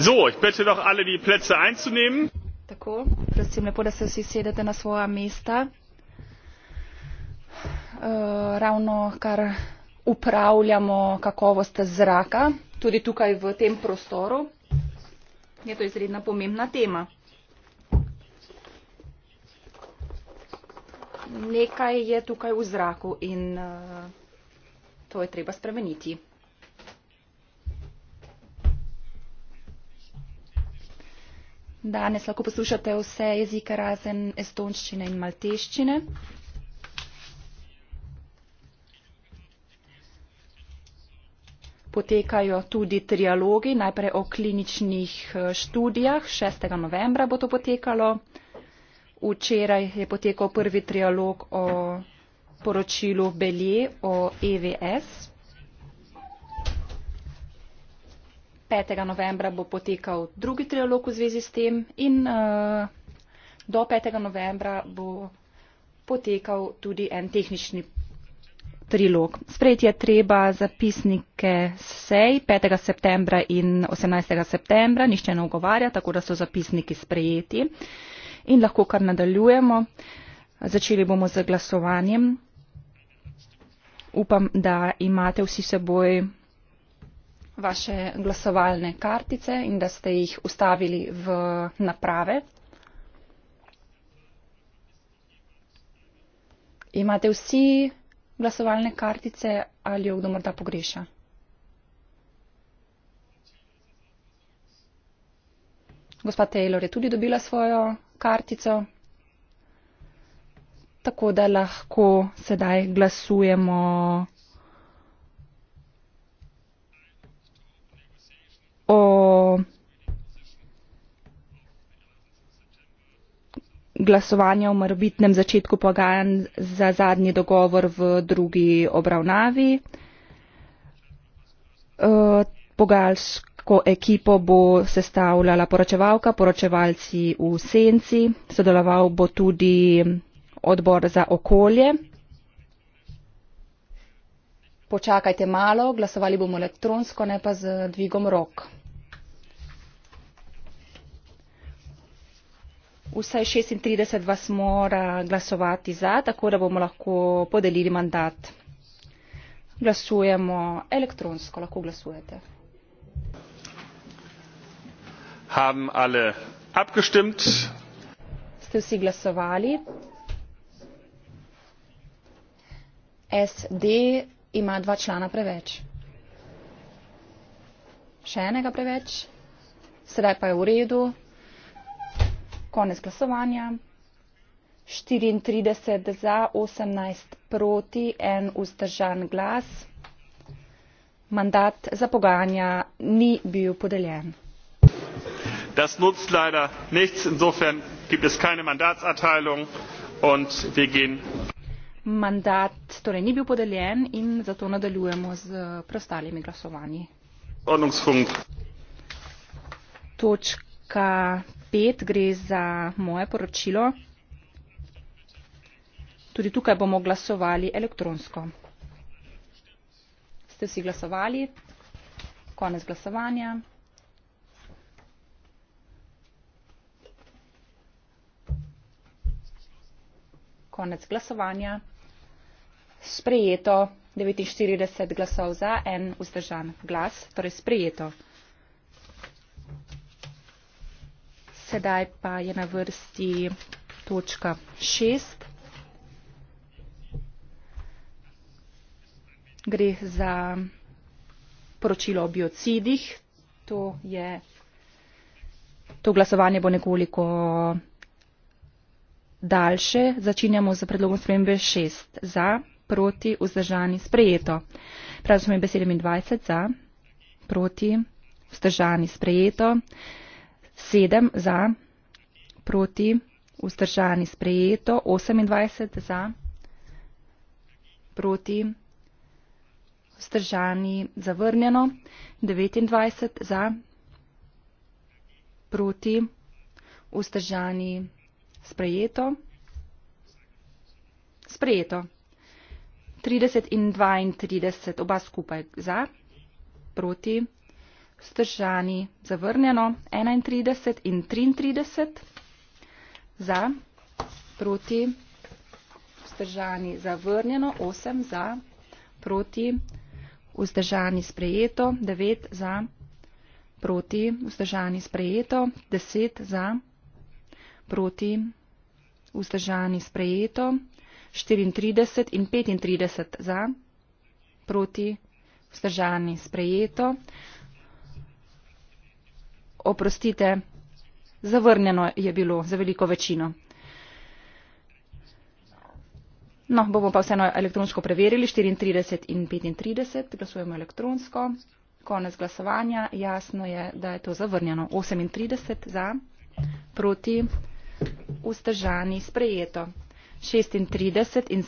So, ich bitte doch alle, die Plätze einzunehmen. Tako, prosim lepo, da se vsi sedete na svoja mesta. E, ravno kar upravljamo kakovost zraka, tudi tukaj v tem prostoru, je to izredna pomembna tema. Nekaj je tukaj v zraku in e, to je treba spremeniti. Danes lahko poslušate vse jezike razen estonščine in malteščine. Potekajo tudi trialogi, najprej o kliničnih eh, študijah. 6. novembra bo to potekalo. Včeraj je potekal prvi trialog o poročilu Belje o EVS. 5. novembra bo potekal drugi trialog v zvezi s tem in uh, do 5. novembra bo potekal tudi en tehnični trilog. Sprejeti je treba zapisnike sej 5. septembra in 18. septembra, nišče ne ogovarja, tako da so zapisniki sprejeti in lahko kar nadaljujemo. Začeli bomo z glasovanjem. Upam, da imate vsi seboj vaše glasovalne kartice in da ste jih ustavili v naprave. Imate vsi glasovalne kartice ali jo kdo morda pogreša? Gospa Taylor je tudi dobila svojo kartico, tako da lahko sedaj glasujemo. o glasovanje o morbitnem začetku pogajanj za zadnji dogovor v drugi obravnavi. E, pogajalsko ekipo bo sestavljala poročevalka, poročevalci v senci, sodeloval bo tudi odbor za okolje. Počakajte malo, glasovali bomo elektronsko, ne pa z dvigom rok. Vsaj 36 vas mora glasovati za, tako da bomo lahko podelili mandat. Glasujemo elektronsko, lahko glasujete. Haben alle abgestimmt? Ste vsi glasovali? SD ima dva člana preveč. Še enega preveč? Sedaj pa je v redu konec glasovanja štiriintrideset za osemnajst proti en vzdržan glas mandat za pogajanja ni bil podeljen Das nutzt leider nichts. Insofern gibt es keine Mandatserteilung und wir gehen. Mandat, torej ni bil podeljen in zato nadaljujemo z preostalimi glasovanji. Ordnungspunkt. Točka 5 gre za moje poročilo. Tudi tukaj bomo glasovali elektronsko. Ste vsi glasovali? Konec glasovanja. Konec glasovanja. Sprejeto 49 glasov za, en vzdržan glas, torej sprejeto. Sedaj pa je na vrsti točka 6. Gre za poročilo o biocidih. To, je, to glasovanje bo nekoliko daljše. Začinjamo z predlogom spremembe 6 za, proti, vzdržani, sprejeto. Pravzaprav je besedem in 20 za, proti, vzdržani, sprejeto. 7 za, proti, vzdržani sprejeto, 28 za, proti, vzdržani zavrnjeno, 29 za, proti, vzdržani sprejeto, sprejeto. 30 in 32, oba skupaj za, proti, vzdržani, zavrnjeno 31 in 33, za, proti, vzdržani, zavrnjeno 8, za, proti, vzdržani, sprejeto 9, za, proti, vzdržani, sprejeto 10, za, proti, vzdržani, sprejeto 34 in 35, za, proti, vzdržani, sprejeto oprostite zavrnjeno je bilo za veliko večino. No, bomo pa vseeno elektronsko preverili, 34 in 35, glasujemo elektronsko, konec glasovanja, jasno je, da je to zavrnjeno. 38 za, proti, vzdržani, sprejeto. 36 in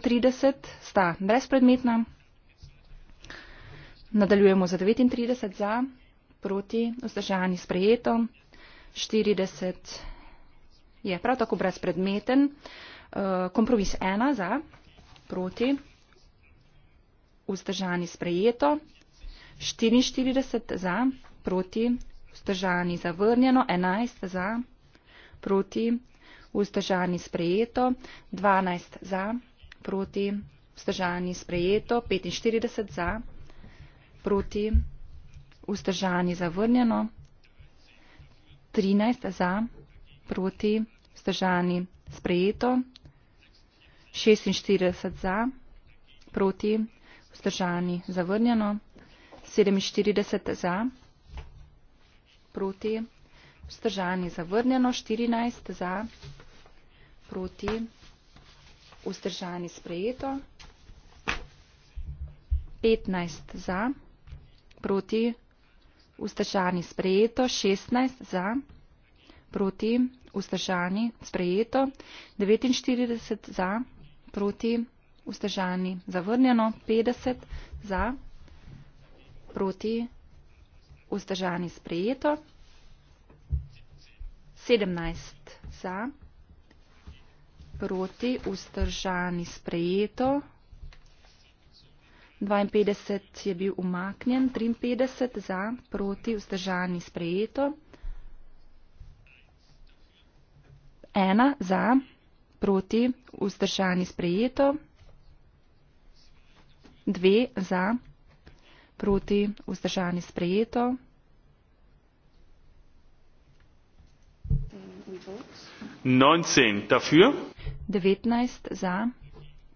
37 sta brezpredmetna. Nadaljujemo za 39 za proti, vzdržani sprejeto, 40 je prav tako brezpredmeten, eh, kompromis 1 za, proti, vzdržani sprejeto, 44 za, proti, vzdržani zavrnjeno, 11 za, proti, vzdržani sprejeto, 12 za, proti, vzdržani sprejeto, 45 za, proti, vzdržani sprejeto vzdržani zavrnjeno, 13 za, proti vzdržani sprejeto, 46 za, proti vzdržani zavrnjeno, 47 za, proti vzdržani zavrnjeno, 14 za, proti vzdržani sprejeto, 15 za, proti vzdržani zavrnjeno vzdržani sprejeto, 16 za, proti vzdržani sprejeto, 49 za, proti vzdržani zavrnjeno, 50 za, proti vzdržani sprejeto, 17 za, proti vzdržani sprejeto, dvainpetdeset je bil umaknjen triinpetdeset za proti vzdržani sprejeto ena za proti vzdržani sprejeto dve za proti vzdržani sprejeto devetnajst za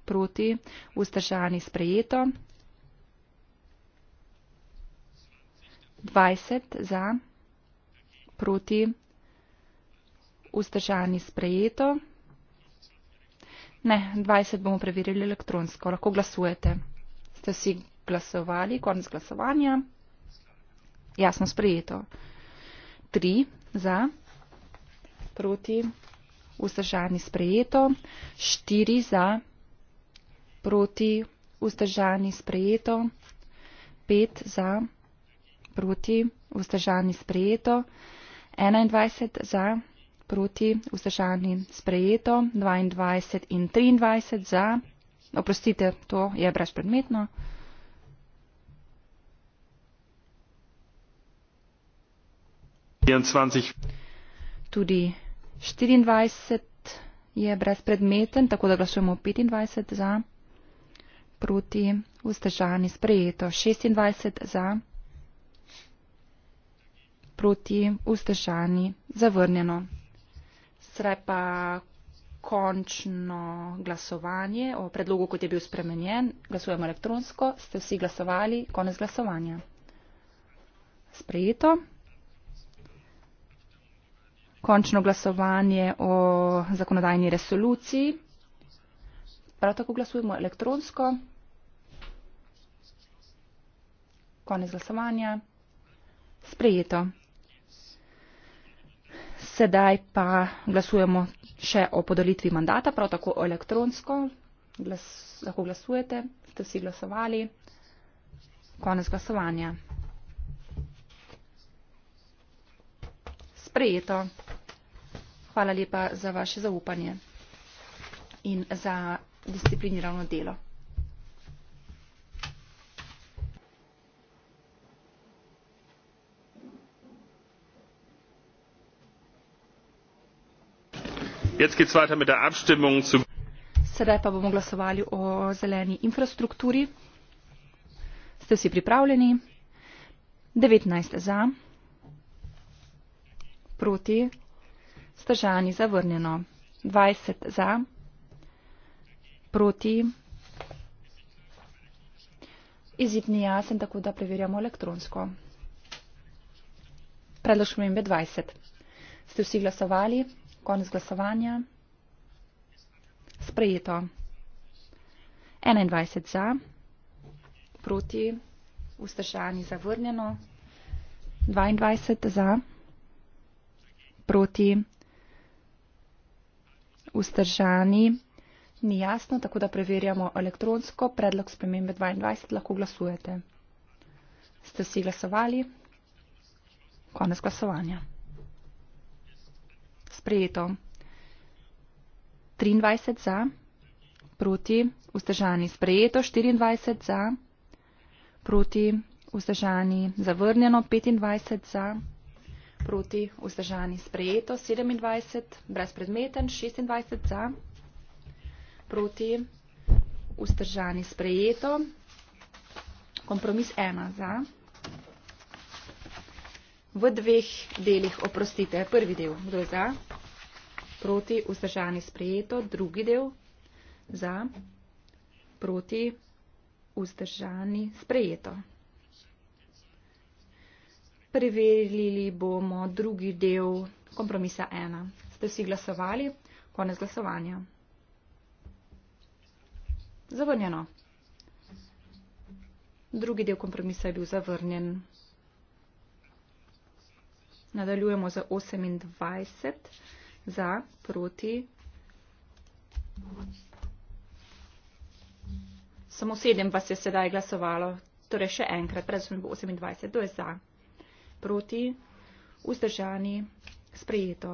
proti vzdržani sprejeto 20 za, proti, vzdržani sprejeto. Ne, 20 bomo preverili elektronsko. Lahko glasujete. Ste vsi glasovali, konec glasovanja. Jasno sprejeto. 3 za, proti, vzdržani sprejeto. 4 za, proti, vzdržani sprejeto. 5 za, proti proti, vzdržani sprejeto, 21 za, proti, vzdržani sprejeto, 22 in 23 za. Oprostite, to je brezpredmetno. Tudi 24 je brezpredmeten, tako da glasujemo 25 za, proti, vzdržani, sprejeto, 26 za proti ustešani zavrnjeno. Sre pa končno glasovanje o predlogu, kot je bil spremenjen. Glasujemo elektronsko. Ste vsi glasovali? Konec glasovanja. Sprejeto. Končno glasovanje o zakonodajni resoluciji. Prav tako glasujemo elektronsko. Konec glasovanja. Sprejeto sedaj pa glasujemo še o podelitvi mandata, prav tako elektronsko. Glas, lahko glasujete, ste vsi glasovali. Konec glasovanja. Sprejeto. Hvala lepa za vaše zaupanje in za disciplinirano delo. sedaj pa bomo glasovali o zeleni infrastrukturi ste vsi pripravljeni devetnajst za proti stržani zavrnjeno dvajset za proti izid ni jasen tako da preverjamo elektronsko predlog spremembe dvajset ste vsi glasovali Konec glasovanja. Sprejeto. 21 za, proti, vzdržani zavrnjeno. 22 za, proti, vzdržani. Ni jasno, tako da preverjamo elektronsko. Predlog spremembe 22 lahko glasujete. Ste vsi glasovali? Konec glasovanja sprejeto. 23 za, proti, vzdržani sprejeto, 24 za, proti, vzdržani zavrnjeno, 25 za, proti, vzdržani sprejeto, 27, brezpredmeten, 26 za, proti, vzdržani sprejeto, kompromis 1 za v dveh delih, oprostite, prvi del, kdo je za, proti, vzdržani sprejeto, drugi del, za, proti, vzdržani sprejeto. Preverili bomo drugi del kompromisa 1. Ste vsi glasovali? Konec glasovanja. Zavrnjeno. Drugi del kompromisa je bil zavrnjen. Nadaljujemo za 28, za, proti. Samo sedem vas je sedaj glasovalo, torej še enkrat, prej smo bili 28, to je za, proti, vzdržani, sprejeto.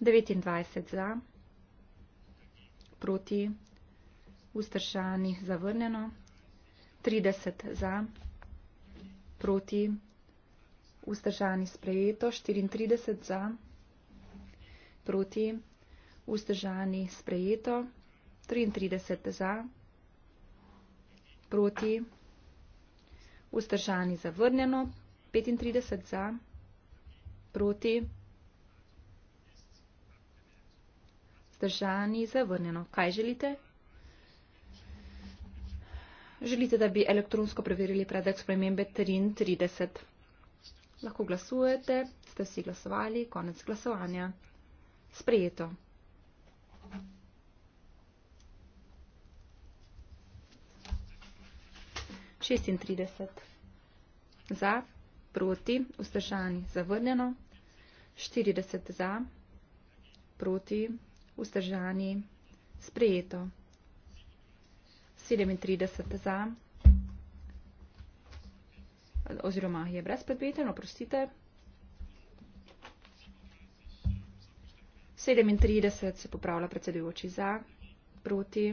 29 za, proti, vzdržani, zavrnjeno. 30 za, proti, vzdržani vzdržani sprejeto, 34 za, proti, vzdržani sprejeto, 33 za, proti, vzdržani zavrnjeno, 35 za, proti, vzdržani zavrnjeno. Kaj želite? Želite, da bi elektronsko preverili predek spremembe 33. Lahko glasujete, ste vsi glasovali, konec glasovanja. Sprejeto. Šestintrideset. Za, proti, vzdržani, zavrnjeno. Štirideset za, proti, vzdržani, sprejeto. Sedemintrideset za, proti, vzdržani, sprejeto oziroma je brezpredmeten, oprostite. 37 se popravlja predsedujoči za, proti,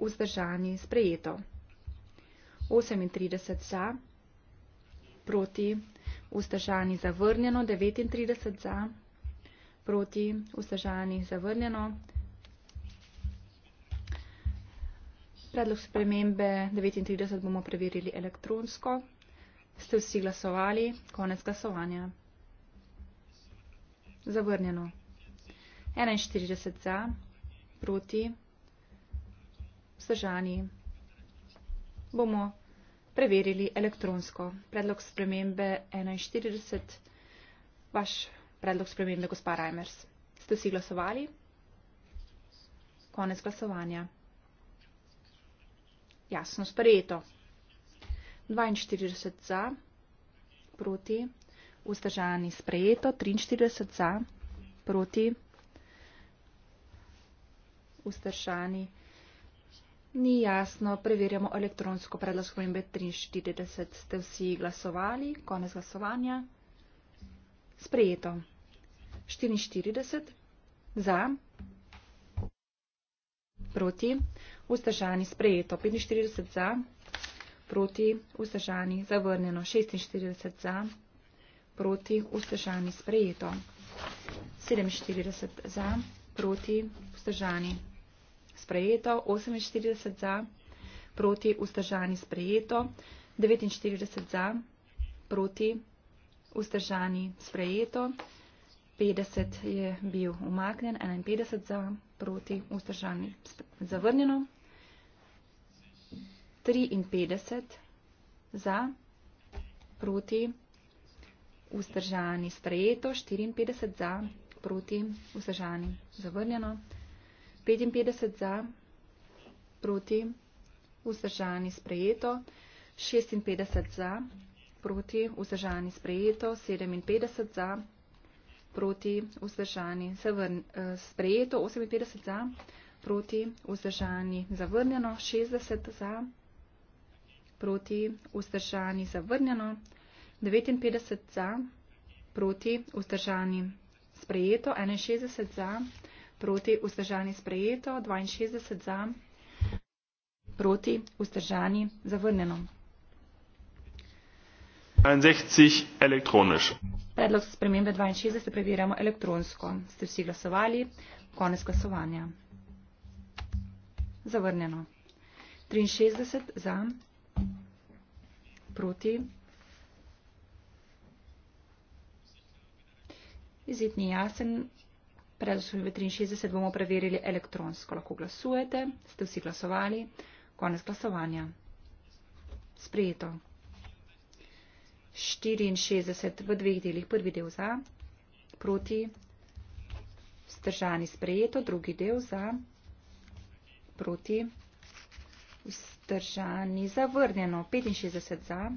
vzdržani, sprejeto. 38 za, proti, vzdržani, zavrnjeno, 39 za, proti, vzdržani, zavrnjeno, Predlog spremembe 39 bomo preverili elektronsko. Ste vsi glasovali? Konec glasovanja. Zavrnjeno. 41 za, proti, vzdržani. Bomo preverili elektronsko. Predlog spremembe 41. Vaš predlog spremembe, gospa Reimers. Ste vsi glasovali? Konec glasovanja jasno sprejeto. 42 za, proti, vzdržani sprejeto, 43 za, proti, vzdržani. Ni jasno, preverjamo elektronsko predlog spremembe 43. Ste vsi glasovali? Konec glasovanja. Sprejeto. 44 za. Proti vzdržani sprejeto 45 za, proti vzdržani zavrnjeno 46 za, proti vzdržani sprejeto 47 za, proti vzdržani sprejeto 48 za, proti vzdržani sprejeto 49 za, proti vzdržani sprejeto 50 je bil umaknjen, 51 za, proti vzdržani zavrnjeno 53 za, proti, vzdržani sprejeto, 54 za, proti, vzdržani zavrnjeno, 55 za, proti, vzdržani sprejeto, 56 za, proti, vzdržani sprejeto, 57 za, proti, vzdržani eh, sprejeto, 58 za, proti, vzdržani zavrnjeno, 60 za, proti, proti, vzdržani zavrnjeno, 59 za, proti, vzdržani sprejeto, 61 za, proti, vzdržani sprejeto, 62 za, proti, vzdržani zavrnjeno. 62 elektronično. Predlog spremembe 62 preverjamo elektronsko. Ste vsi glasovali? Konec glasovanja. Zavrnjeno. 63 za, proti. Izid ni jasen. Pred 63 bomo preverili elektronsko. Lahko glasujete. Ste vsi glasovali. Konec glasovanja. Sprejeto. 64 v dveh delih. Prvi del za, proti, vzdržani sprejeto, drugi del za, proti, vzdržani vzdržani, zavrnjeno 65 za,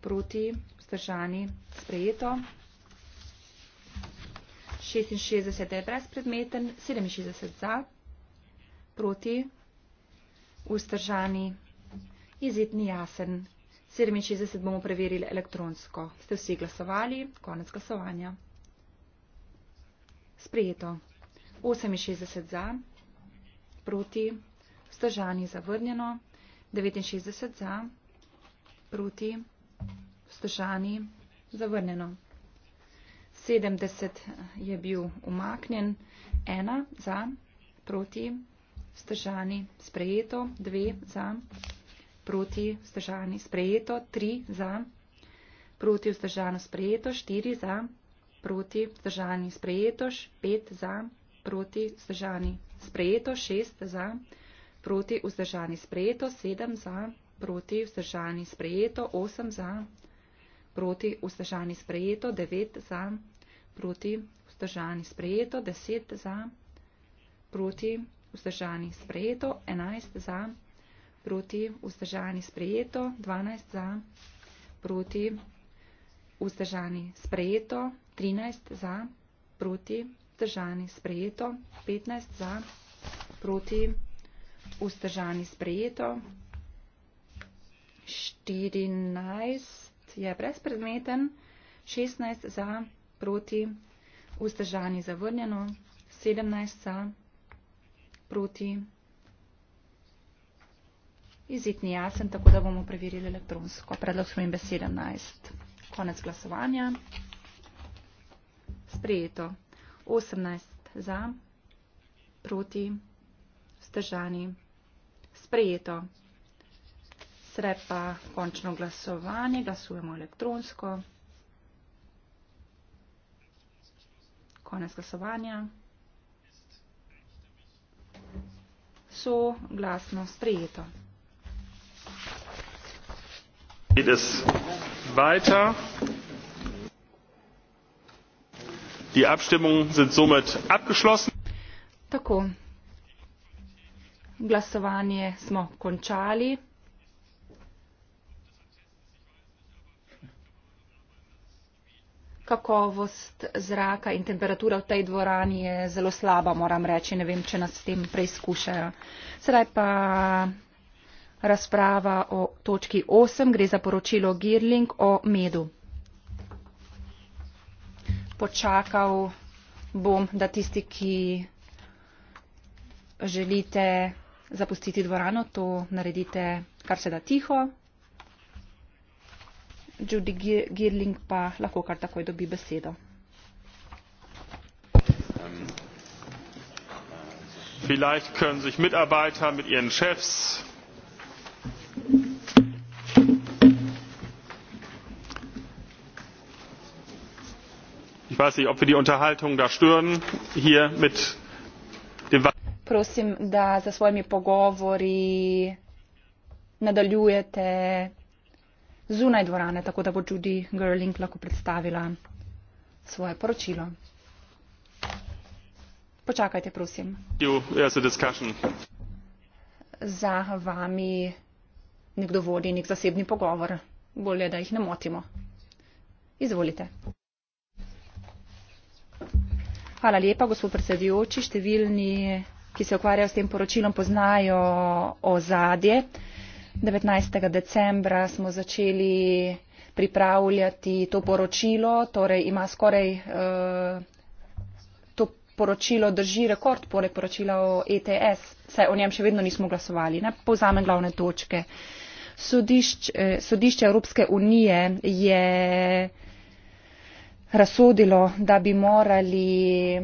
proti vzdržani, sprejeto. 66 je brezpredmeten, 67 za, proti vzdržani, izidni jasen. 67 bomo preverili elektronsko. Ste vsi glasovali? Konec glasovanja. Sprejeto. 68 za, proti vzdržani vzdržani zavrnjeno, 69 za, proti, vzdržani zavrnjeno. 70 je bil umaknjen, 1 za, proti, vzdržani sprejeto, 2 za, proti, vzdržani sprejeto, 3 za, proti, vzdržano sprejeto, 4 za, proti, vzdržani sprejeto, 5 za, proti, vzdržani sprejeto, 6 za, proti, proti vzdržani sprejeto, 7 za, proti vzdržani sprejeto, 8 za, proti vzdržani sprejeto, 9 za, proti vzdržani sprejeto, 10 za, proti vzdržani sprejeto, 11 za, proti vzdržani sprejeto, 12 za, proti vzdržani sprejeto, 13 za, proti vzdržani sprejeto, 15 za, proti vzdržani sprejeto vzdržani sprejeto. 14 je brezpredmeten, 16 za proti, vzdržani zavrnjeno, 17 za proti. Izid ni jasen, tako da bomo preverili elektronsko. Predlog spremembe 17. Konec glasovanja. Sprejeto. 18 za, proti, vzdržani sprejeto. Srepa končno glasovanje, glasujemo elektronsko. Konec glasovanja. So glasno sprejeto. Die Abstimmungen sind somit abgeschlossen. Tako, glasovanje smo končali. Kakovost zraka in temperatura v tej dvorani je zelo slaba, moram reči. Ne vem, če nas s tem preizkušajo. Sedaj pa razprava o točki 8. Gre za poročilo Girling o medu. Počakal bom, da tisti, ki želite zapustiti dvorano, to naredite kar se da tiho. Judy Girling pa lahko kar takoj dobi besedo. Um, vielleicht können sich Mitarbeiter mit ihren Chefs Ich weiß nicht, ob wir die Unterhaltung da stören hier mit prosim, da za svojimi pogovori nadaljujete zunaj dvorane, tako da bo Judy Gerling lahko predstavila svoje poročilo. Počakajte, prosim. Za vami nekdo vodi nek zasebni pogovor. Bolje, da jih ne motimo. Izvolite. Hvala lepa, gospod predsedujoči, številni ki se ukvarjajo s tem poročilom, poznajo ozadje. 19. decembra smo začeli pripravljati to poročilo, torej ima skoraj. Uh, poročilo drži rekord, poleg poročila o ETS, saj o njem še vedno nismo glasovali. Ne? Povzame glavne točke. Sodišč, eh, sodišče Evropske unije je razsodilo, da bi morali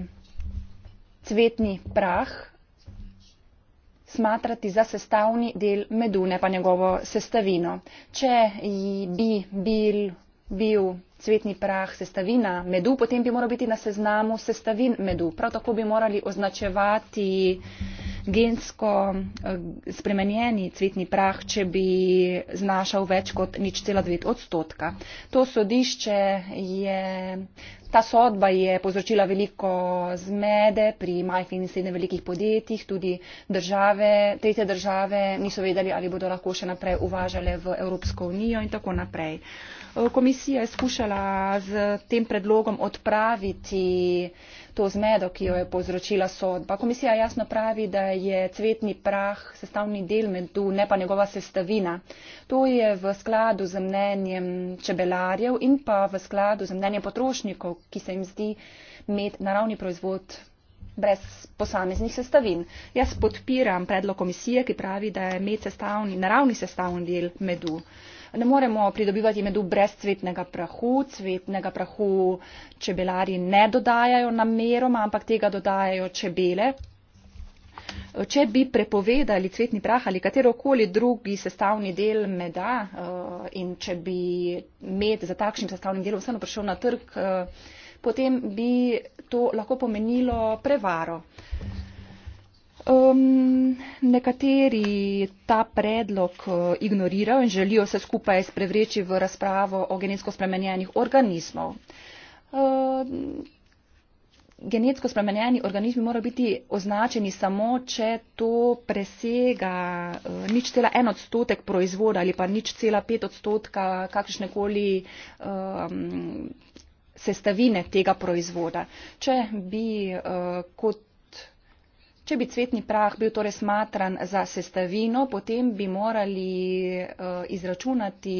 cvetni prah smatrati za sestavni del medune pa njegovo sestavino bil cvetni prah sestavina medu, potem bi moral biti na seznamu sestavin medu. Prav tako bi morali označevati gensko eh, spremenjeni cvetni prah, če bi znašal več kot nič cela devet odstotka. To sodišče je, ta sodba je povzročila veliko zmede pri majhnih in srednjih velikih podjetjih, tudi države, tretje države niso vedeli, ali bodo lahko še naprej uvažale v Evropsko unijo in tako naprej. Eh, komisija je skušala z tem predlogom odpraviti to zmedo, ki jo je povzročila sodba. Komisija jasno pravi, da je cvetni prah sestavni del medu, ne pa njegova sestavina. To je v skladu z mnenjem čebelarjev in pa v skladu z mnenjem potrošnikov, ki se jim zdi med naravni proizvod brez posameznih sestavin. Jaz podpiram predlog komisije, ki pravi, da je med sestavni, naravni sestavni del medu ne moremo pridobivati medu brez cvetnega prahu. Cvetnega prahu čebelari ne dodajajo nameroma, ampak tega dodajajo čebele. Če bi prepovedali cvetni prah ali katerokoli drugi sestavni del meda eh, in če bi med za takšnim sestavnim delom vseeno prišel na trg, eh, potem bi to lahko pomenilo prevaro um, nekateri ta predlog uh, ignorirajo in želijo se skupaj sprevreči v razpravo o genetsko spremenjenih organizmov. Um, genetsko spremenjeni organizmi morajo biti označeni samo, če to presega uh, nič cela en odstotek proizvoda ali pa nič cela pet odstotka kakršnekoli um, sestavine tega proizvoda. Če bi uh, kot Če bi cvetni prah bil torej smatran za sestavino, potem bi morali eh, izračunati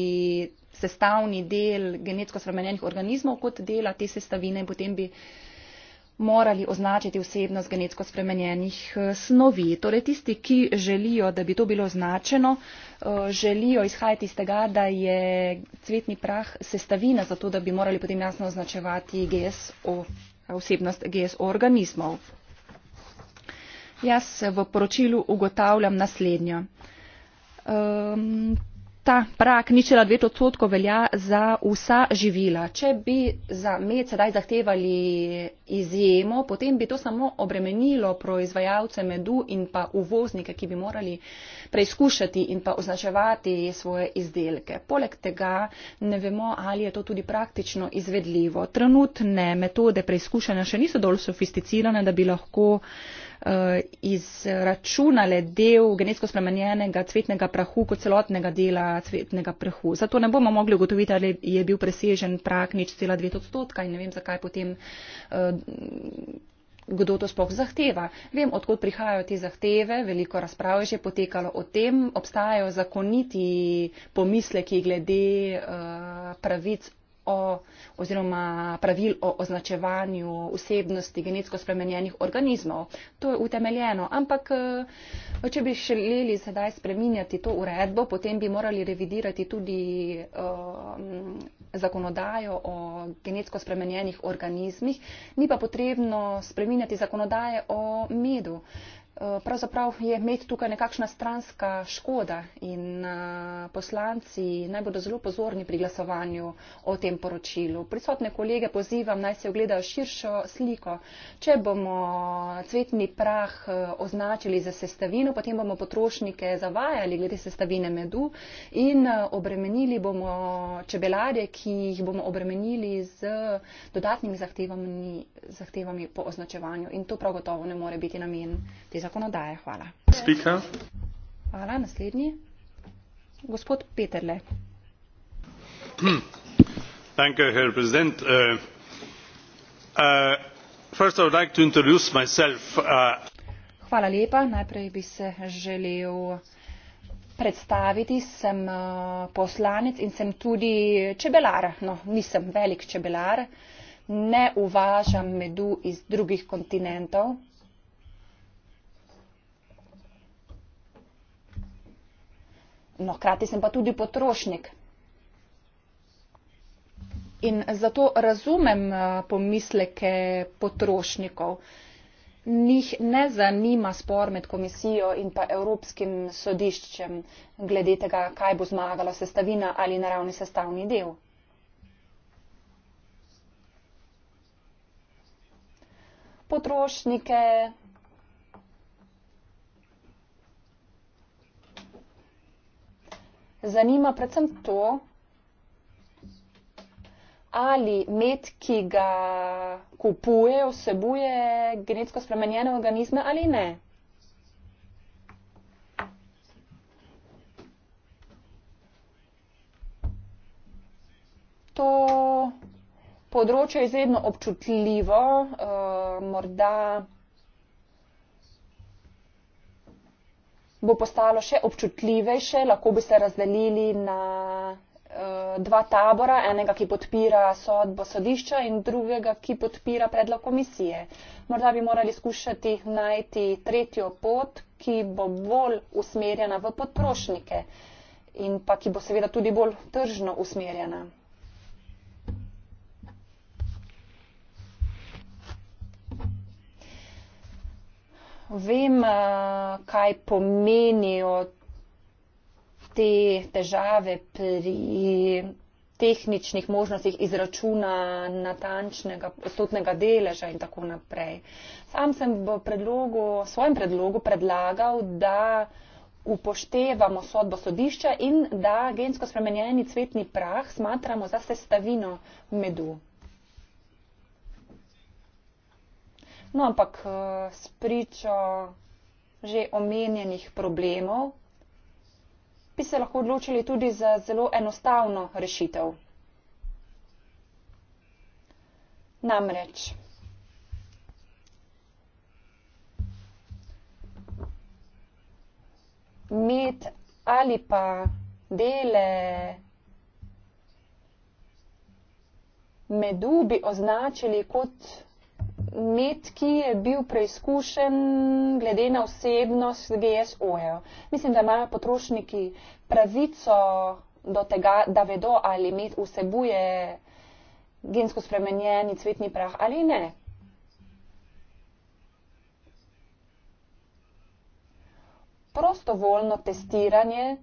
sestavni del genetsko spremenjenih organizmov kot dela te sestavine in potem bi morali označiti vsebnost genetsko spremenjenih eh, snovi. Torej tisti, ki želijo, da bi to bilo označeno, eh, želijo izhajati iz tega, da je cvetni prah sestavina, zato da bi morali potem jasno označevati GSO, vsebnost GSO organizmov. Jaz v poročilu ugotavljam naslednjo. Um, ta prak ničela 2 odstotkov velja za vsa živila. Če bi za med sedaj zahtevali izjemo, potem bi to samo obremenilo proizvajalce medu in pa uvoznike, ki bi morali preizkušati in pa označevati svoje izdelke. Poleg tega ne vemo, ali je to tudi praktično izvedljivo. Trenutne metode preizkušanja še niso dovolj sofisticirane, da bi lahko uh, Eh, izračunale del genetsko spremenjenega cvetnega prahu kot celotnega dela cvetnega prahu. Zato ne bomo mogli ugotoviti, ali je bil presežen prak nič cela dve odstotka in ne vem, zakaj potem. Eh, kdo to sploh zahteva? Vem, odkot prihajajo te zahteve, veliko razprav je že potekalo o tem, obstajajo zakoniti pomisleki glede uh, pravic o, oziroma pravil o označevanju vsebnosti genetsko spremenjenih organizmov. To je utemeljeno, ampak eh, če bi želeli sedaj spreminjati to uredbo, potem bi morali revidirati tudi um, zakonodajo o genetsko spremenjenih organizmih. Ni pa potrebno spreminjati zakonodaje o medu. Uh, pravzaprav je imeti tukaj nekakšna stranska škoda in poslanci naj bodo zelo pozorni pri glasovanju o tem poročilu. Prisotne kolege pozivam naj se ogledajo širšo sliko. Če bomo cvetni prah označili za sestavino, potem bomo potrošnike zavajali glede sestavine medu in obremenili bomo čebelarje, ki jih bomo obremenili z dodatnimi zahtevami, zahtevami po označevanju. In to prav gotovo ne more biti namen te zakonodaje. Hvala. Spika. Hvala. Naslednji. Gospod Peterle. Danke, herr Präsident. Uh, uh, first I would like to introduce myself. Uh, Hvala lepa. Najprej bi se želel predstaviti. Sem uh, poslanec in sem tudi čebelar. No, nisem velik čebelar. Ne uvažam medu iz drugih kontinentov. no, hkrati sem pa tudi potrošnik. In zato razumem eh, pomisleke potrošnikov. Njih ne zanima spor med komisijo in pa Evropskim sodiščem glede tega, kaj bo zmagalo sestavina ali naravni sestavni del. Potrošnike zanima predvsem to, ali med, ki ga kupuje, vsebuje genetsko spremenjene organizme ali ne. To področje je izredno občutljivo, uh, morda. bo postalo še občutljivejše, lahko bi se razdelili na uh, dva tabora, enega, ki podpira sodbo sodišča in drugega, ki podpira predlog komisije. Morda bi morali skušati najti tretjo pot, ki bo bolj usmerjena v potrošnike in pa ki bo seveda tudi bolj tržno usmerjena. vem, eh, kaj pomenijo te težave pri tehničnih možnostih izračuna natančnega postotnega deleža in tako naprej. Sam sem v predlogu, svojem predlogu predlagal, da upoštevamo sodbo sodišča in da gensko spremenjeni cvetni prah smatramo za sestavino medu. No, ampak eh, s pričo že omenjenih problemov bi se lahko odločili tudi za zelo enostavno rešitev. Namreč. Med ali pa dele medu bi označili kot med, ki je bil preizkušen glede na osebnost GSO-jev. Mislim, da imajo potrošniki pravico do tega, da vedo, ali med vsebuje gensko spremenjeni cvetni prah ali ne. Prostovoljno testiranje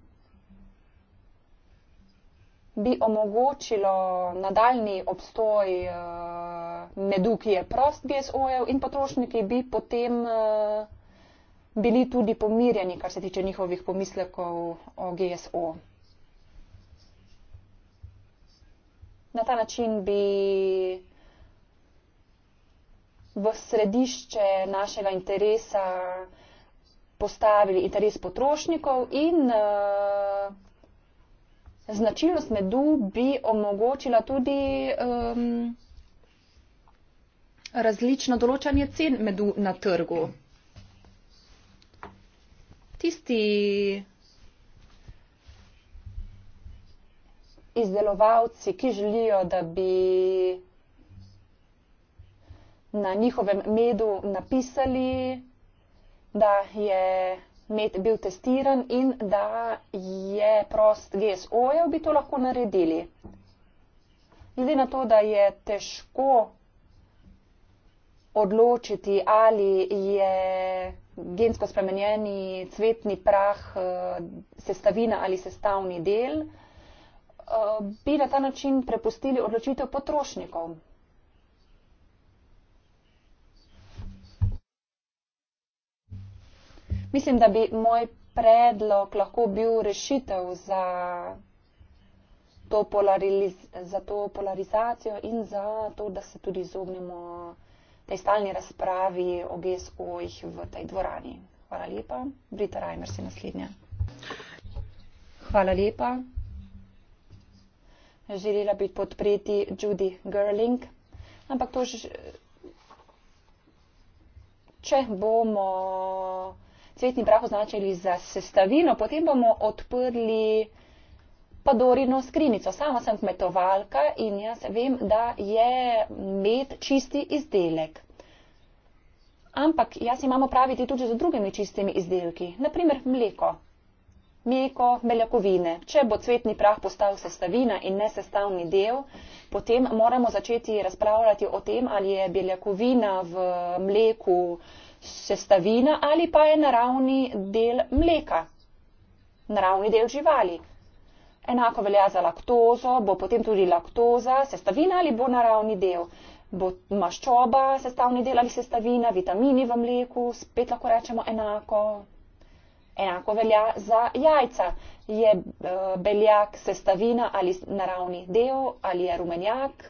bi omogočilo nadaljni obstoj eh, medu, ki je prost GSO-jev in potrošniki bi potem eh, bili tudi pomirjeni, kar se tiče njihovih pomislekov o GSO. Na ta način bi v središče našega interesa postavili interes potrošnikov in eh, značilnost medu bi omogočila tudi um, različno določanje cen medu na trgu. Tisti izdelovalci, ki želijo, da bi na njihovem medu napisali, da je med, bil testiran in da je prost GSO-jev, bi to lahko naredili. Glede na to, da je težko odločiti, ali je gensko spremenjeni cvetni prah eh, sestavina ali sestavni del, eh, bi na ta način prepustili odločitev potrošnikov. mislim, da bi moj predlog lahko bil rešitev za to, polariz za to polarizacijo in za to, da se tudi izognemo tej stalni razpravi o GSO-jih v tej dvorani. Hvala lepa. Brita Reimer si naslednja. Hvala lepa. Želela bi podpreti Judy Gerling, ampak to že. Če bomo cvetni prah označili za sestavino, potem bomo odprli padorino skrinico. Sama sem kmetovalka in jaz vem, da je med čisti izdelek. Ampak jaz imamo praviti tudi z drugimi čistimi izdelki, naprimer mleko, mleko, beljakovine. Če bo cvetni prah postal sestavina in ne sestavni del, potem moramo začeti razpravljati o tem, ali je beljakovina v mleku uh, sestavina ali pa je naravni del mleka, naravni del živali. Enako velja za laktozo, bo potem tudi laktoza sestavina ali bo naravni del. Bo maščoba sestavni del ali sestavina, vitamini v mleku, spet lahko rečemo enako. Enako velja za jajca. Je eh, beljak sestavina ali naravni del ali je rumenjak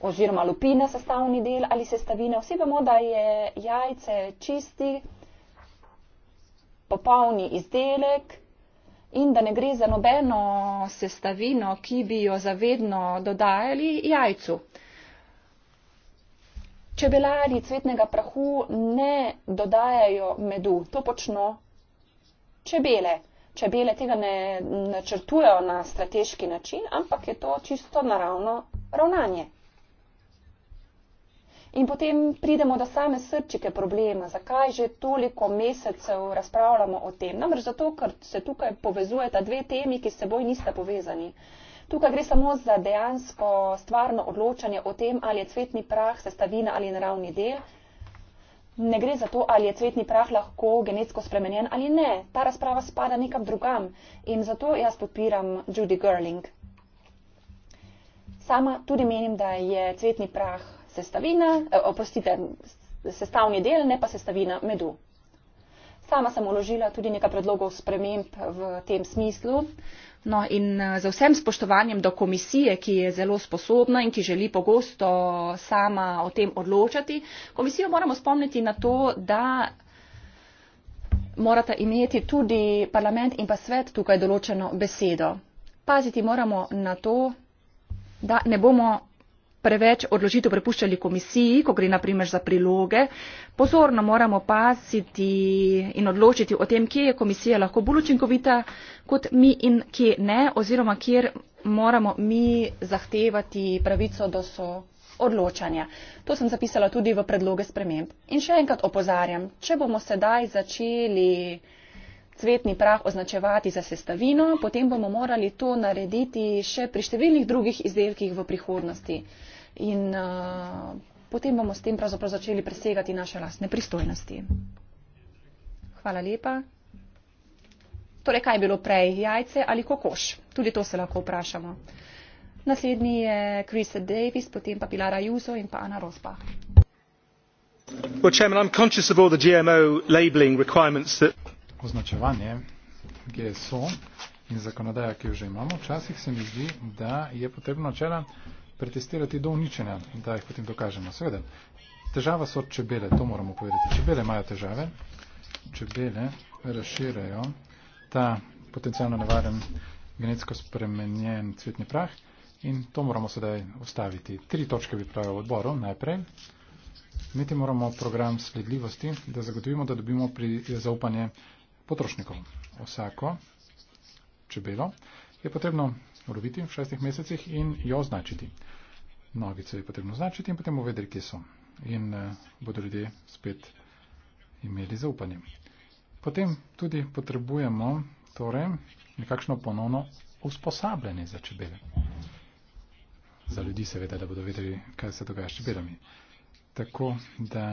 oziroma lupina sestavni del ali sestavine. Vsi vemo, da je jajce čisti, popolni izdelek in da ne gre za nobeno sestavino, ki bi jo zavedno dodajali jajcu. Čebelari cvetnega prahu ne dodajajo medu, to počno čebele. Čebele tega ne načrtujejo na strateški način, ampak je to čisto naravno ravnanje. In potem pridemo do same srčike problema, zakaj že toliko mesecev razpravljamo o tem. Namreč zato, ker se tukaj povezujeta dve temi, ki s seboj nista povezani. Tukaj gre samo za dejansko stvarno odločanje o tem, ali je cvetni prah sestavina ali naravni del. Ne gre za to, ali je cvetni prah lahko genetsko spremenjen ali ne. Ta razprava spada nekam drugam in zato jaz podpiram Judy Gerling. Sama tudi menim, da je cvetni prah sestavina, eh, oprostite, sestavni del, ne pa sestavina medu. Sama sem uložila tudi nekaj predlogov sprememb v tem smislu. No in eh, za vsem spoštovanjem do komisije, ki je zelo sposobna in ki želi pogosto sama o tem odločati, komisijo moramo spomniti na to, da morata imeti tudi parlament in pa svet tukaj določeno besedo. Paziti moramo na to, da ne bomo preveč odločitev prepuščali komisiji, ko gre na primer za priloge. Pozorno moramo paziti in odločiti o tem, kje je komisija lahko bolj učinkovita kot mi in kje ne, oziroma kjer moramo mi zahtevati pravico do so odločanja. To sem zapisala tudi v predloge sprememb. In še enkrat opozarjam, če bomo sedaj začeli cvetni prah označevati za sestavino, potem bomo morali to narediti še pri številnih drugih izdelkih v prihodnosti in uh, potem bomo s tem pravzaprav začeli presegati naše lastne pristojnosti. Hvala lepa. Torej, kaj je bilo prej, jajce ali kokoš? Tudi to se lahko vprašamo. Naslednji je Chris Davis, potem pa Pilara Juso in pa Ana Rosbach. Well, chairman, I'm conscious of all the GMO labeling requirements that... Označevanje GSO in zakonodaja, ki jo že imamo, včasih se mi zdi, da je potrebno načela pretestirati do uničenja, da jih potem dokažemo. Seveda, težava so čebele, to moramo povedati. Čebele imajo težave, čebele razširajo ta potencijalno nevaren genetsko spremenjen cvetni prah in to moramo sedaj ustaviti. Tri točke bi pravil v odboru najprej. Imeti moramo program sledljivosti, da zagotovimo, da dobimo pri zaupanje potrošnikov. Vsako čebelo je potrebno mora biti v šestih mesecih in jo označiti. Nogice je potrebno označiti in potem bomo vedeli, kje so. In eh, bodo ljudje spet imeli zaupanje. Potem tudi potrebujemo torej, nekakšno ponovno usposabljanje za čebele. Za ljudi seveda, da bodo vedeli, kaj se dogaja s čebelami. Tako da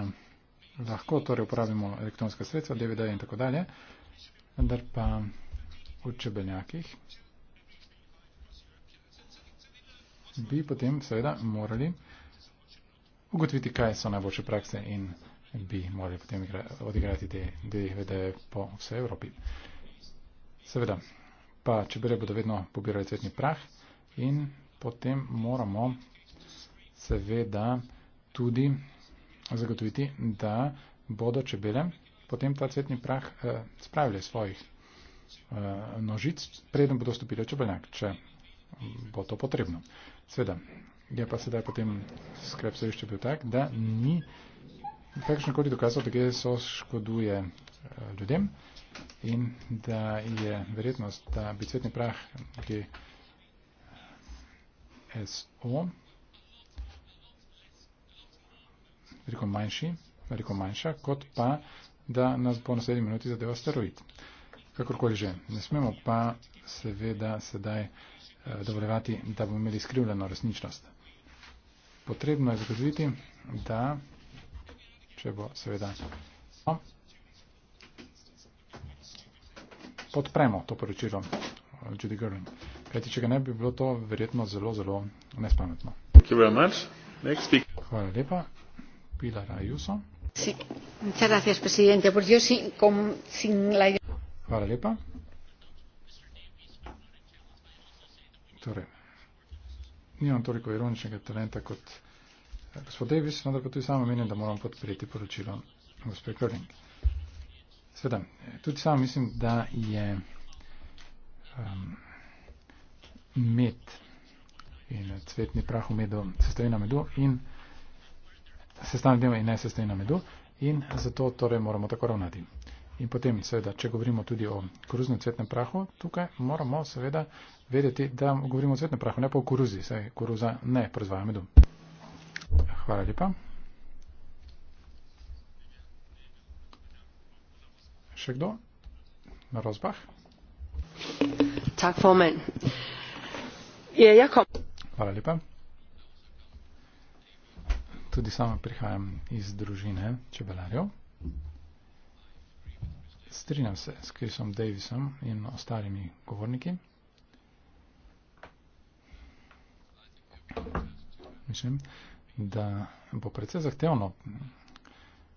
lahko torej uporabimo elektronska sredstva, DVD in tako dalje, vendar pa v čebeljakih bi potem seveda morali ugotoviti, kaj so najboljše prakse in bi morali potem odigrati te DVD po vsej Evropi. Seveda, pa čebele bodo vedno pobirali cvetni prah in potem moramo seveda tudi zagotoviti, da bodo čebele potem ta cvetni prah eh, spravili svojih eh, nožic, preden bodo stopili čebeljak, če bo to potrebno. Sveda, je pa sedaj potem sklep sojišče bil tak, da ni kakšnokoli dokazal, da GSO škoduje eh, ljudem in da je verjetnost, da bi cvetni prah GSO eh, veliko manjši, veliko manjša, kot pa, da nas bo naslednji minuti zadeva steroid. Kakorkoli že, ne smemo pa seveda sedaj dovoljevati, da bomo imeli skrivljeno resničnost. Potrebno je zagotoviti, da, če bo seveda no, podpremo to poročilo Judy Gerling. Kajti, če ga ne bi bilo to verjetno zelo, zelo nespametno. Thank you very much. Next speaker. Hvala lepa. Pilar Ayuso. Sí. Muchas gracias, presidente. Pues yo sí, con, sin la... Hvala lepa. Torej, nimam toliko ironičnega talenta kot eh, gospod Davis, vendar pa tudi samo menim, da moram podpreti poročilo gospe Curling. Sveda, eh, tudi sam mislim, da je um, med in cvetni prah v medu sestavina medu in sestavina medu in ne sestavina medu in zato torej moramo tako ravnati. In potem, seveda, če govorimo tudi o koruznem cvetnem prahu, tukaj moramo seveda vedeti, da govorimo o cvetnem prahu, ne pa o koruzi, saj koruza ne proizvaja medu. Hvala lepa. Še kdo? Na rozbah? Tak formen. Je ja, jako. Hvala lepa. Tudi sama prihajam iz družine čebelarjev strinjam se s Chrisom Davisom in ostalimi govorniki. Mislim, da bo predvsej zahtevno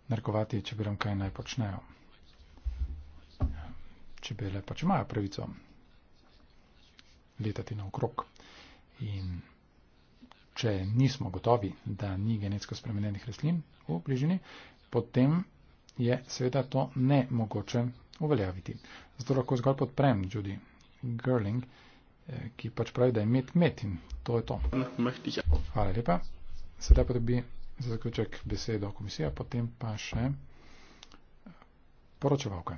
narkovati, če bi nam kaj naj počnejo. Če bi le pač imajo pravico letati na okrog. In če nismo gotovi, da ni genetsko spremenjenih rastlin v bližini, potem je seveda to nemogoče uveljaviti. Zato lahko zgolj podprem Judy Gerling, eh, ki pač pravi, da je met met in to je to. Hvala lepa. Sedaj pa bi za zaključek besedo komisija, potem pa še eh, poročevalka.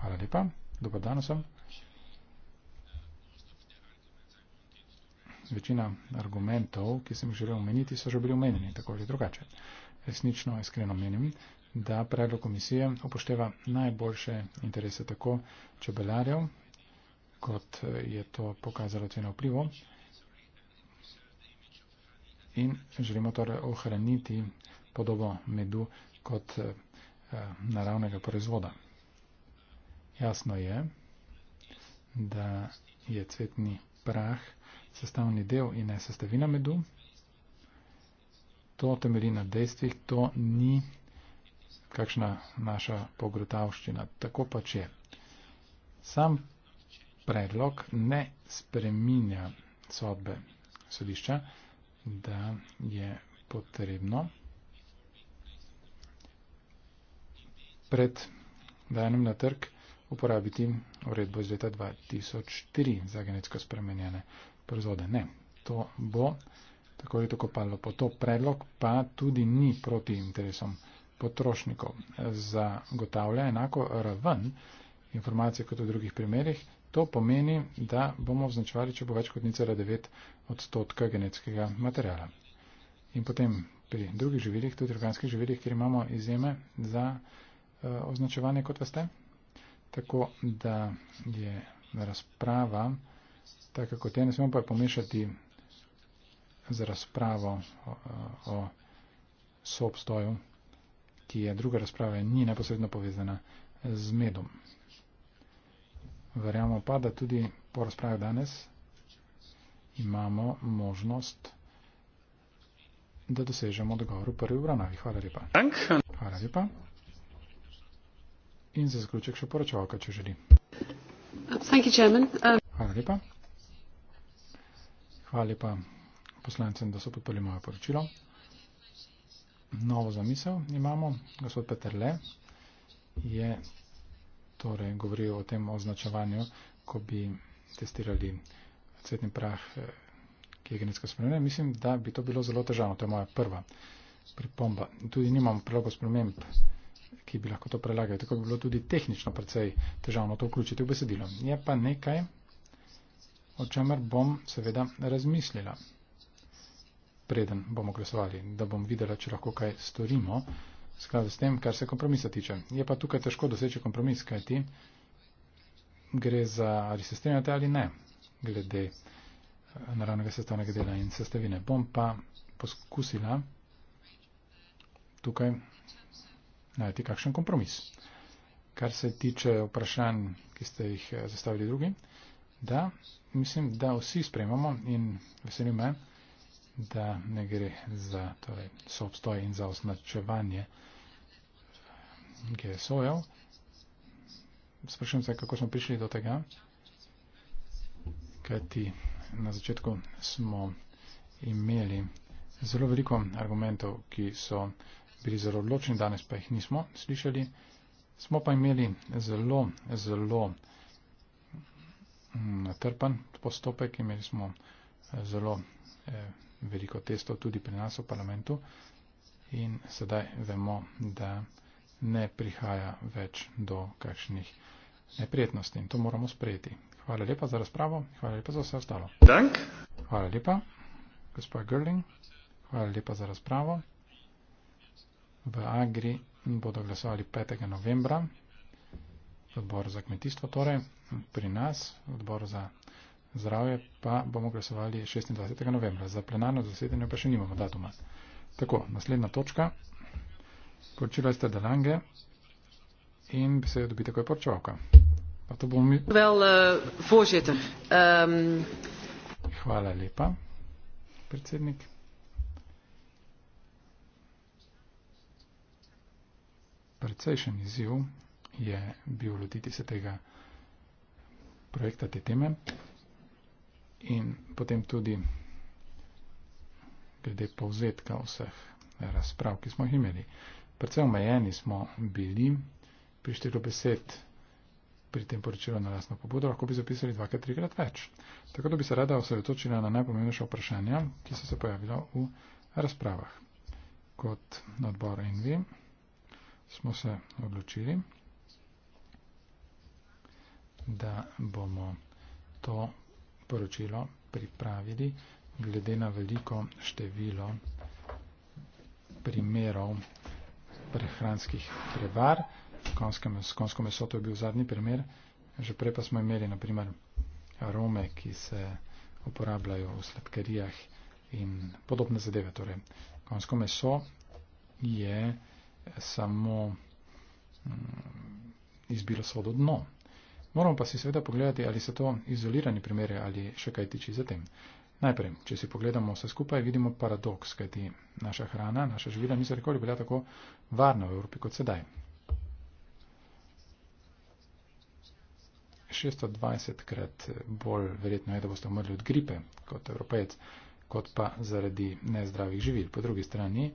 Hvala lepa. Dobar dan vsem. Večina argumentov, ki sem želel omeniti, so že bili omenjeni, tako ali drugače. Resnično, iskreno menim, da predlog komisije upošteva najboljše interese tako čebelarjev, kot eh, je to pokazalo ceno vplivo. In želimo torej ohraniti podobo medu kot eh, naravnega proizvoda. Jasno je, da je cvetni prah sestavni del in ne sestavina medu. To temelji na dejstvih, to ni kakšna naša pogrotavščina. Tako pač je. Sam predlog ne spreminja sodbe sodišča, da je potrebno pred danem na trg uporabiti uredbo iz leta 2004 za genetsko spremenjene proizvode. Ne, to bo tako je to kopalo po to. Predlog pa tudi ni proti interesom potrošnikov. Zagotavlja enako raven informacije kot v drugih primerjih. To pomeni, da bomo označevali, če bo več kot 0,9 odstotka genetskega materijala. In potem pri drugih živilih, tudi organskih živilih, kjer imamo izjeme za uh, označevanje, kot veste. Tako da je razprava, tako kot je, ne smemo pa pomešati z razpravo o, eh, o soobstoju ki je druga razprava, ni neposredno povezana z medom. Verjamo pa, da tudi po razpravi danes imamo možnost, da dosežemo dogovor v prvi obravnavi. Hvala lepa. Hvala lepa. In za zaključek še poročavka, če želi. Um, Hvala lepa. Hvala lepa poslancem, da so podpali moje poročilo novo zamisel imamo. Gospod Peter Le je torej govoril o tem označevanju, ko bi testirali cvetni prah, eh, ki je genetsko spremenjen. Mislim, da bi to bilo zelo težavno. To je moja prva pripomba. Tudi nimam predlogov sprememb, ki bi lahko to prelagali. Tako bi bilo tudi tehnično precej težavno to vključiti v besedilo. Je pa nekaj, o čemer bom seveda razmislila preden bomo glasovali, da bom videla, če lahko kaj storimo, skladu s tem, kar se kompromisa tiče. Je pa tukaj težko doseči kompromis, kaj ti gre za, ali se strinjate ali ne, glede eh, naravnega sestavnega dela in sestavine. Bom pa poskusila tukaj najti kakšen kompromis. Kar se tiče vprašanj, ki ste jih eh, zastavili drugi, da mislim, da vsi sprejmamo in veselim me, da ne gre za torej, sobstoj in za označevanje GSO-jev. Sprašujem se, kako smo prišli do tega, kajti na začetku smo imeli zelo veliko argumentov, ki so bili zelo odločni, danes pa jih nismo slišali. Smo pa imeli zelo, zelo natrpan postopek, imeli smo zelo eh, veliko testov tudi pri nas v parlamentu in sedaj vemo, da ne prihaja več do kakšnih neprijetnosti in to moramo sprejeti. Hvala lepa za razpravo, hvala lepa za vse ostalo. Dank. Hvala lepa, gospod Gerling, hvala lepa za razpravo. V Agri bodo glasovali 5. novembra, odbor za kmetijstvo torej, pri nas, odbor za zdravje pa bomo glasovali 26. novembra. Za plenarno zasedanje pa še nimamo datuma. Tako, naslednja točka. Poročila ste Delange in bi se jo dobite kot poročevalka. Pa to bomo mi. Well, uh, um... Hvala lepa, predsednik. Precejšen izziv je bil loditi se tega projekta te teme in potem tudi glede povzetka vseh razprav, ki smo jih imeli. Predvsem omejeni smo bili pri štiri besed pri tem poročilu na lastno pobudo, lahko bi zapisali dvakrat, trikrat več. Tako da bi se rada osredotočila na najpomembnejša vprašanja, ki so se pojavila v razpravah. Kot nadbor in vi smo se odločili, da bomo to poročilo pripravili glede na veliko število primerov prehranskih prevar. Konske, s konsko meso to je bil zadnji primer. Že prej pa smo imeli naprimer arome, ki se uporabljajo v sladkarijah in podobne zadeve. Torej, konsko meso je samo mm, izbilo sodo dno. Moramo pa si seveda pogledati, ali so to izolirani primeri ali še kaj tiči za tem. Najprej, če si pogledamo vse skupaj, vidimo paradoks, kajti naša hrana, naša živila niso nikoli bila tako varna v Evropi kot sedaj. 620 krat bolj verjetno je, da boste umrli od gripe kot evropejec, kot pa zaradi nezdravih živil. Po drugi strani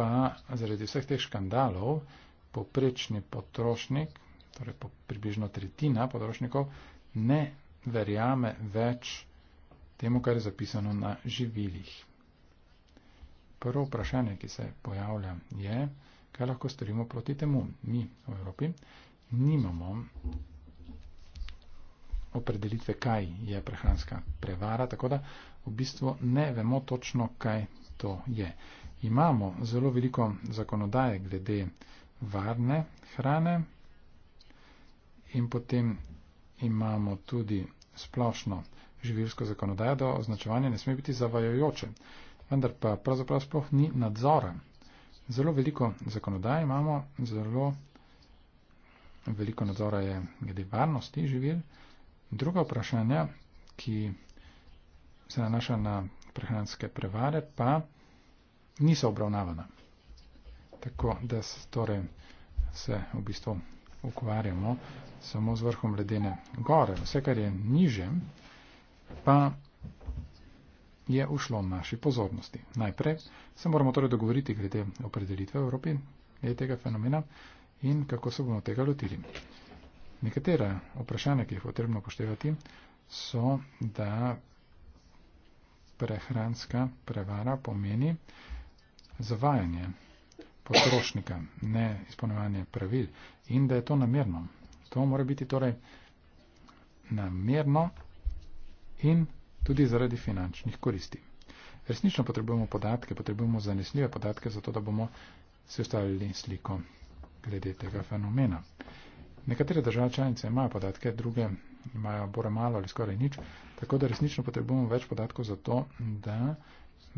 pa zaradi vseh teh škandalov poprečni potrošnik torej približno tretjina potrošnikov, ne verjame več temu, kar je zapisano na živilih. Prvo vprašanje, ki se pojavlja, je, kaj lahko storimo proti temu. Mi v Evropi nimamo opredelitve, kaj je prehranska prevara, tako da v bistvu ne vemo točno, kaj to je. Imamo zelo veliko zakonodaje glede varne hrane, in potem imamo tudi splošno živilsko zakonodajo, da označevanje ne sme biti zavajajoče, vendar pa pravzaprav sploh ni nadzora. Zelo veliko zakonodaje imamo, zelo veliko nadzora je glede varnosti živil. Druga vprašanja, ki se nanaša na prehranske prevare, pa niso obravnavana. Tako da se, torej, se v bistvu ukvarjamo samo z vrhom ledene gore. Vse, kar je niže, pa je ušlo naši pozornosti. Najprej se moramo torej dogovoriti glede opredelitve v Evropi tega fenomena in kako se bomo tega lotili. Nekatera vprašanja, ki jih potrebno poštevati, so, da prehranska prevara pomeni zavajanje potrošnika, ne izpolnjevanje pravil in da je to namerno. To mora biti torej namerno in tudi zaradi finančnih koristi. Resnično potrebujemo podatke, potrebujemo zanesljive podatke, zato da bomo se ustavili sliko glede tega fenomena. Nekatere države članice imajo podatke, druge imajo bore malo ali skoraj nič, tako da resnično potrebujemo več podatkov za to, da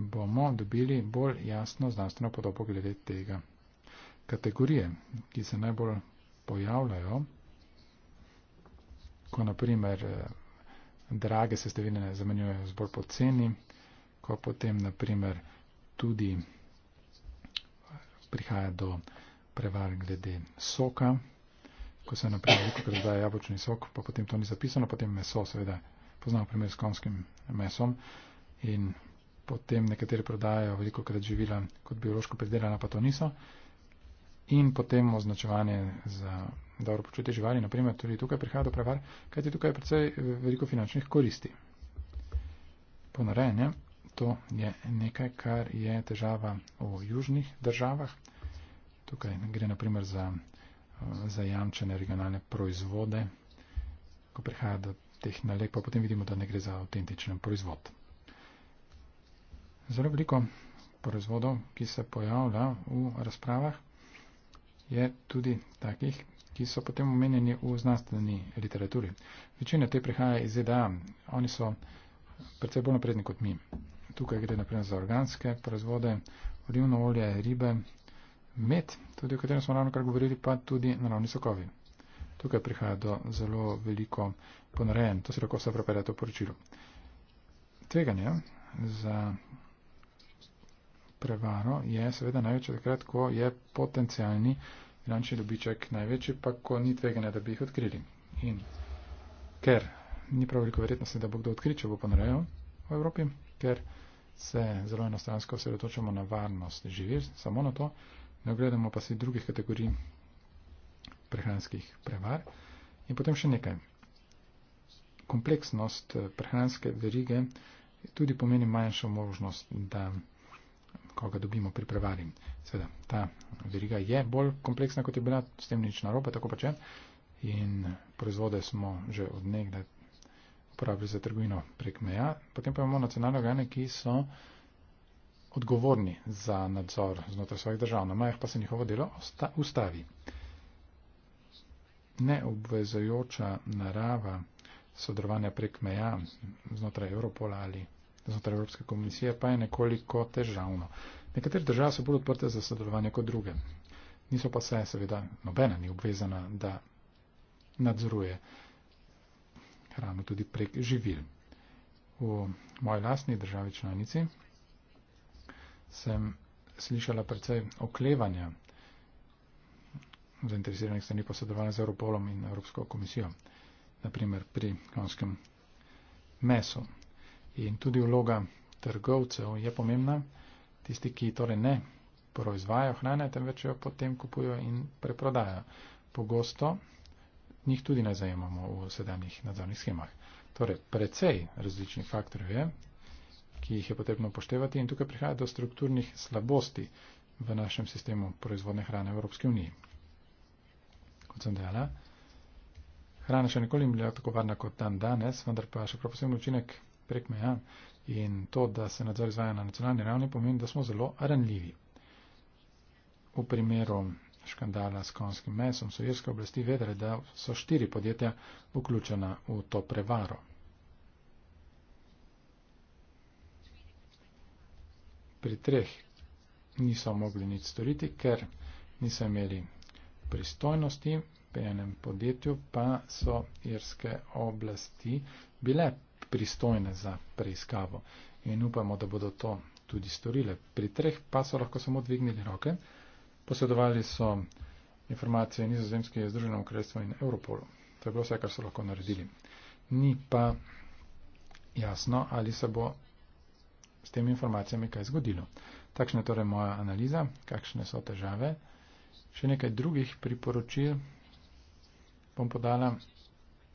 bomo dobili bolj jasno znanstveno podobo glede tega. Kategorije, ki se najbolj pojavljajo, ko naprimer eh, drage sestavine zamenjujejo z bolj poceni, ko potem naprimer tudi eh, prihaja do prevar glede soka, ko se naprimer veliko krat daje jabočni sok, pa potem to ni zapisano, potem meso, seveda poznamo primer s konskim mesom in potem nekatere prodajajo veliko krat živila kot biološko predelana, pa to niso. In potem označevanje za dobro počutje živali, naprimer, tudi tukaj prihaja do prevar, kajti tukaj je predvsej eh, veliko finančnih koristi. Ponarejanje, to je nekaj, kar je težava v južnih državah. Tukaj gre naprimer za eh, zajamčene regionalne proizvode, ko prihaja do teh nalek, pa potem vidimo, da ne gre za avtentičen proizvod zelo veliko proizvodov, ki se pojavlja v razpravah, je tudi takih, ki so potem omenjeni v znanstveni literaturi. Večina te prihaja iz ZDA, oni so predvsej bolj napredni kot mi. Tukaj gre naprimer za organske proizvode, olivno olje, ribe, med, tudi o katerem smo ravno kar govorili, pa tudi naravni sokovi. Tukaj prihaja do zelo veliko ponarejen, to se lahko vse prepeljate v poročilu. Tveganje za prevaro, je seveda največje takrat, ko je potencijalni finančni dobiček največji, pa ko ni tveganja, da bi jih odkrili. In ker ni prav veliko verjetnosti, da bo kdo odkril, če bo ponarejal v Evropi, ker se zelo enostransko osredotočamo na varnost živil, samo na to, ne ogledamo pa si drugih kategorij prehranskih prevar. In potem še nekaj. Kompleksnost prehranske verige tudi pomeni manjšo možnost, da koga dobimo pri prevari. Seveda, ta veriga je bolj kompleksna, kot je bila, s tem nič narobe, tako pač je. In proizvode smo že odnegle uporabili za trgovino prek meja. Potem pa imamo nacionalne organe, ki so odgovorni za nadzor znotraj svojih držav. Na majah pa se njihovo delo ustavi. Neobvezojoča narava sodelovanja prek meja znotraj Evropola ali znotraj Evropske komisije pa je nekoliko težavno. Nekatere države so bolj odprte za sodelovanje kot druge. Niso pa se, seveda, nobena ni obvezana, da nadzoruje hrano tudi prek živil. V moji lastni državi članici sem slišala precej oklevanja zainteresiranih strani posedovanja z Europolom in Evropsko komisijo, naprimer pri konskem mesu. In tudi vloga trgovcev je pomembna. Tisti, ki torej ne proizvajajo hrane, temveč jo potem kupujo in preprodajo. Pogosto njih tudi ne zajemamo v sedanjih nadzornih schemah. Torej, precej različnih faktorjev je, ki jih je potrebno upoštevati in tukaj prihaja do strukturnih slabosti v našem sistemu proizvodne hrane v Evropski uniji. Kot sem dejala, hrana še nikoli ni bila tako varna kot dan danes, vendar pa še prav posebno učinek prek meja in to, da se nadzor izvaja na nacionalni ravni, pomeni, da smo zelo ranljivi. V primeru škandala s konskim mesom so irske oblasti vedele, da so štiri podjetja vključena v to prevaro. Pri treh niso mogli nič storiti, ker niso imeli pristojnosti, pri enem podjetju pa so irske oblasti bile pristojne za preiskavo in upamo, da bodo to tudi storile. Pri treh pa so lahko samo dvignili roke. Posedovali so informacije nizozemske Združenem kraljestvu in Europolu. To je bilo vse, kar so lahko naredili. Ni pa jasno, ali se bo s temi informacijami kaj zgodilo. Takšna je torej moja analiza, kakšne so težave. Še nekaj drugih priporočil bom podala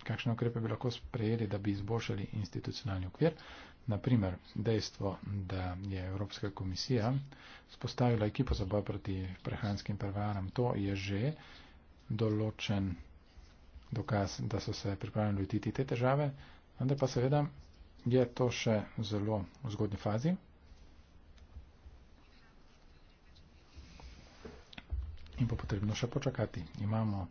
kakšne ukrepe bi lahko sprejeli, da bi izboljšali institucionalni okvir. Naprimer, dejstvo, da je Evropska komisija spostavila ekipo za boj proti prehranskim prevaram, to je že določen dokaz, da so se pripravljeni lotiti te težave, vendar pa seveda je to še zelo v zgodnji fazi. In bo potrebno še počakati. Imamo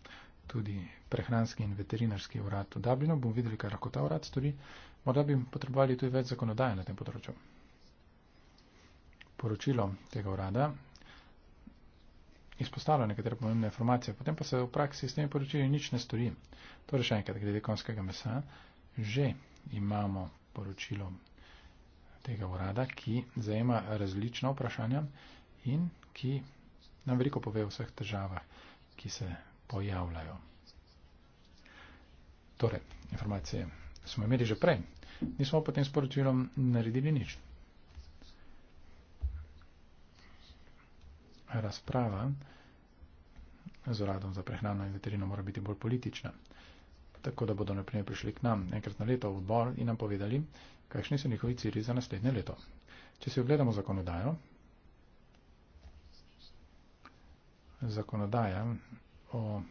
tudi prehranski in veterinarski urad v Dublinu, bomo videli, kaj lahko ta urad stori. Morda bi potrebovali tudi več zakonodaje na tem področju. Poročilo tega urada izpostavlja nekatere pomembne informacije, potem pa se v praksi s temi poročili nič ne stori. Torej, še enkrat, glede konskega mesa, že imamo poročilo tega urada, ki zajema različna vprašanja in ki nam veliko pove o vseh težavah, ki se pojavljajo. Torej, informacije smo imeli že prej, nismo potem s poročilom naredili nič. Razprava z uradom za prehrano in veterino mora biti bolj politična. Tako da bodo naprimer prišli k nam enkrat na leto v odbor in nam povedali, kakšni so njihovi cilji za naslednje leto. Če si ogledamo zakonodajo, zakonodaja o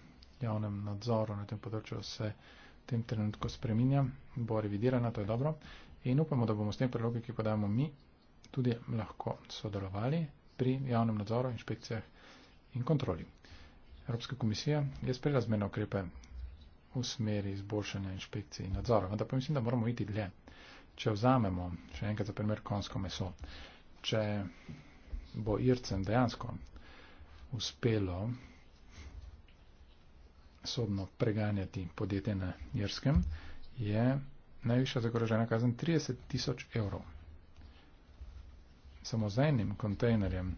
javnem nadzoru na tem področju se v tem trenutku spreminja, bo revidirana, to je dobro. In upamo, da bomo s tem predlogom, ki podajamo mi, tudi lahko sodelovali pri javnem nadzoru, inšpekcijah in kontroli. Evropska komisija je sprejela zmerno ukrepe v smeri izboljšanja inšpekcij in nadzora, vendar pa mislim, da moramo iti dlje. Če vzamemo, še enkrat za primer, konsko meso, če bo Ircem dejansko uspelo sobno preganjati podjetje na Jerskem, je najviša zagrožena kazen 30 tisoč evrov. Samo z enim kontejnerjem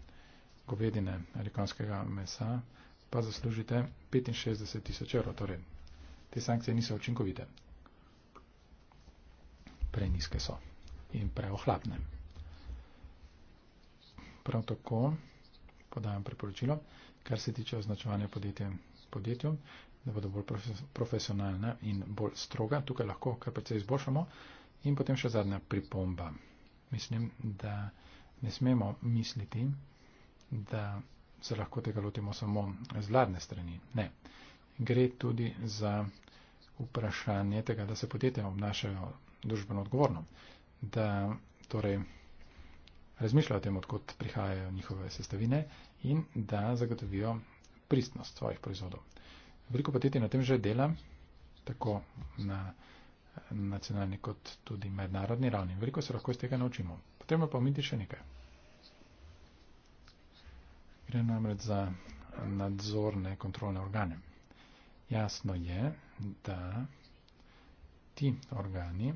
govedine ali konskega mesa pa zaslužite 65 tisoč evrov. Torej, te sankcije niso učinkovite. Preniske so in preohlapne. Prav tako podajam priporočilo, kar se tiče označevanja podjetja podjetju, da bodo bolj profesionalne in bolj stroga. Tukaj lahko kar precej izboljšamo. In potem še zadnja pripomba. Mislim, da ne smemo misliti, da se lahko tega lotimo samo z vladne strani. Ne. Gre tudi za vprašanje tega, da se podjetja obnašajo družbeno odgovorno. Da torej razmišljajo o tem, odkot prihajajo njihove sestavine in da zagotovijo pristnost svojih proizvodov. Veliko podjetij na tem že dela, tako na nacionalni kot tudi mednarodni ravni. Veliko se lahko iz tega naučimo. Potrebno pa omeniti še nekaj. Gre namreč za nadzorne kontrolne organe. Jasno je, da ti organi,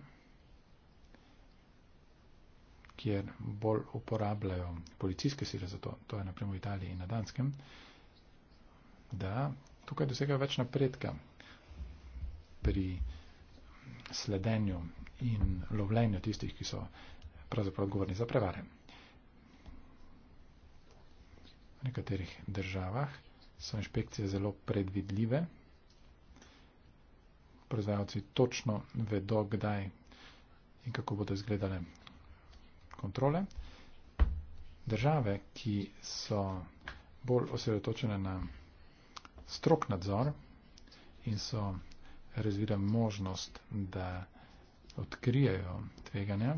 kjer bolj uporabljajo policijske sile za to, to je naprimer v Italiji in na Danskem, da tukaj dosega več napredka pri sledenju in lovljenju tistih, ki so pravzaprav odgovorni za prevare. V nekaterih državah so inšpekcije zelo predvidljive. Proizvajalci točno vedo, kdaj in kako bodo izgledale kontrole. Države, ki so bolj osredotočene na strok nadzor in so razvira možnost, da odkrijajo tveganja,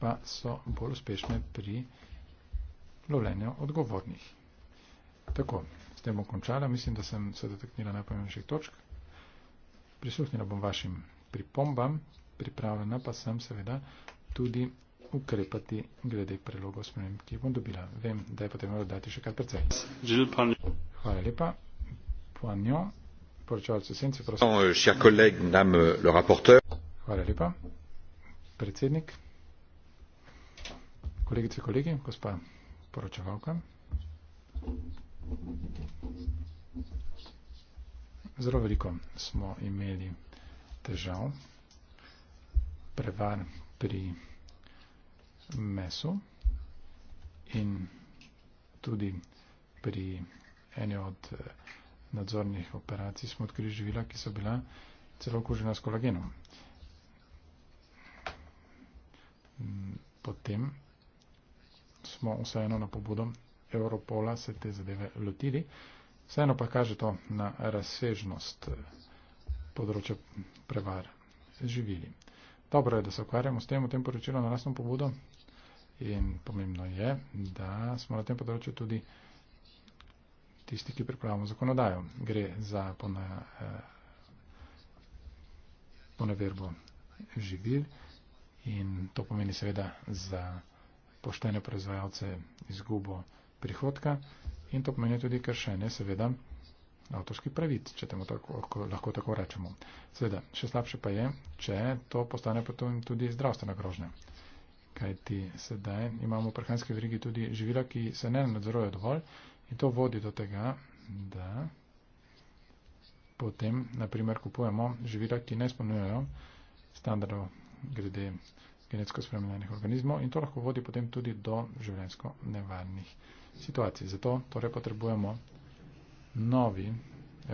pa so bolj uspešne pri lovljenju odgovornih. Tako, s tem bom končala. Mislim, da sem se dotaknila najpomembnejših točk. Prisluhnila bom vašim pripombam, pripravljena pa sem seveda tudi ukrepati glede prelogov sprememb, ki jih bom dobila. Vem, da je potrebno dodati še kar precej. Hvala lepa. Euh, chers collègues, Madame euh, le rapporteur. Hvala lepa, predsednik, kolegice, kolegi, gospa poročevalka. Zelo veliko smo imeli težav, prevar pri mesu in tudi pri eni od eh, nadzornih operacij smo odkrili živila, ki so bila celo okužena s kolagenom. Potem smo vseeno na pobudo Europola se te zadeve lotili, vseeno pa kaže to na razsežnost eh, področja prevar živili. Dobro je, da se ukvarjamo s tem v tem poročilu na lastno pobudo in pomembno je, da smo na tem področju tudi tisti, ki pripravljamo zakonodajo. Gre za pone, eh, poneverbo živil in to pomeni seveda za poštene proizvajalce izgubo prihodka in to pomeni tudi kršenje seveda avtorskih pravic, če temu tako, lahko tako rečemo. Seveda, še slabše pa je, če to postane potem tudi zdravstvena grožnja. Kajti sedaj imamo v prehranski verigi tudi živila, ki se ne nadzorujejo dovolj In to vodi do tega, da potem, naprimer, kupujemo živila, ki ne spomnujejo standardov glede genetsko spremenjenih organizmov in to lahko vodi potem tudi do življensko nevarnih situacij. Zato torej potrebujemo novi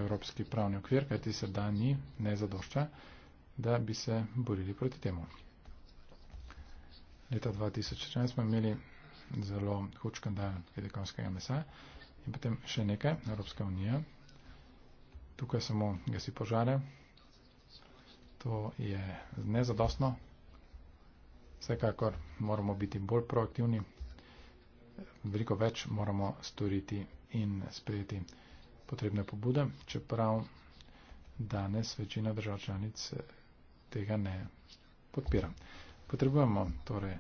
evropski pravni okvir, kajti sedanji ne zadošča, da bi se borili proti temu. Leta 2014 smo imeli zelo hud škandal kedekonskega mesa. In potem še nekaj, Evropska unija. Tukaj samo gasi požare. To je nezadostno. Vsekakor moramo biti bolj proaktivni. Veliko več moramo storiti in sprejeti potrebne pobude, čeprav danes večina držav članic eh, tega ne podpira. Potrebujemo torej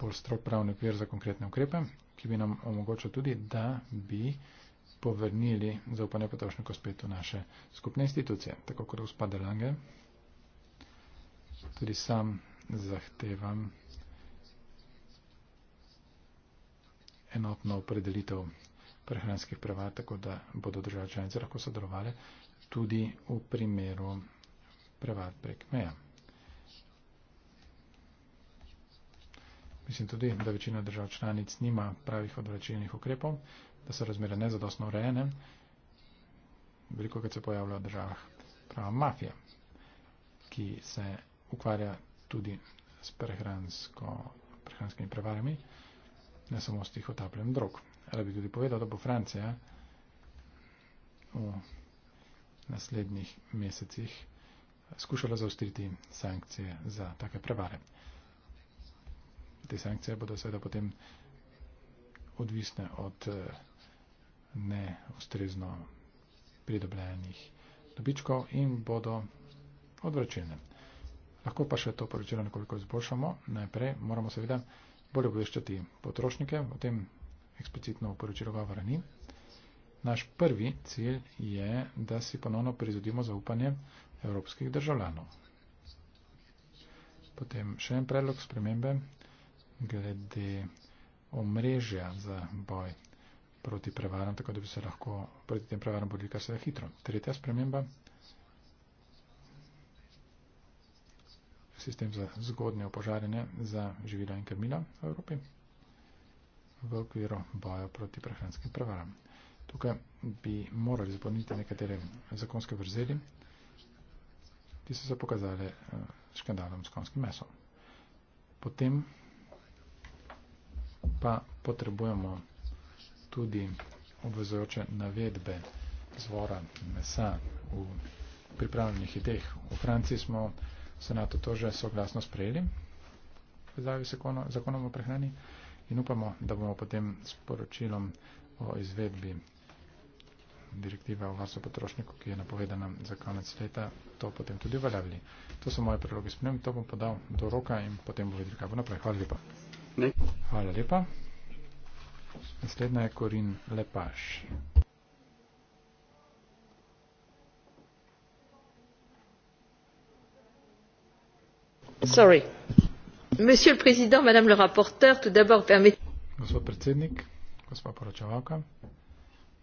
bolj strok pravni okvir za konkretne ukrepe ki bi nam omogočil tudi, da bi povrnili zaupanje potrošnikov spet v naše skupne institucije. Tako kot gospod Lange, tudi sam zahtevam enotno opredelitev prehranskih prevar, tako da bodo države članice lahko sodelovali tudi v primeru prevar prek meja. Mislim tudi, da večina držav članic nima pravih odvračilnih ukrepov, da so razmere nezadostno urejene. Veliko, kar se pojavlja v državah, prava mafija, ki se ukvarja tudi s prehranskimi prevarami, ne samo s tih otapljem drog. Rad bi tudi povedal, da bo Francija v naslednjih mesecih skušala zaustriti sankcije za take prevare te sankcije bodo seveda potem odvisne od eh, neustrezno pridobljenih dobičkov in bodo odvračene. Lahko pa še to poročilo nekoliko izboljšamo. Najprej moramo seveda bolje obveščati potrošnike, o tem eksplicitno v poročilu govora ni. Naš prvi cilj je, da si ponovno prizadimo zaupanje evropskih državljanov. Potem še en predlog spremembe glede omrežja za boj proti prevaram, tako da bi se lahko proti tem prevaram bodili kar se da hitro. Tretja sprememba. Sistem za zgodnje opožarjanje za živila in krmila v Evropi v okviru boja proti prehranskim prevaram. Tukaj bi morali zapolniti nekatere zakonske vrzeli, ki so se pokazali eh, škandalom s konskim mesom. Potem pa potrebujemo tudi obvezujoče navedbe zvora mesa v pripravljenih ideh. V Franciji smo senato to že soglasno sprejeli v zavi zakonom o prehrani in upamo, da bomo potem s poročilom o izvedbi direktive o varstvu potrošnikov, ki je napovedana za konec leta, to potem tudi uveljavili. To so moje predloge s to bom podal do roka in potem bo videli, kaj bo naprej. Hvala lepa. Ne. Hvala lepa. Naslednja je Korin Lepaš. Sorry. Monsieur le Président, Madame le Rapporteur, tout d'abord permettez. Gospod predsednik, gospod poročevalka,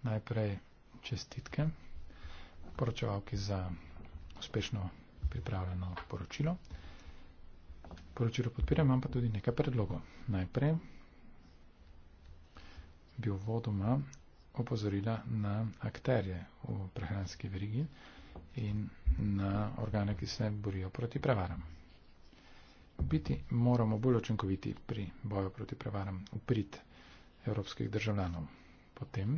najprej čestitke poročevalki za uspešno pripravljeno poročilo poročilo podpiram, imam pa tudi nekaj predlogov. Najprej bi uvodoma opozorila na akterje v prehranski verigi in na organe, ki se borijo proti prevaram. Biti moramo bolj očinkoviti pri boju proti prevaram v prid evropskih državljanov. Potem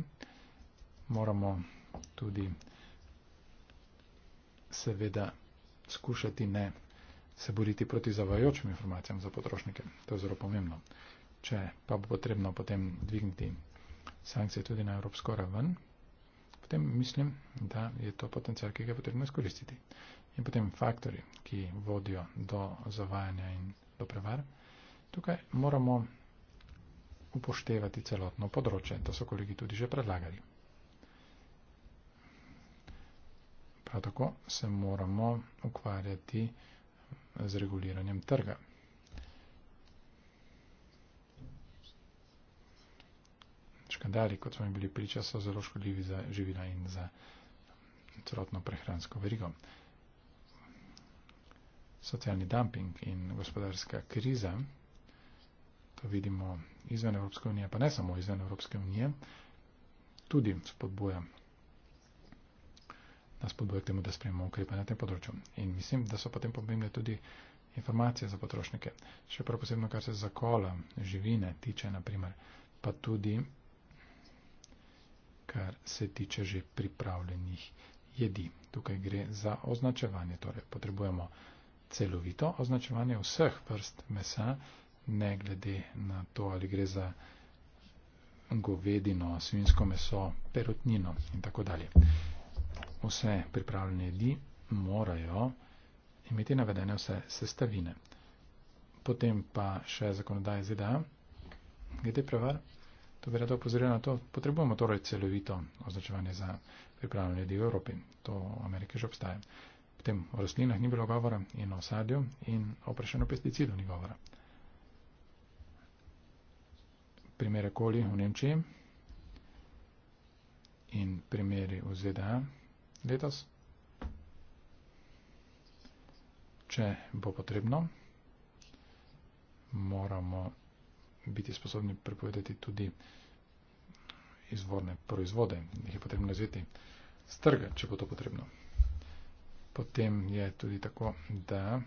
moramo tudi seveda skušati ne se boriti proti zavajočim informacijam za potrošnike. To je zelo pomembno. Če pa bo potrebno potem dvigniti sankcije tudi na evropsko raven, potem mislim, da je to potencial, ki ga je potrebno izkoristiti. In potem faktori, ki vodijo do zavajanja in do prevar. Tukaj moramo upoštevati celotno področje. To so kolegi tudi že predlagali. Prav tako se moramo ukvarjati z reguliranjem trga. Škandali, kot smo jim bili priča, so zelo škodljivi za živila in za celotno prehransko verigo. Socialni dumping in gospodarska kriza, to vidimo izven Evropske unije, pa ne samo izven Evropske unije, tudi spodbuja nas podbuja k temu, da sprejemo ukrepe na tem področju. In mislim, da so potem pomembne tudi informacije za potrošnike. Še prav posebno, kar se zakola, živine tiče, naprimer, pa tudi, kar se tiče že pripravljenih jedi. Tukaj gre za označevanje, torej potrebujemo celovito označevanje vseh vrst mesa, ne glede na to, ali gre za govedino, svinsko meso, perutnino in tako dalje vse pripravljene jedi morajo imeti navedene vse sestavine. Potem pa še zakonodaje ZDA, glede prevar, to bi rada opozorila na to, potrebujemo torej celovito označevanje za pripravljene jedi v Evropi, to v Ameriki že obstaja. Potem o rastlinah ni bilo govora in o sadju in o vprašanju pesticidov ni govora. Primere koli v Nemčiji in primeri v ZDA letos. Če bo potrebno, moramo biti sposobni prepovedati tudi izvorne proizvode, jih je potrebno izveti z trga, če bo to potrebno. Potem je tudi tako, da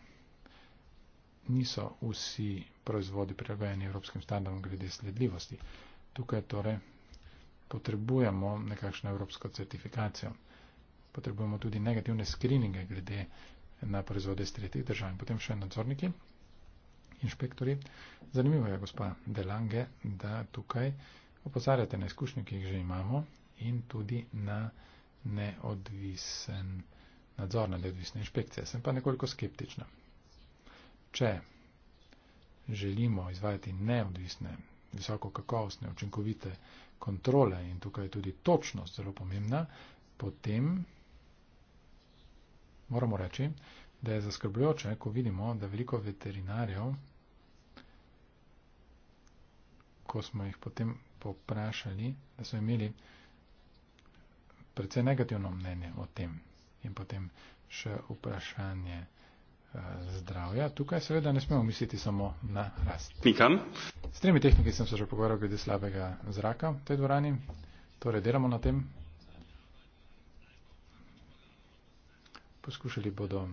niso vsi proizvodi prilagojeni evropskim standardom glede sledljivosti. Tukaj torej potrebujemo nekakšno evropsko certifikacijo potrebujemo tudi negativne skrininge glede na proizvode iz tretjih držav in potem še nadzorniki, inšpektori. Zanimivo je, gospa Delange, da tukaj opozarjate na izkušnje, ki jih že imamo in tudi na neodvisen nadzor na neodvisne inšpekcije. Sem pa nekoliko skeptična. Če želimo izvajati neodvisne, visoko kakovostne, učinkovite kontrole in tukaj je tudi točnost zelo pomembna, potem moramo reči, da je zaskrbljujoče, ko vidimo, da veliko veterinarjev, ko smo jih potem poprašali, da so imeli predvsej negativno mnenje o tem in potem še vprašanje e, zdravja. Tukaj seveda ne smemo misliti samo na rast. Nikam. S tremi tehniki sem se že pogovarjal glede slabega zraka v tej dvorani, torej delamo na tem. poskušali bodo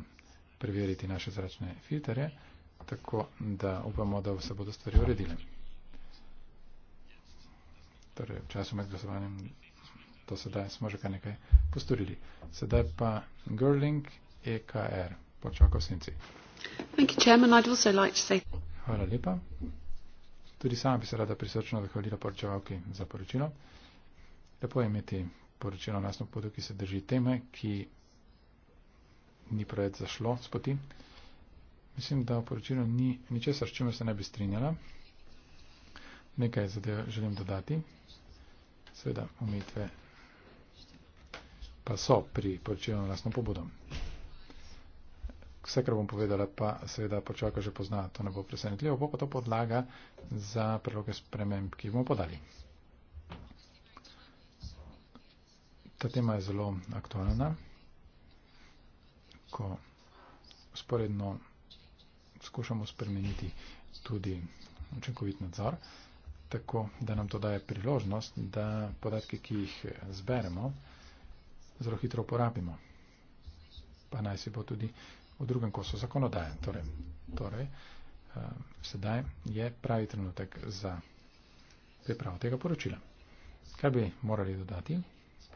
preveriti naše zračne filtre, tako da upamo, da se bodo stvari uredile. Torej, v času med glasovanjem to sedaj smo že kar nekaj postorili. Sedaj pa Girling EKR, počakal senci. Hvala lepa. Tudi sama bi se rada prisrčno zahvalila poročevalki za poročilo. Lepo je imeti poročilo na nasno podu, ki se drži teme, ki ni preveč zašlo s poti. Mislim, da v poročilu ni ničesar, s čimer se ne bi strinjala. Nekaj zadev želim dodati. Seveda, umetve pa so pri poročilu na lastno pobudo. Vse, kar bom povedala, pa seveda počaka že pozna, to ne bo presenetljivo, bo pa to podlaga za predloge sprememb, ki bomo podali. Ta tema je zelo aktualna ko sporedno skušamo spremeniti tudi učinkovit nadzor, tako da nam to daje priložnost, da podatke, ki jih zberemo, zelo hitro uporabimo. Pa naj se bo tudi v drugem kosu zakonodaje. Torej, torej uh, sedaj je pravi trenutek za pripravo tega poročila. Kaj bi morali dodati?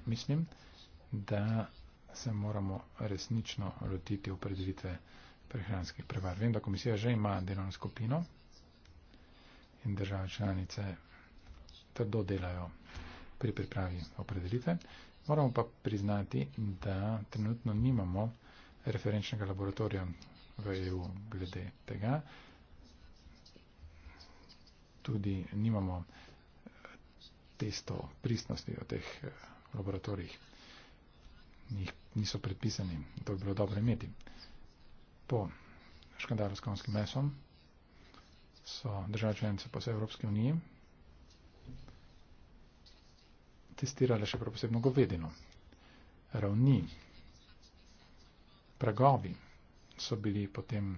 Mislim, da se moramo resnično lotiti opredelitve prehranskih prevar. Vem, da komisija že ima delovno skupino in države članice trdo delajo pri pripravi opredelitve. Moramo pa priznati, da trenutno nimamo referenčnega laboratorija v EU glede tega. Tudi nimamo testov pristnosti v teh laboratorijih jih niso predpisani. To bi bilo dobro imeti. Po škandalu s konjskim mesom so države članice po vsej Evropski uniji testirale še posebno govedino. Ravni, pragovi so bili potem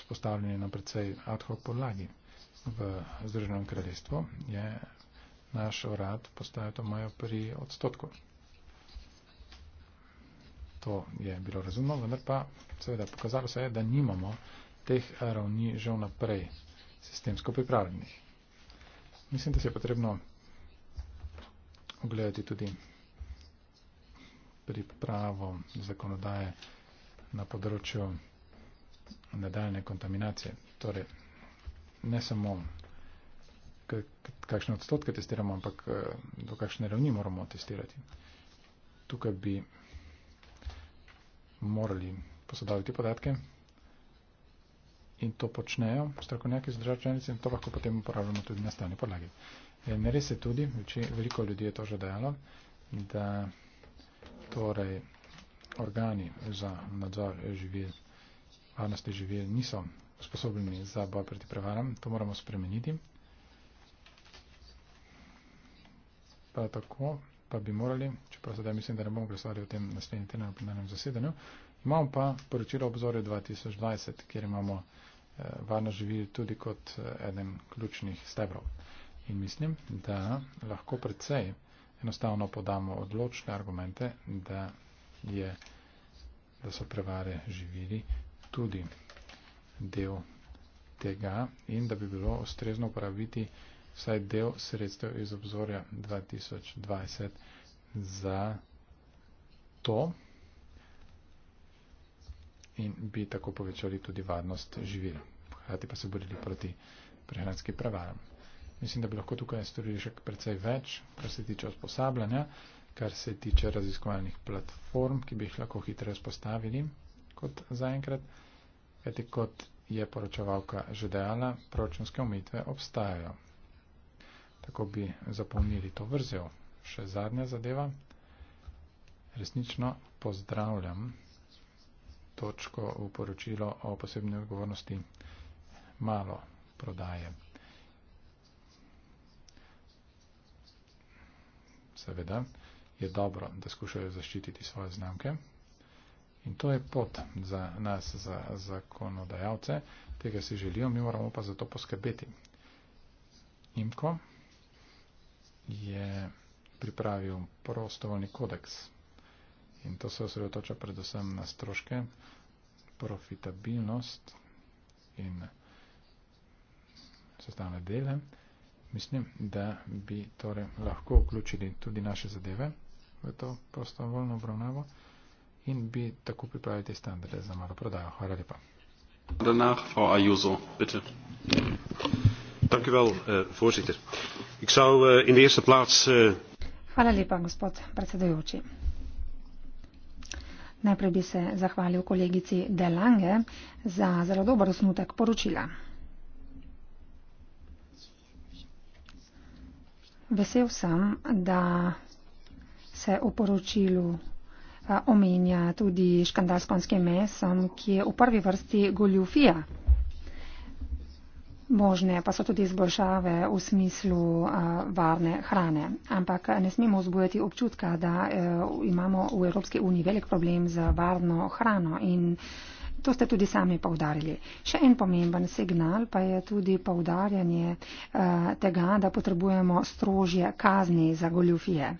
vzpostavljeni na precej ad hoc podlagi v Združenem kraljestvu. Je naš urad postavil to mejo pri odstotku. To je bilo razumno, vendar pa seveda pokazalo se je, da nimamo teh ravni že vnaprej sistemsko pripravljenih. Mislim, da se je potrebno ogledati tudi pripravo zakonodaje na področju nadaljne kontaminacije. Torej, ne samo kakšne odstotke testiramo, ampak eh, do kakšne ravni moramo testirati. Tukaj bi morali posodaviti podatke in to počnejo strokovnjaki z državčanice in to lahko potem uporabljamo tudi na stavni podlagi. Meri se tudi, veliko ljudi je to že dejalo, da torej organi za nadzor živil, varnosti živil niso sposobljeni za boj proti prevaram, to moramo spremeniti. Pa tako, pa bi morali, čeprav sedaj mislim, da ne bomo glasovali o tem naslednji teden v plenarnem zasedanju. Imamo pa poročilo obzorja 2020, kjer imamo eh, varno živeti tudi kot eh, eden ključnih stebrov. In mislim, da lahko predvsej enostavno podamo odločne argumente, da, je, da so prevare živili tudi del tega in da bi bilo ustrezno uporabiti eh, vsaj del sredstev iz obzorja 2020 za to in bi tako povečali tudi varnost živil. Hrati pa se borili proti prehranski prevaram. Mislim, da bi lahko tukaj storili še precej več, kar se tiče usposabljanja, kar se tiče raziskovalnih platform, ki bi jih lahko hitreje vzpostavili kot zaenkrat. Kajti kot je poročevalka že dejala, proračunske omejitve obstajajo. Tako bi zapomnili to vrzel. Še zadnja zadeva. Resnično pozdravljam točko v poročilo o posebni odgovornosti malo prodaje. Seveda je dobro, da skušajo zaščititi svoje znamke. In to je pot za nas, za zakonodajalce. Tega si želijo, mi moramo pa za to poskrbeti. Imko je pripravil prostovoljni kodeks. In to se osredotoča predvsem na stroške, profitabilnost in sestavne dele. Mislim, da bi torej lahko vključili tudi naše zadeve v to prostovoljno obravnavo in bi tako pripravili standarde za malo prodajo. Hvala lepa. Danach, Frau Ayuso, bitte. Eh, voorzitter ik zou eh, in de eerste plaats. Eh, gospod predsedujoči najprej bi se zahvalil kolegici de lange za zelo dober osnutek poročila. vesel sem da se v poročilu omenja tudi škandal s konjskim mesom ki je v prvi vrsti goljufija. Možne pa so tudi izboljšave v smislu uh, varne hrane. Ampak ne smemo vzbujati občutka, da uh, imamo v Evropski uniji velik problem z varno hrano in to ste tudi sami povdarili. Še en pomemben signal pa je tudi povdarjanje uh, e, tega, da potrebujemo strožje kazni za goljufije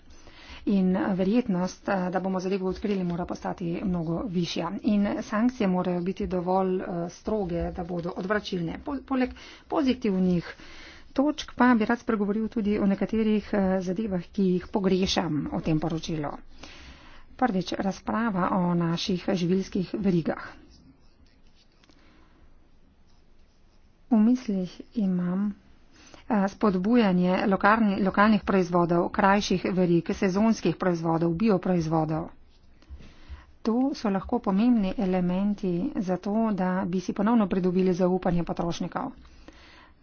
in verjetnost, eh, da bomo zadevo odkrili, mora postati mnogo višja. In sankcije morajo biti dovolj eh, stroge, da bodo odvračilne. Poleg pozitivnih točk pa bi rad spregovoril tudi o nekaterih eh, zadevah, ki jih pogrešam o tem poročilu. Prvič, razprava o naših živilskih verigah. V mislih imam spodbujanje lokalni, lokalnih proizvodov, krajših verik, sezonskih proizvodov, bioproizvodov. To so lahko pomembni elementi za to, da bi si ponovno pridobili zaupanje potrošnikov.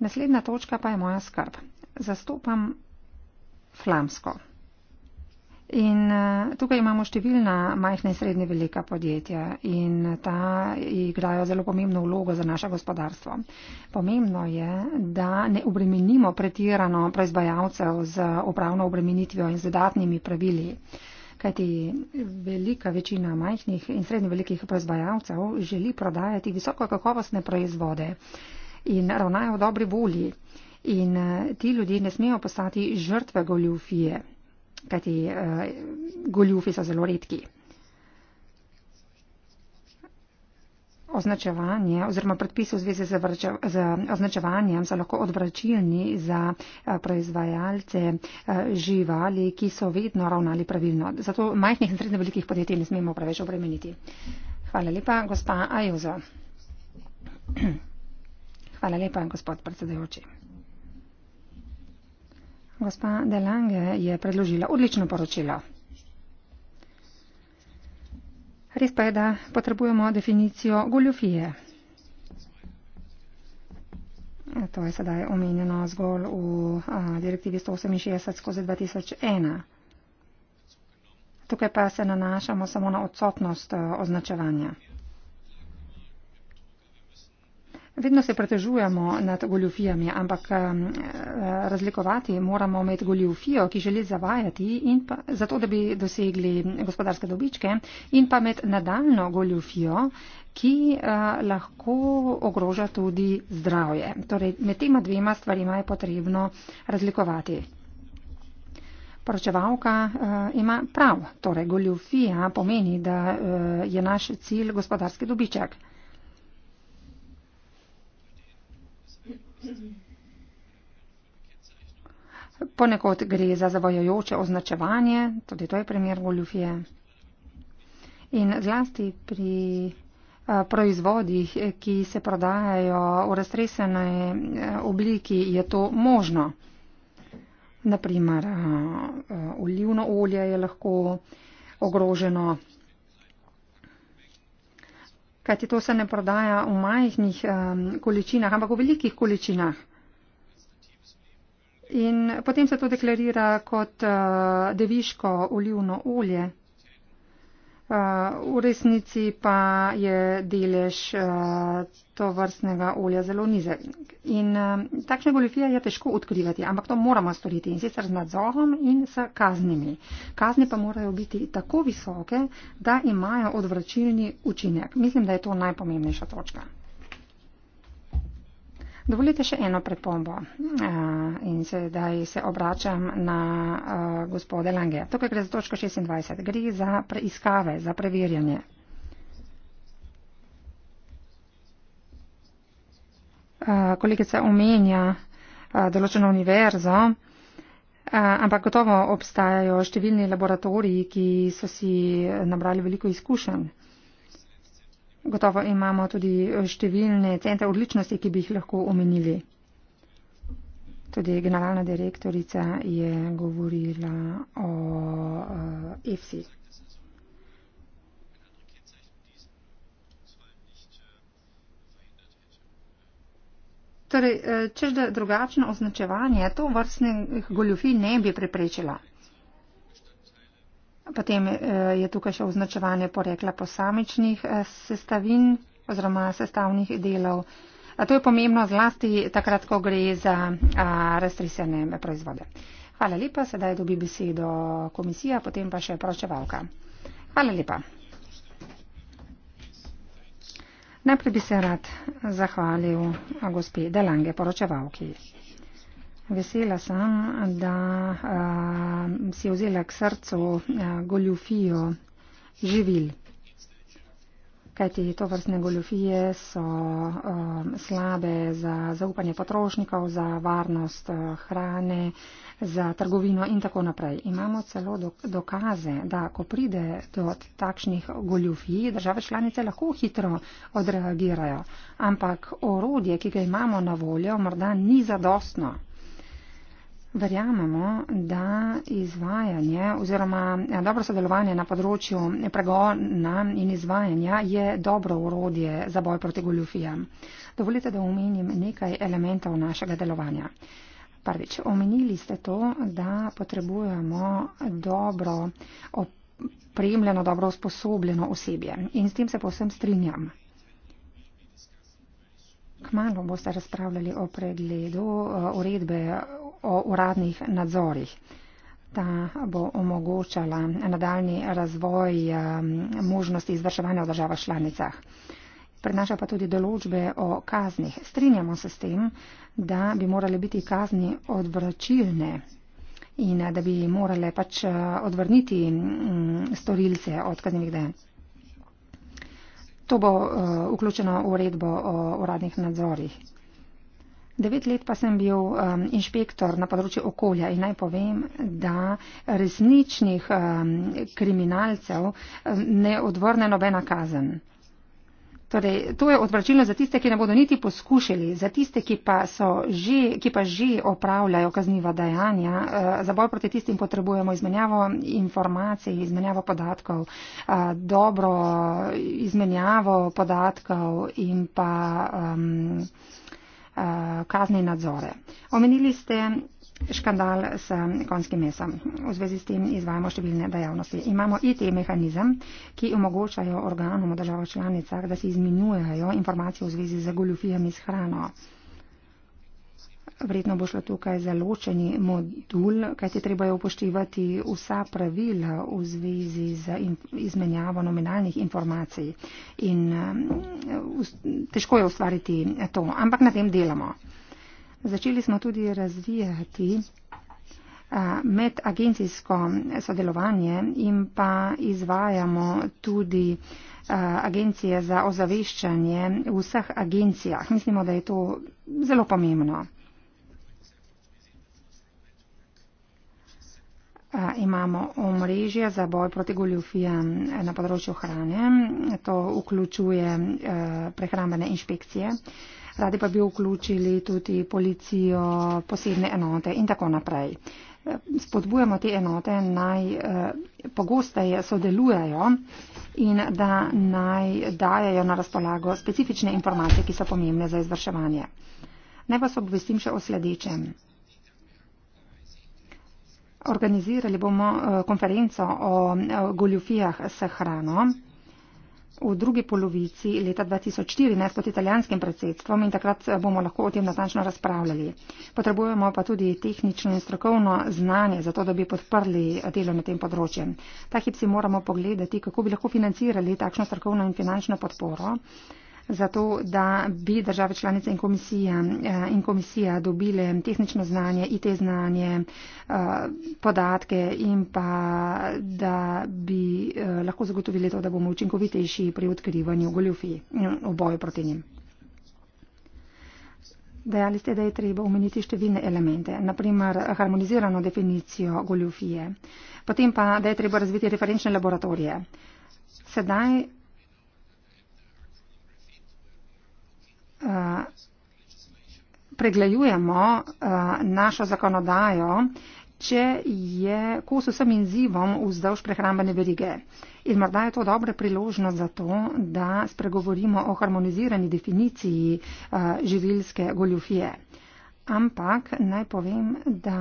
Naslednja točka pa je moja skrb. Zastopam flamsko. In eh, tukaj imamo številna majhna in srednje velika podjetja in ta igrajo zelo pomembno vlogo za naše gospodarstvo. Pomembno je, da ne obremenimo pretirano proizvajalcev z upravno obremenitvijo in z dodatnimi pravili, kajti velika večina majhnih in srednje velikih proizvajalcev želi prodajati visoko kakovostne proizvode in ravnajo v dobri volji. In eh, ti ljudje ne smejo postati žrtve goljufije kajti uh, goljufi so zelo redki. Označevanje oziroma predpise v zvezi z, vrčev, z označevanjem so lahko odvračilni za eh, proizvajalce eh, živali, ki so vedno ravnali pravilno. Zato majhnih in srednje velikih podjetij ne smemo preveč obremeniti. Hvala lepa, gospa Ajuzo. Hvala lepa, gospod predsedajoči. Gospa Delange je predložila odlično poročilo. Res pa je, da potrebujemo definicijo goljofije. To je sedaj omenjeno zgolj v direktivi 168 skozi 2001. Tukaj pa se nanašamo samo na odsotnost označevanja. Vedno se pretežujemo nad goljufijami, ampak eh, razlikovati moramo med goljufijo, ki želi zavajati, pa, zato da bi dosegli gospodarske dobičke, in pa med nadaljno goljufijo, ki eh, lahko ogroža tudi zdravje. Torej, med tema dvema stvarima je potrebno razlikovati. Poročevalka uh, ima prav, torej goljufija pomeni, da uh, je naš cilj gospodarski dobiček. Ponekod gre za zavajajoče označevanje, tudi to je primer goljufije. In zlasti pri eh, proizvodih, ki se prodajajo v raztreseni eh, obliki, je to možno. Naprimer, eh, olivno olje je lahko ogroženo kajti to se ne prodaja v majhnih um, količinah, ampak v velikih količinah. In potem se to deklarira kot uh, deviško olivno olje. Eh, v resnici pa je delež eh, to vrstnega olja zelo nizek. In eh, takšne goljofije je težko odkrivati, ampak to moramo storiti in sicer z nadzorom in s kaznimi. Kazni pa morajo biti tako visoke, da imajo odvračilni učinek. Mislim, da je to najpomembnejša točka. Dovolite še eno predpombo eh, in sedaj se obračam na eh, gospode Lange. Tukaj gre za točko 26. Gre za preiskave, za preverjanje. Eh, kolegica omenja določeno univerzo, ampak gotovo obstajajo številni laboratoriji, ki so si nabrali veliko izkušenj. Gotovo imamo tudi eh, številne centre odličnosti, ki bi jih lahko omenili. Tudi generalna direktorica je govorila o eh, EFSI. Torej, eh, če že drugačno označevanje, to vrstnih goljufi ne bi preprečila. Potem eh, je tukaj še označevanje porekla posamičnih eh, sestavin oziroma sestavnih delov. To je pomembno zlasti takrat, ko gre za restrisene proizvode. Hvala lepa, sedaj dobi besedo komisija, potem pa še pročevalka. Hvala lepa. Najprej bi se rad zahvalil gospe Delange, poročevalki. Vesela sem, da uh, si vzela k srcu uh, goljufijo živil. Kajti to vrstne goljufije so uh, slabe za zaupanje potrošnikov, za varnost uh, hrane, za trgovino in tako naprej. Imamo celo dok dokaze, da ko pride do takšnih goljufij, države članice lahko hitro odreagirajo. Ampak orodje, ki ga imamo na voljo, morda ni zadostno. Verjamemo, da izvajanje oziroma eh, dobro sodelovanje na področju pregona in izvajanja je dobro urodje za boj proti goljufijam. Dovolite, da omenim nekaj elementov našega delovanja. Prvič, omenili ste to, da potrebujemo dobro opremljeno, dobro usposobljeno osebje in s tem se posem strinjam. Kmalo boste razpravljali o pregledu eh, uredbe o uradnih nadzorih. Ta bo omogočala nadaljni razvoj eh, možnosti izvrševanja v državah članicah. Prenaša pa tudi določbe o kaznih. Strinjamo se s tem, da bi morale biti kazni odvračilne in eh, da bi morale pač odvrniti mm, storilce od kaznjivih dejanj. To bo uh, vključeno v uredbo o uradnih nadzorih. Devet let pa sem bil um, inšpektor na področju okolja in naj povem, da resničnih um, kriminalcev ne odvrne nobena kazen. Torej, to je odvračilno za tiste, ki ne bodo niti poskušali, za tiste, ki pa, že, ki pa že opravljajo kazniva dejanja. Eh, za boj proti tistim potrebujemo izmenjavo informacij, izmenjavo podatkov, eh, dobro eh, izmenjavo podatkov in pa um, kazni nadzore. Omenili ste škandal s konjskim mesom. V zvezi s tem izvajamo številne dejavnosti. Imamo IT mehanizem, ki omogočajo organom v državah članicah, da si izmenjujejo informacije v zvezi z goljufijami s hrano. Vredno bo šlo tukaj za ločeni modul, kajti treba je upoštevati vsa pravila v zvezi z izmenjavo nominalnih informacij. In eh, težko je ustvariti to, ampak na tem delamo. Začeli smo tudi razvijati medagencijsko sodelovanje in pa izvajamo tudi agencije za ozaveščanje v vseh agencijah. Mislimo, da je to zelo pomembno. Imamo omrežje za boj proti goljufijam na področju hrane. To vključuje prehrambene inšpekcije radi pa bi vključili tudi policijo, posebne enote in tako naprej. Spodbujamo te enote naj eh, pogosteje sodelujejo in da naj dajajo na razpolago specifične informacije, ki so pomembne za izvrševanje. Naj vas obvestim še o sledečem. Organizirali bomo eh, konferenco o goljufijah s hrano v drugi polovici leta 2014 pod italijanskim predsedstvom in takrat eh, bomo lahko o tem natančno razpravljali. Potrebujemo pa tudi tehnično in strokovno znanje za to, da bi podprli delo na tem področju. Ta hip si moramo pogledati, kako bi lahko financirali takšno strokovno in finančno podporo zato da bi države članice in komisija, eh, in komisija dobile tehnično znanje, IT znanje, eh, podatke in pa da bi eh, lahko zagotovili to, da bomo učinkovitejši pri odkrivanju goljufij v boju proti njim. Dejali ste, da je treba omeniti številne elemente, naprimer harmonizirano definicijo goljufije, potem pa, da je treba razviti referenčne laboratorije. Sedaj pregledujemo eh, našo zakonodajo, če je kos vsem inzivom vzdolž prehrambene verige. In morda je to dobra priložnost za to, da spregovorimo o harmonizirani definiciji eh, živilske goljufije. Ampak naj povem, da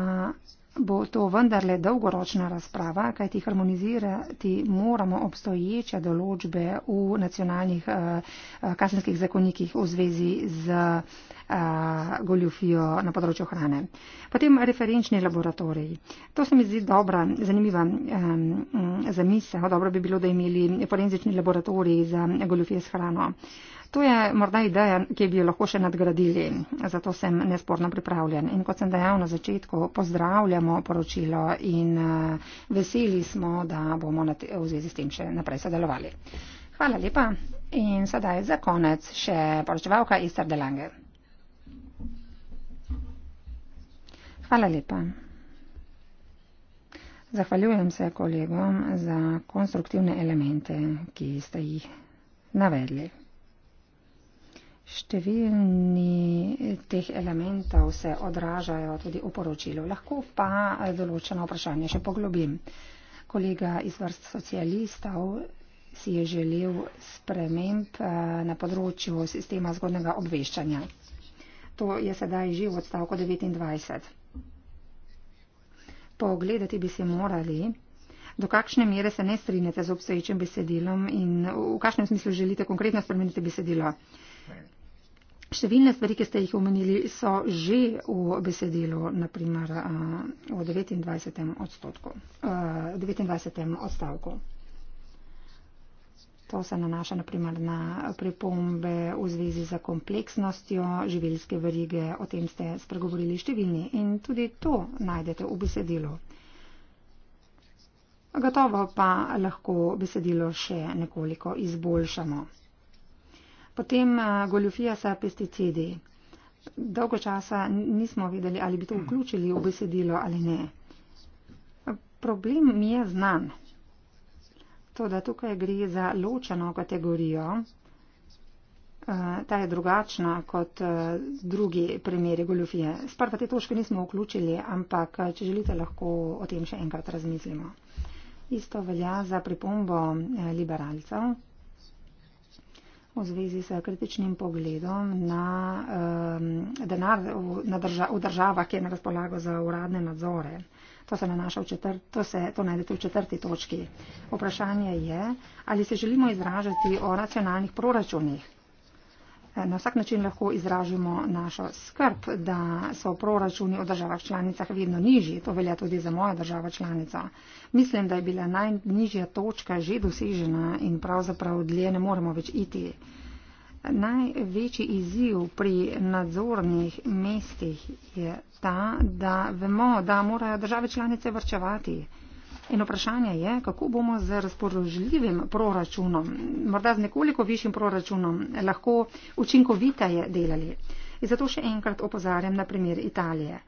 bo to vendarle dolgoročna razprava, kajti harmonizirati moramo obstoječe določbe v nacionalnih eh, kazenskih zakonikih v zvezi z eh, goljufijo na področju hrane. Potem referenčni laboratoriji. To se mi zdi dobra, zanimiva mm, zamisel. Dobro bi bilo, da imeli forenzični laboratoriji za goljufije s hrano. To je morda ideja, ki bi jo lahko še nadgradili, zato sem nesporno pripravljen. In kot sem dejal na začetku, pozdravljamo poročilo in eh, veseli smo, da bomo v zvezi s tem še naprej sodelovali. Hvala lepa in sedaj za konec še poročevalka Ester Delange. Hvala lepa. Zahvaljujem se kolegom za konstruktivne elemente, ki ste jih navedli. Številni teh elementov se odražajo tudi v poročilu. Lahko pa določeno vprašanje še poglobim. Kolega iz vrst socialistov si je želel sprememb eh, na področju sistema zgodnega obveščanja. To je sedaj živ odstavko 29. Pogledati bi se morali, do kakšne mere se ne strinjate z obstoječim besedilom in v kakšnem smislu želite konkretno spremeniti besedilo. Številne stvari, ki ste jih omenili, so že v besedilu, naprimer eh, v 29. odstotku, 29. Eh, odstavku. To se nanaša naprimer na pripombe v zvezi z kompleksnostjo živilske verige, o tem ste spregovorili številni in tudi to najdete v besedilu. Gotovo pa lahko besedilo še nekoliko izboljšamo. Potem eh, goljofija sa pesticidi. Dolgo časa nismo vedeli, ali bi to vključili v besedilo ali ne. Problem mi je znan. To, da tukaj gre za ločeno kategorijo, eh, ta je drugačna kot eh, drugi primeri goljofije. Sprva te točke nismo vključili, ampak če želite, lahko o tem še enkrat razmislimo. Isto velja za pripombo liberalcev v zvezi s kritičnim pogledom na um, denar v, na drža, v državah, ki je na razpolago za uradne nadzore. To se nanaša v četrti, to se to najdete v četrti točki. Vprašanje je, ali se želimo izražati o racionalnih proračunih na vsak način lahko izražimo našo skrb, da so proračuni v državah članicah vedno nižji. To velja tudi za mojo državo članico. Mislim, da je bila najnižja točka že dosežena in pravzaprav dlje ne moremo več iti. Največji izziv pri nadzornih mestih je ta, da vemo, da morajo države članice vrčevati. In vprašanje je, kako bomo z razpoložljivim proračunom, morda z nekoliko višjim proračunom, lahko učinkoviteje delali. In zato še enkrat opozarjam na primer Italije.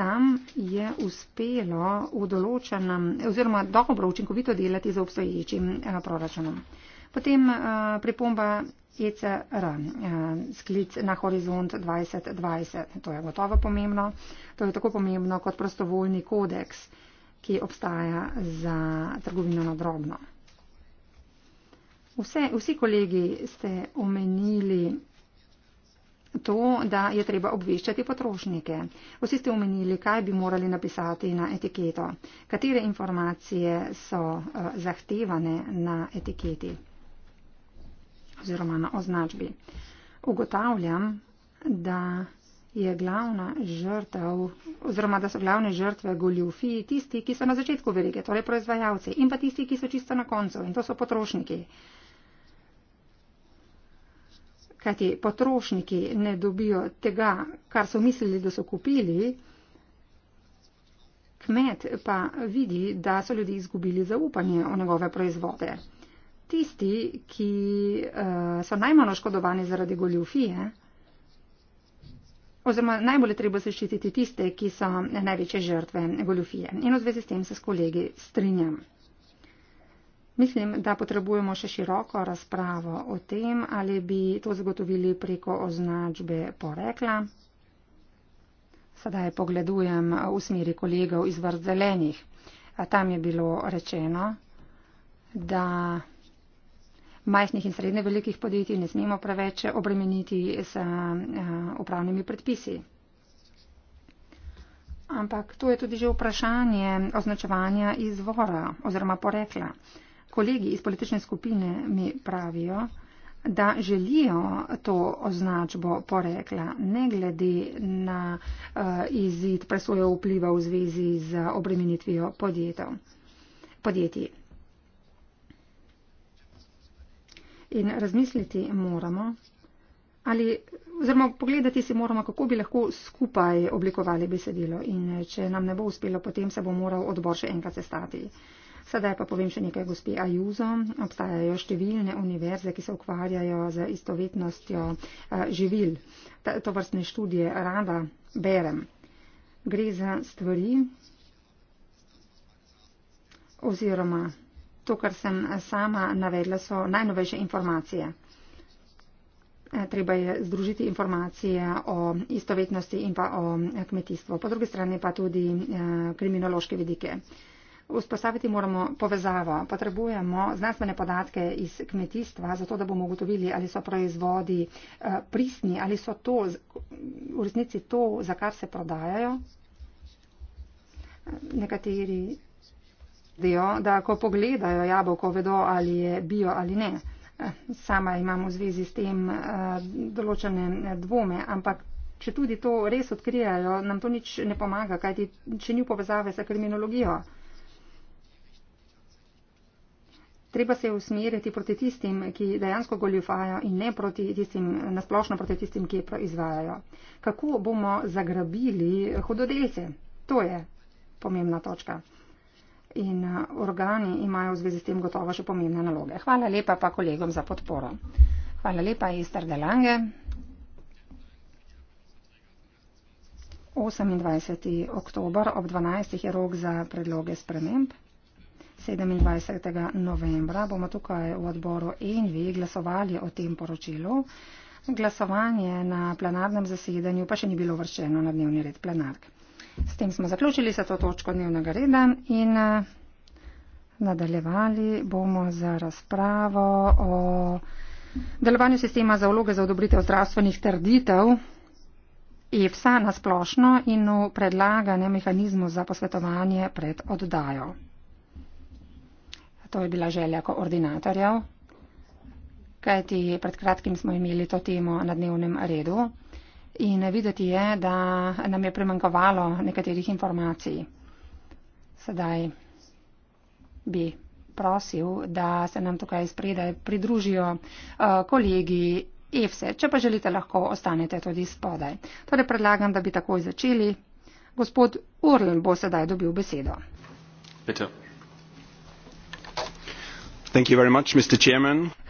Tam je uspelo v določenem oziroma dobro učinkovito delati z obstoječim eh, proračunom. Potem uh, pripomba ECR, uh, sklic na horizont 2020. To je gotovo pomembno. To je tako pomembno kot prostovoljni kodeks. Uh, ki obstaja za trgovino na drobno. Vse, vsi kolegi ste omenili to, da je treba obveščati potrošnike. Vsi ste omenili, kaj bi morali napisati na etiketo, katere informacije so uh, zahtevane na etiketi oziroma na označbi. Ugotavljam, da je glavna žrtev, oziroma da so glavne žrtve goljufiji tisti, ki so na začetku verige, torej proizvajalci, in pa tisti, ki so čisto na koncu, in to so potrošniki. Kajti potrošniki ne dobijo tega, kar so mislili, da so kupili, kmet pa vidi, da so ljudje izgubili zaupanje v njegove proizvode. Tisti, ki uh, so najmanj oškodovani zaradi goljufije, oziroma najbolj treba zaščititi tiste, ki so največje žrtve goljufije. In v zvezi s tem se s kolegi strinjam. Mislim, da potrebujemo še široko razpravo o tem, ali bi to zagotovili preko označbe porekla. Sedaj pogledujem v smeri kolegov iz vrzelenih. Tam je bilo rečeno, da majhnih in srednje velikih podjetij ne smemo preveč obremeniti s eh, upravnimi predpisi. Ampak to je tudi že vprašanje označevanja izvora oziroma porekla. Kolegi iz politične skupine mi pravijo, da želijo to označbo porekla, ne glede na uh, izid presojo vpliva v zvezi z obremenitvijo podjetij. in razmisliti moramo, ali, oziroma pogledati si moramo, kako bi lahko skupaj oblikovali besedilo. In če nam ne bo uspelo, potem se bo moral odbor še enkrat sestati. Sedaj pa povem še nekaj gospe Ajuzo. Obstajajo številne univerze, ki se ukvarjajo z istovetnostjo eh, živil. To vrstne študije rada berem. Gre za stvari oziroma To, kar sem sama navedla, so najnovejše informacije. E, treba je združiti informacije o istovetnosti in pa o kmetijstvu. Po drugi strani pa tudi e, kriminološke vidike. Vzpostaviti moramo povezavo. Potrebujemo znanstvene podatke iz kmetijstva, zato da bomo ugotovili, ali so proizvodi e, pristni, ali so to v resnici to, za kar se prodajajo. Nekateri vedo, da ko pogledajo jabolko, vedo, ali je bio ali ne. Sama imam v zvezi s tem eh, določene eh, dvome, ampak če tudi to res odkrijajo, nam to nič ne pomaga, kajti če ni povezave sa kriminologijo. Treba se usmeriti proti tistim, ki dejansko goljufajo in ne proti tistim, nasplošno proti tistim, ki proizvajajo. Kako bomo zagrabili hudodelce? To je pomembna točka in eh, organi imajo v zvezi s tem gotovo še pomembne naloge. Hvala lepa pa kolegom za podporo. Hvala lepa, Ester Delange. 28. oktober ob 12. je rok za predloge sprememb. 27. novembra bomo tukaj v odboru ENV glasovali o tem poročilu. Glasovanje na plenarnem zasedanju pa še ni bilo vrščeno na dnevni red plenark. S tem smo zaključili za to točko dnevnega reda in eh, nadaljevali bomo z razpravo o delovanju sistema za vloge za odobritev zdravstvenih trditev EFSA na splošno in v predlagane mehanizmu za posvetovanje pred oddajo. To je bila želja koordinatorjev, kajti pred kratkim smo imeli to temo na dnevnem redu in videti je, da nam je premankovalo nekaterih informacij. Sedaj bi prosil, da se nam tukaj spredaj pridružijo eh, kolegi EFSE. Če pa želite, lahko ostanete tudi spodaj. Torej predlagam, da bi takoj začeli. Gospod Url bo sedaj dobil besedo. Bitte.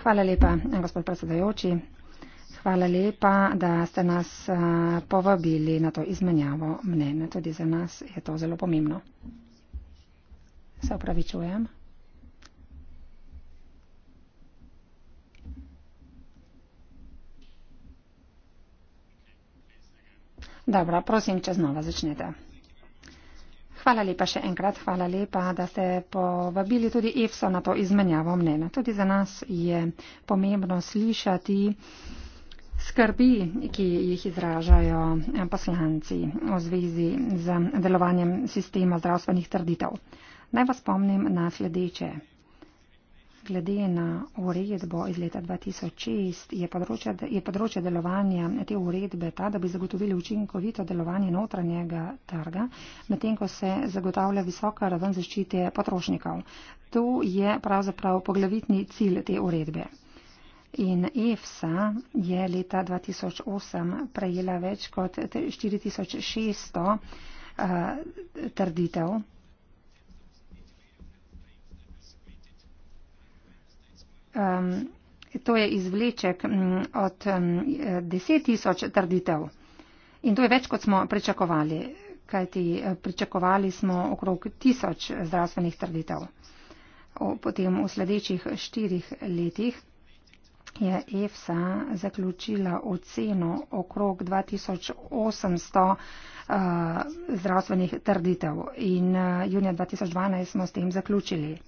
Hvala lepa, gospod predsedajoči. Hvala lepa, da ste nas povabili na to izmenjavo mnen. Tudi za nas je to zelo pomembno. Se opravičujem. Dobro, prosim, če znova začnete. Hvala lepa še enkrat, hvala lepa, da ste povabili tudi EFSO na to izmenjavo mnenja. Tudi za nas je pomembno slišati. Skrbi, ki jih izražajo eh, poslanci v zvezi z delovanjem sistema zdravstvenih trditev. Naj vas spomnim na sledeče. Glede na uredbo iz leta 2006 je področje, je področje delovanja te uredbe ta, da bi zagotovili učinkovito delovanje notranjega trga, medtem ko se zagotavlja visoka raven zaščite potrošnikov. To je pravzaprav poglavitni cilj te uredbe. In EFSA je leta 2008 prejela več kot 4600 uh, eh, trditev. Um, to je izvleček um, od um, mm, 10 tisoč trditev. In to je več, kot smo pričakovali, kajti eh, pričakovali smo okrog tisoč zdravstvenih trditev. O, potem v sledečih štirih letih je EFSA zaključila oceno okrog 2800 uh, eh, zdravstvenih trditev in uh, junija 2012 smo s tem zaključili.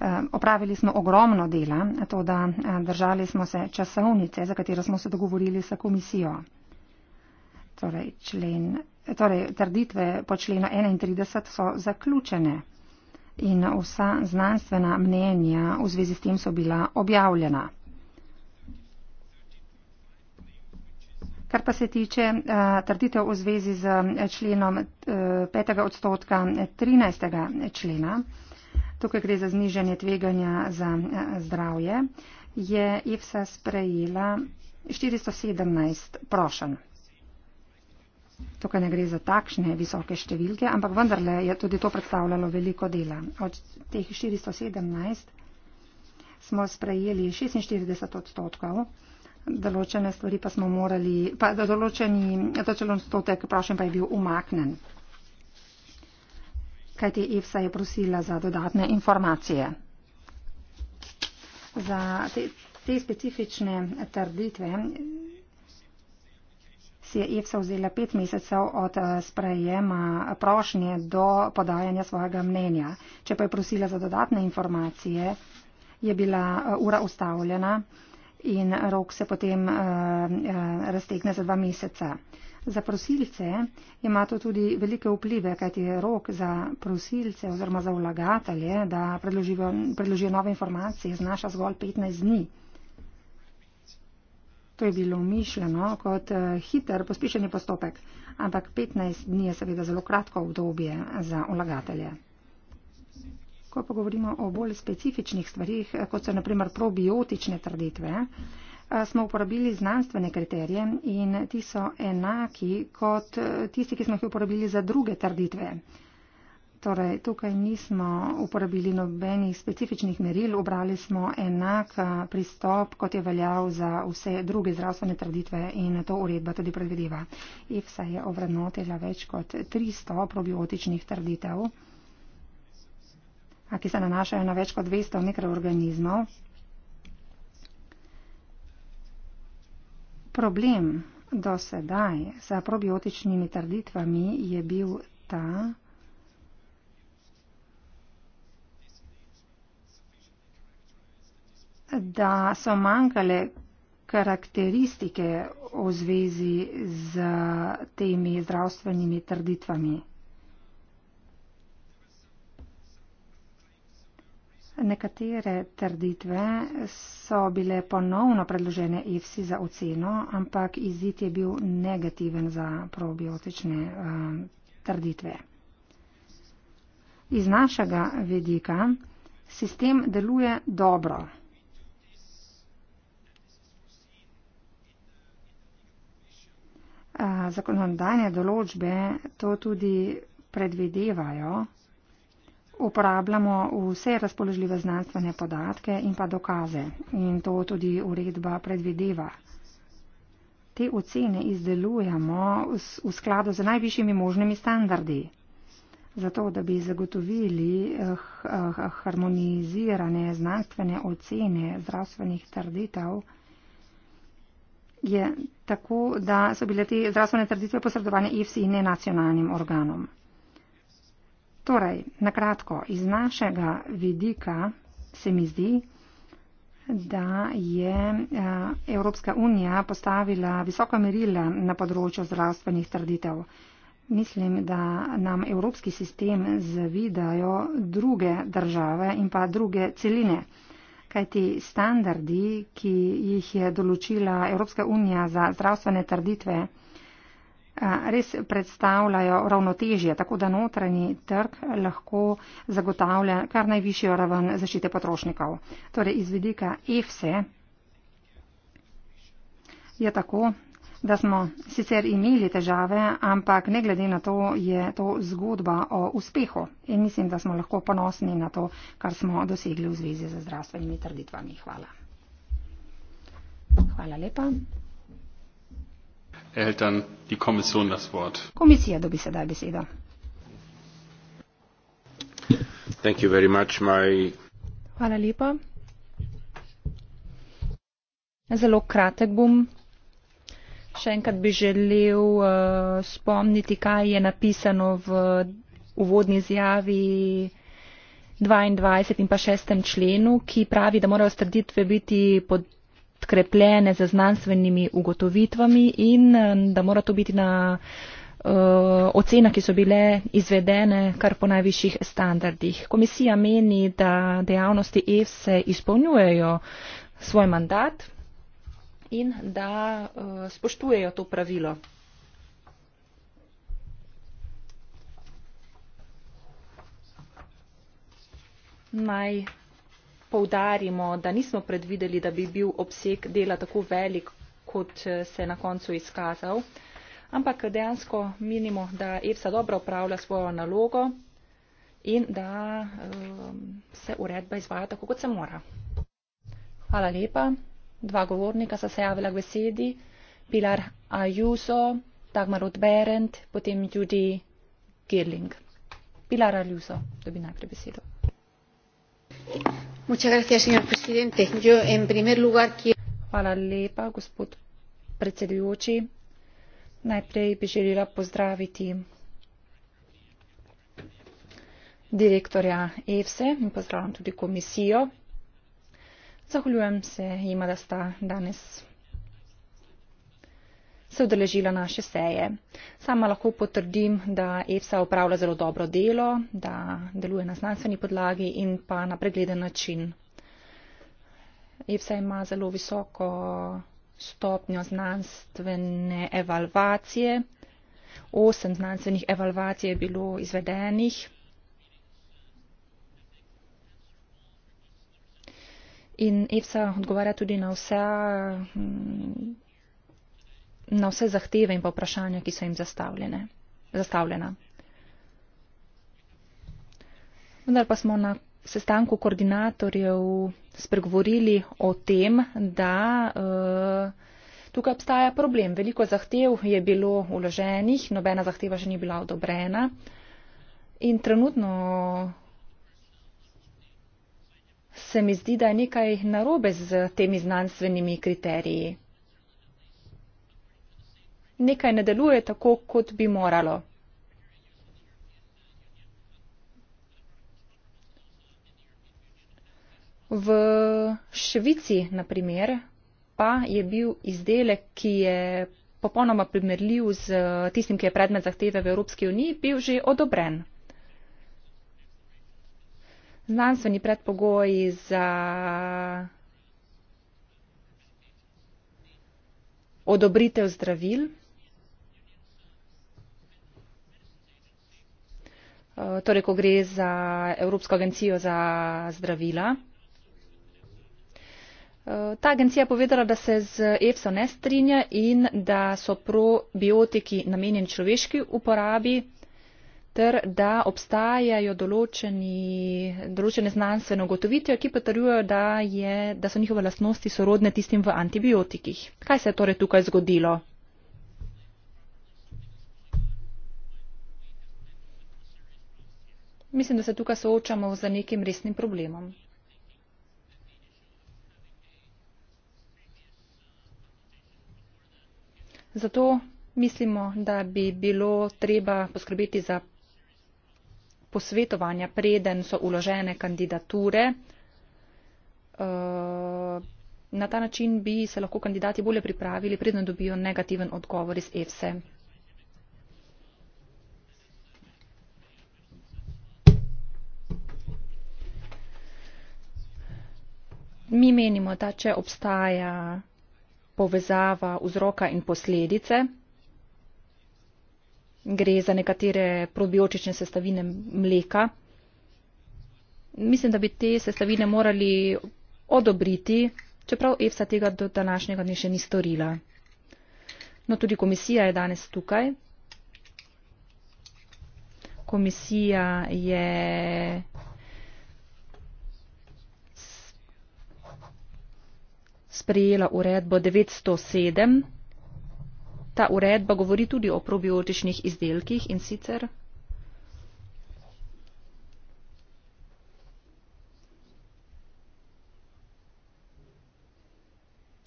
Eh, opravili smo ogromno dela, tako da držali smo se časovnice, za katero smo se dogovorili s komisijo torej člen, torej trditve po členu 31 so zaključene in vsa znanstvena mnenja v zvezi s tem so bila objavljena. Kar pa se tiče uh, trditev v zvezi z eh, členom 5. Uh, eh, odstotka 13. člena, tukaj gre za zniženje tveganja za uh, zdravje, je IFSA sprejela 417 prošanj. Tukaj ne gre za takšne visoke številke, ampak vendarle je tudi to predstavljalo veliko dela. Od teh 417 smo sprejeli 46 odstotkov, določene stvari pa smo morali, pa določeni, določen odstotek, prošen pa je bil umaknen. Kajti EFSA je prosila za dodatne informacije. Za te, te specifične trditve si je IFSA vzela pet mesecev od eh, sprejema prošnje do podajanja svojega mnenja. Če pa je prosila za dodatne informacije, je bila eh, ura ustavljena in rok se potem eh, raztegne za dva meseca. Za prosilce ima to tudi velike vplive, kajti rok za prosilce oziroma za vlagatelje, da predložijo nove informacije, znaša zgolj 15 dni. To je bilo mišljeno kot eh, hiter pospešeni postopek, ampak 15 dni je seveda zelo kratko obdobje za vlagatelje. Ko pa govorimo o bolj specifičnih stvarih, eh, kot so naprimer probiotične trditve, eh, smo uporabili znanstvene kriterije in ti so enaki kot tisti, ki smo jih uporabili za druge trditve. Torej, tukaj nismo uporabili nobenih specifičnih meril, obrali smo enak pristop, kot je veljal za vse druge zdravstvene traditve in to uredba tudi predvideva. EFSA je ovrednotila več kot 300 probiotičnih traditev, ki se nanašajo na več kot 200 mikroorganizmov. Problem do sedaj sa probiotičnimi traditvami je bil ta, da so manjkale karakteristike v zvezi z temi zdravstvenimi trditvami. Nekatere trditve so bile ponovno predložene EFSI za oceno, ampak izid je bil negativen za probiotične um, trditve. Iz našega vedika sistem deluje dobro. zakonodajne določbe to tudi predvidevajo. Uporabljamo vse razpoložljive znanstvene podatke in pa dokaze in to tudi uredba predvideva. Te ocene izdelujemo v skladu z najvišjimi možnimi standardi, zato da bi zagotovili eh, eh, harmonizirane znanstvene ocene zdravstvenih trditev je tako, da so bile te zdravstvene trditve posredovane IFSI in nacionalnim organom. Torej, nakratko, iz našega vidika se mi zdi, da je eh, Evropska unija postavila visoka merila na področju zdravstvenih trditev. Mislim, da nam evropski sistem zavidajo druge države in pa druge celine kajti standardi, ki jih je določila Evropska unija za zdravstvene trditve, res predstavljajo ravnotežje, tako da notranji trg lahko zagotavlja kar najvišjo raven zaščite potrošnikov. Torej, izvedika EFSE je tako, da smo sicer imeli težave, ampak ne glede na to je to zgodba o uspehu in mislim, da smo lahko ponosni na to, kar smo dosegli v zvezi z zdravstvenimi trditvami. Hvala. Hvala lepa. Eltern, die Kommission das Wort. Komisija dobi sedaj besedo. Thank you very much, my... Hvala lepa. Zelo kratek bom. Še enkrat bi želel uh, spomniti, kaj je napisano v uvodni izjavi 22 in pa 6. členu, ki pravi, da morajo strditve biti podkrepljene z znanstvenimi ugotovitvami in eh, da mora to biti na eh, ocena, ki so bile izvedene kar po najvišjih standardih. Komisija meni, da dejavnosti EFSE e izpolnjujejo svoj mandat, in da eh, spoštujejo to pravilo. Naj povdarimo, da nismo predvideli, da bi bil obseg dela tako velik, kot eh, se je na koncu izkazal, ampak dejansko menimo, da EFSA dobro upravlja svojo nalogo in da um, se uredba izvaja tako, kot se mora. Hvala lepa dva govornika sta se javila k besedi, Pilar Ayuso, Dagmar Odberend, potem Judy Girling. Pilar Ayuso, dobi najprej besedo. Hvala lepa, gospod predsedujoči. Najprej bi želela pozdraviti direktorja EFSE e in pozdravljam tudi komisijo, Zahvaljujem se jima, da sta danes se odeležila naše seje. Sama lahko potrdim, da EFSA upravlja zelo dobro delo, da deluje na znanstveni podlagi in pa na pregleden način. EFSA ima zelo visoko stopnjo znanstvene evalvacije. Osem znanstvenih evalvacij je bilo izvedenih. In EFSA odgovarja tudi na vse, mm, na vse zahteve in pa vprašanja, ki so jim zastavljena. Vendar pa smo na sestanku koordinatorjev spregovorili o tem, da eh, Tukaj obstaja problem. Veliko zahtev je bilo uloženih, nobena zahteva še ni bila odobrena. In trenutno se mi zdi, da je nekaj narobe z temi znanstvenimi kriteriji. Nekaj ne deluje tako, kot bi moralo. V Švici, na primer, pa je bil izdelek, ki je popolnoma primerljiv z tistim, ki je predmet zahteve v Evropski uniji, bil že odobren znanstveni predpogoji za odobritev zdravil. Eh, torej, ko gre za Evropsko agencijo za zdravila. Eh, ta agencija je povedala, da se z EFSO ne strinja in da so probiotiki namenjeni človeški uporabi ter da obstajajo določeni, določene znanstvene ugotovitve, ki potrjujejo, da, da so njihove lastnosti sorodne tistim v antibiotikih. Kaj se je torej tukaj zgodilo? Mislim, da se tukaj soočamo z nekim resnim problemom. Zato mislimo, da bi bilo treba poskrbeti za posvetovanja, preden so uložene kandidature. Eh, na ta način bi se lahko kandidati bolje pripravili, preden dobijo negativen odgovor iz EFSE. Mi menimo, da če obstaja povezava vzroka in posledice, gre za nekatere probiotične sestavine mleka. Mislim, da bi te sestavine morali odobriti, čeprav EFSA tega do današnjega dne še ni storila. No, tudi komisija je danes tukaj. Komisija je sprejela uredbo 907 ta uredba govori tudi o probiotičnih izdelkih in sicer.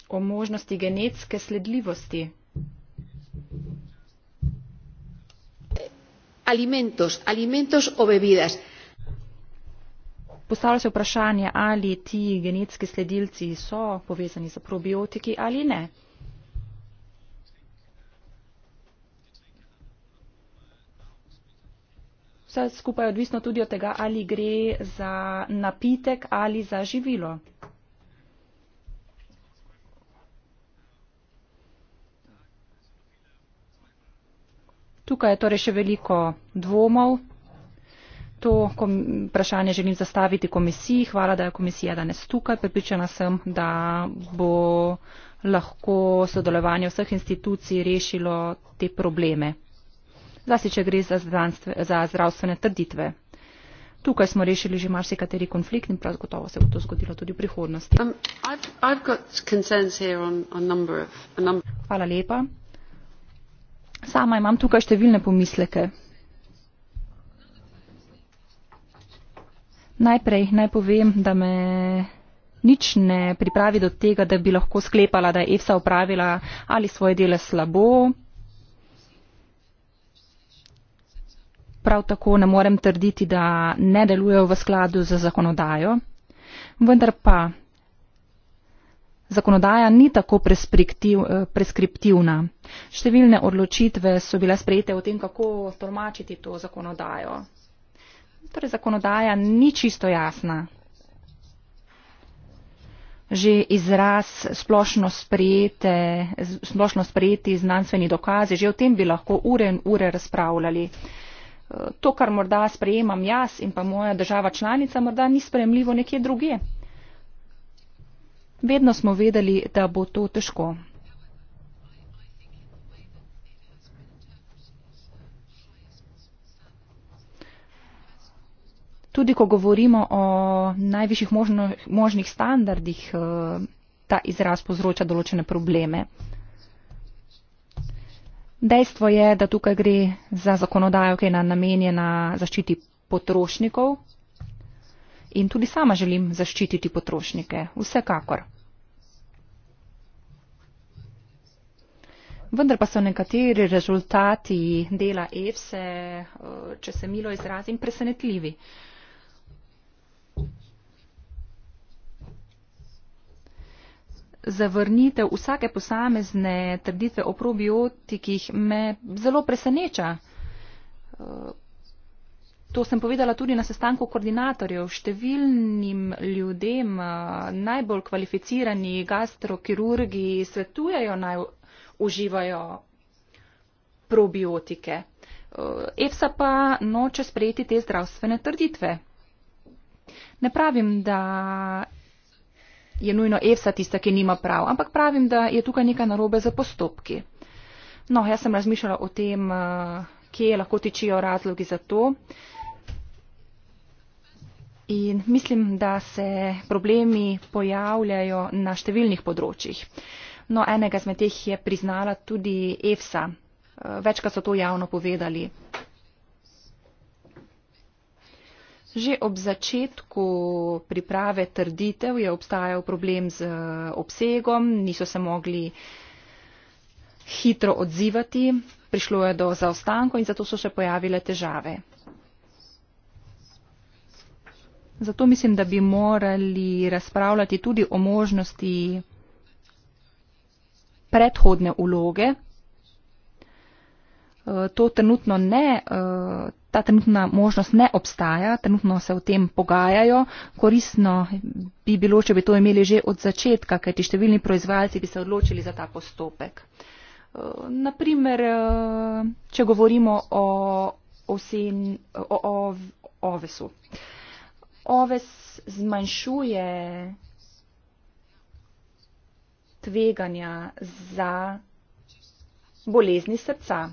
O možnosti genetske sledljivosti. Alimentos, alimentos o bebidas. Postavlja se vprašanje, ali ti genetski sledilci so povezani z probiotiki ali ne. vsa skupaj odvisno tudi od tega, ali gre za napitek ali za živilo. Tukaj je torej še veliko dvomov. To vprašanje želim zastaviti komisiji. Hvala, da je komisija danes tukaj. Pripričana sem, da bo lahko sodelovanje vseh institucij rešilo te probleme zlasti če gre za, zdanstve, za zdravstvene trditve. Tukaj smo rešili že marsikateri konflikt in prav gotovo se bo to zgodilo tudi v prihodnosti. Um, Hvala lepa. Sama imam tukaj številne pomisleke. Najprej naj povem, da me nič ne pripravi do tega, da bi lahko sklepala, da je EFSA upravila ali svoje dele slabo prav tako ne morem trditi, da ne delujejo v skladu z zakonodajo, vendar pa zakonodaja ni tako preskriptiv, eh, preskriptivna. Številne odločitve so bile sprejete o tem, kako tolmačiti to zakonodajo. Torej, zakonodaja ni čisto jasna. Že izraz splošno, sprejete, splošno sprejeti znanstveni dokazi, že o tem bi lahko ure in ure razpravljali. Uh, to, kar morda sprejemam jaz in pa moja država članica, morda ni sprejemljivo nekje druge. Vedno smo vedeli, da bo to težko. Tudi, ko govorimo o najvišjih možno, možnih standardih, eh, ta izraz povzroča določene probleme. Dejstvo je, da tukaj gre za zakonodajo, ki je namenjena zaščiti potrošnikov in tudi sama želim zaščititi potrošnike, vsekakor. Vendar pa so nekateri rezultati dela EFSE, eh, če se milo izrazim, presenetljivi. Uh, zavrnitev vsake posamezne trditve o probiotikih me zelo preseneča. Eh, to sem povedala tudi na sestanku koordinatorjev. Številnim ljudem eh, najbolj kvalificirani gastrokirurgi svetujejo naj uživajo probiotike. Eh, EFSA pa noče sprejeti te zdravstvene trditve. Ne pravim, da je nujno EFSA tista, ki nima prav, ampak pravim, da je tukaj nekaj narobe za postopki. No, jaz sem razmišljala o tem, eh, kje lahko tičijo razlogi za to. In mislim, da se problemi pojavljajo na številnih področjih. No, enega zmed teh je priznala tudi EFSA. Eh, večkrat so to javno povedali. Že ob začetku priprave trditev je obstajal problem z eh, obsegom, niso se mogli hitro odzivati, prišlo je do zaostankov in zato so se pojavile težave. Zato mislim, da bi morali razpravljati tudi o možnosti predhodne uloge to trenutno ne, eh, ta trenutna možnost ne obstaja, trenutno se o tem pogajajo. Korisno bi bilo, če bi to imeli že od začetka, kajti številni proizvajalci bi se odločili za ta postopek. Eh, Naprimer, eh, če govorimo o, osen, o, o ovesu. Oves zmanjšuje tveganja za bolezni srca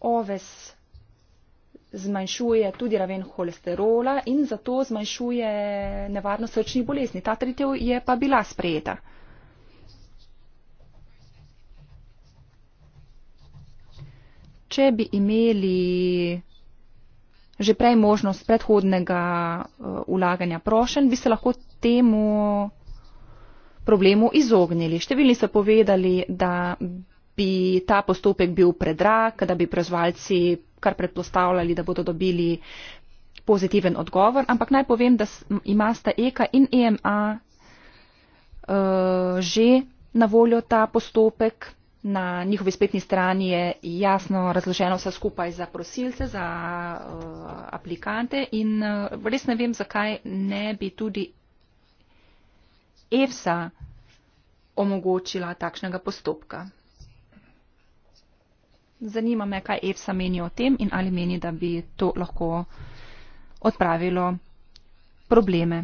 oves zmanjšuje tudi raven holesterola in zato zmanjšuje nevarnost srčnih bolezni. Ta tretjev je pa bila sprejeta. Če bi imeli že prej možnost predhodnega uh, ulaganja prošen, bi se lahko temu problemu izognili. Številni so povedali, da bi ta postopek bil predrag, da bi proizvalci kar predpostavljali, da bodo dobili pozitiven odgovor, ampak naj povem, da ima sta EKA in EMA uh, eh, že na voljo ta postopek. Na njihovi spletni strani je jasno razloženo vse skupaj za prosilce, za uh, aplikante in uh, res ne vem, zakaj ne bi tudi EFSA omogočila takšnega postopka. Zanima me, kaj EFSA meni o tem in ali meni, da bi to lahko odpravilo probleme.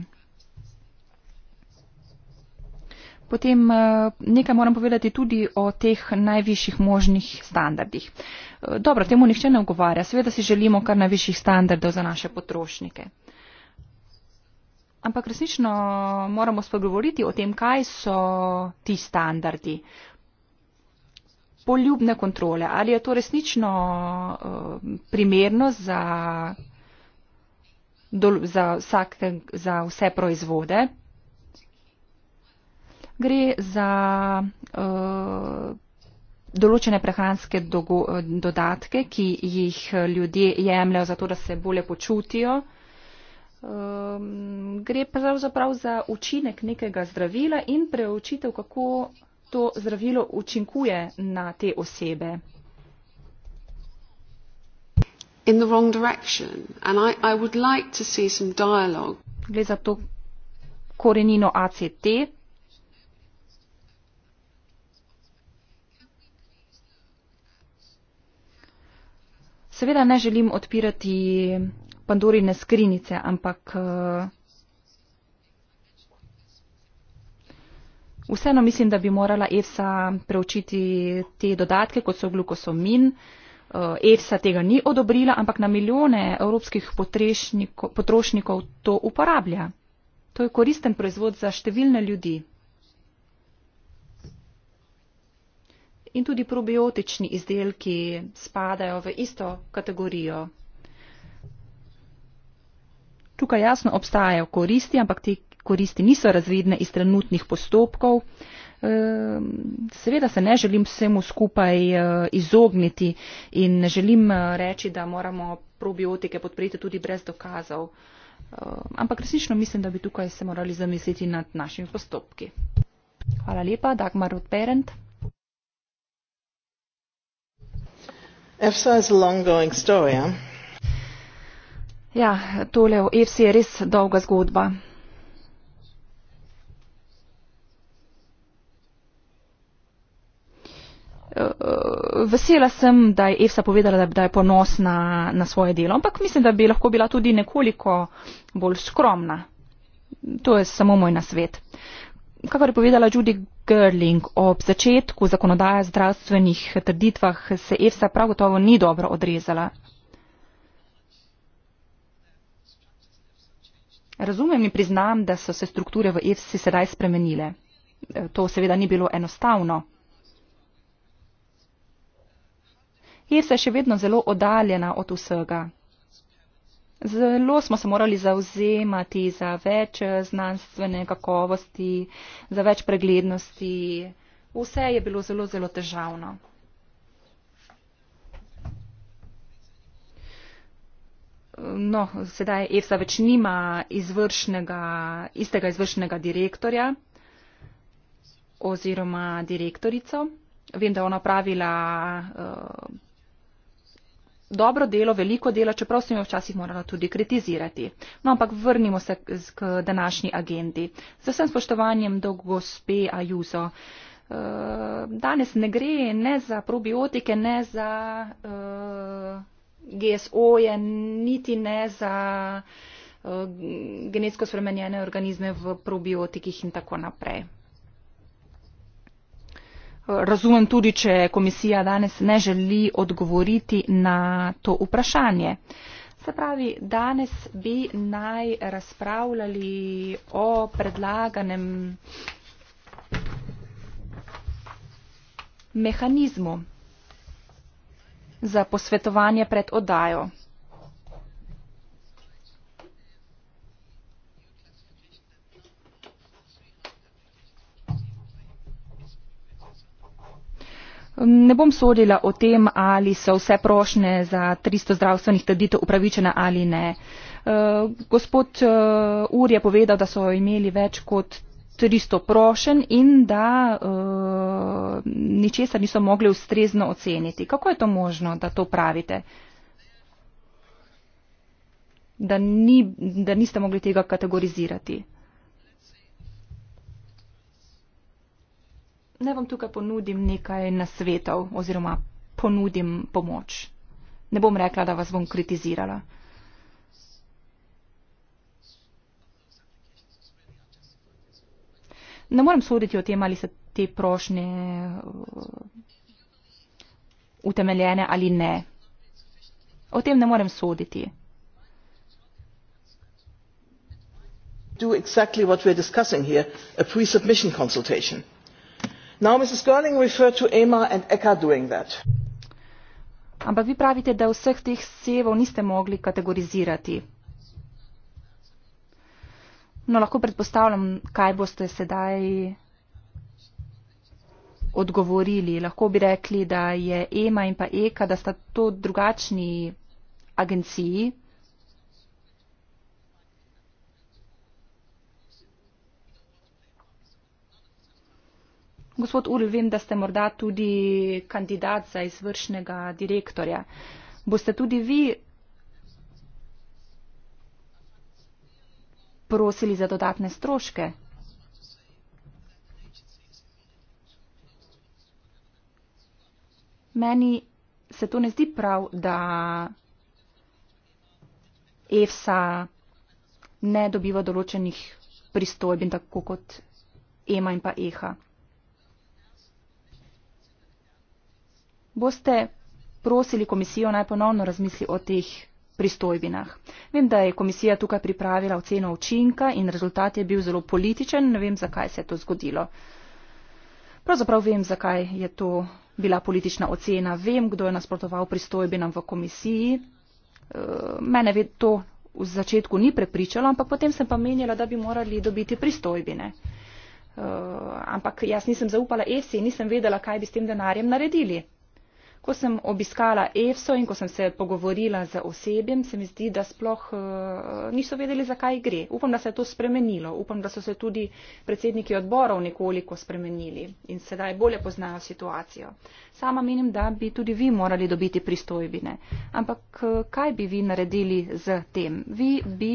Potem eh, nekaj moram povedati tudi o teh najvišjih možnih standardih. Eh, dobro, temu nihče ne ogovarja. Seveda si želimo kar najvišjih standardov za naše potrošnike. Ampak resnično moramo spogovoriti o tem, kaj so ti standardi poljubne kontrole, ali je to resnično uh, primerno za, dol, za, vsak, za vse proizvode. Gre za uh, določene prehranske dogo, dodatke, ki jih eh, ljudje jemljajo zato, da se bolje počutijo. Um, gre pravzaprav za učinek nekega zdravila in preučitev, kako to zdravilo učinkuje na te osebe. In the wrong direction. And I, I would like to see some dialogue. Gle za to korenino ACT. Seveda ne želim odpirati Pandorine skrinice, ampak uh, Vseeno mislim, da bi morala EFSA preučiti te dodatke, kot so glukosomin. EFSA eh, tega ni odobrila, ampak na milijone evropskih potrošnikov to uporablja. To je koristen proizvod za številne ljudi. In tudi probiotični izdelki spadajo v isto kategorijo. Tukaj jasno obstajajo koristi, ampak te koristi niso razvidne iz trenutnih postopkov. Eh, seveda se ne želim vsemu skupaj eh, izogniti in ne želim eh, reči, da moramo probiotike podpreti tudi brez dokazov. Ampak resnično mislim, da bi tukaj se morali zamisliti nad našimi postopki. Hvala lepa, Dagmar Odperent. EFSA je dolgoročna zgodba. Ja, tole o EFSA je res dolga zgodba. vesela sem, da je EFSA povedala, da je ponosna na svoje delo, ampak mislim, da bi lahko bila tudi nekoliko bolj skromna. To je samo moj nasvet. Kakor je povedala Judy Gerling, ob začetku zakonodaje o zdravstvenih trditvah se EFSA prav gotovo ni dobro odrezala. Razumem in priznam, da so se strukture v EFSA sedaj spremenile. To seveda ni bilo enostavno. Irsa je še vedno zelo oddaljena od vsega. Zelo smo se morali zauzemati za več eh, znanstvene kakovosti, za več preglednosti. Vse je bilo zelo, zelo težavno. No, sedaj EFSA več nima izvršnega, istega izvršnega direktorja oziroma direktorico. Vem, da je ona pravila. Uh, eh, dobro delo, veliko dela, čeprav sem jo včasih morala tudi kritizirati. No, ampak vrnimo se k današnji agendi. Z vsem spoštovanjem do gospe Ajuzo. Eh, danes ne gre ne za probiotike, ne za eh, GSO-je, niti ne za eh, genetsko spremenjene organizme v probiotikih in tako naprej razumem tudi, če komisija danes ne želi odgovoriti na to vprašanje. Se pravi, danes bi naj razpravljali o predlaganem mehanizmu za posvetovanje pred odajo. Ne bom sodila o tem, ali so vse prošnje za 300 zdravstvenih trditev upravičene ali ne. Gospod eh, Ur je povedal, da so imeli več kot 300 prošen in da uh, ničesar niso mogli ustrezno oceniti. Kako je to možno, da to pravite? Da, ni, da niste mogli tega kategorizirati? naj vam tukaj ponudim nekaj nasvetov oziroma ponudim pomoč. Ne bom rekla, da vas bom kritizirala. Ne morem soditi o tem, ali so te prošnje uh, utemeljene ali ne. O tem ne morem soditi. Do exactly what we are discussing here, a pre-submission consultation mrs girling referred to ema and echa doing that. ampak vi pravite da vseh teh sevov niste mogli kategorizirati no lahko predpostavljam kaj boste sedaj odgovorili lahko bi rekli da je ema in pa eka da sta to drugačni agenciji Gospod Url, vem, da ste morda tudi kandidat za izvršnega direktorja. Boste tudi vi prosili za dodatne stroške? Meni se to ne zdi prav, da EFSA ne dobiva določenih pristojb in tako kot EMA in pa EHA. boste prosili komisijo naj ponovno razmisli o teh pristojbinah. Vem, da je komisija tukaj pripravila oceno učinka in rezultat je bil zelo političen, ne vem, zakaj se je to zgodilo. Pravzaprav vem, zakaj je to bila politična ocena, vem, kdo je nasprotoval pristojbinam v komisiji. Eh, mene to v začetku ni prepričalo, ampak potem sem pa menjala, da bi morali dobiti pristojbine. Eh, ampak jaz nisem zaupala ESI, nisem vedela, kaj bi s tem denarjem naredili ko sem obiskala EFSO in ko sem se pogovorila z osebjem, se mi zdi, da sploh eh, niso vedeli, zakaj gre. Upam, da se je to spremenilo. Upam, da so se tudi predsedniki odborov nekoliko spremenili in sedaj bolje poznajo situacijo. Sama menim, da bi tudi vi morali dobiti pristojbine. Ampak eh, kaj bi vi naredili z tem? Vi bi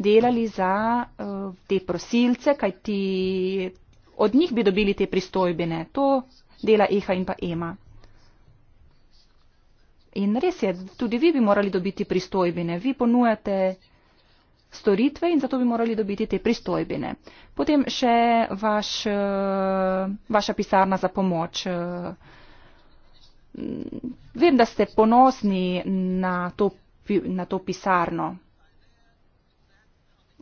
delali za eh, te prosilce, kaj ti. Od njih bi dobili te pristojbine. To dela Eha in pa Ema. In res je, tudi vi bi morali dobiti pristojbine. Vi ponujate storitve in zato bi morali dobiti te pristojbine. Potem še vaš, eh, vaša pisarna za pomoč. Eh, vem, da ste ponosni na to, na to pisarno.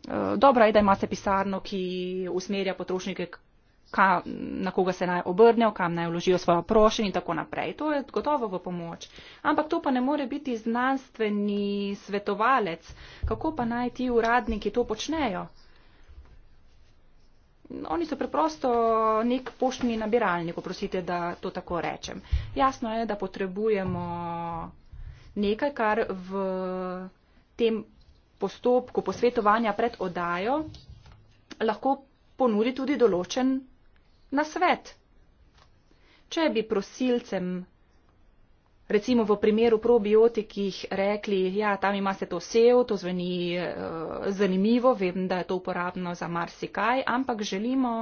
Eh, Dobro je, da imate pisarno, ki usmerja potrošnike ka, na koga se naj obrnejo, kam naj vložijo svojo prošen in tako naprej. To je gotovo v pomoč. Ampak to pa ne more biti znanstveni svetovalec. Kako pa naj ti uradniki to počnejo? Oni so preprosto nek poštni nabiralnik, oprosite, da to tako rečem. Jasno je, da potrebujemo nekaj, kar v tem postopku posvetovanja pred odajo lahko ponudi tudi določen na svet. Če bi prosilcem, recimo v primeru probiotikih, rekli, ja, tam ima se to sev, to zveni uh, zanimivo, vem, da je to uporabno za marsikaj, ampak želimo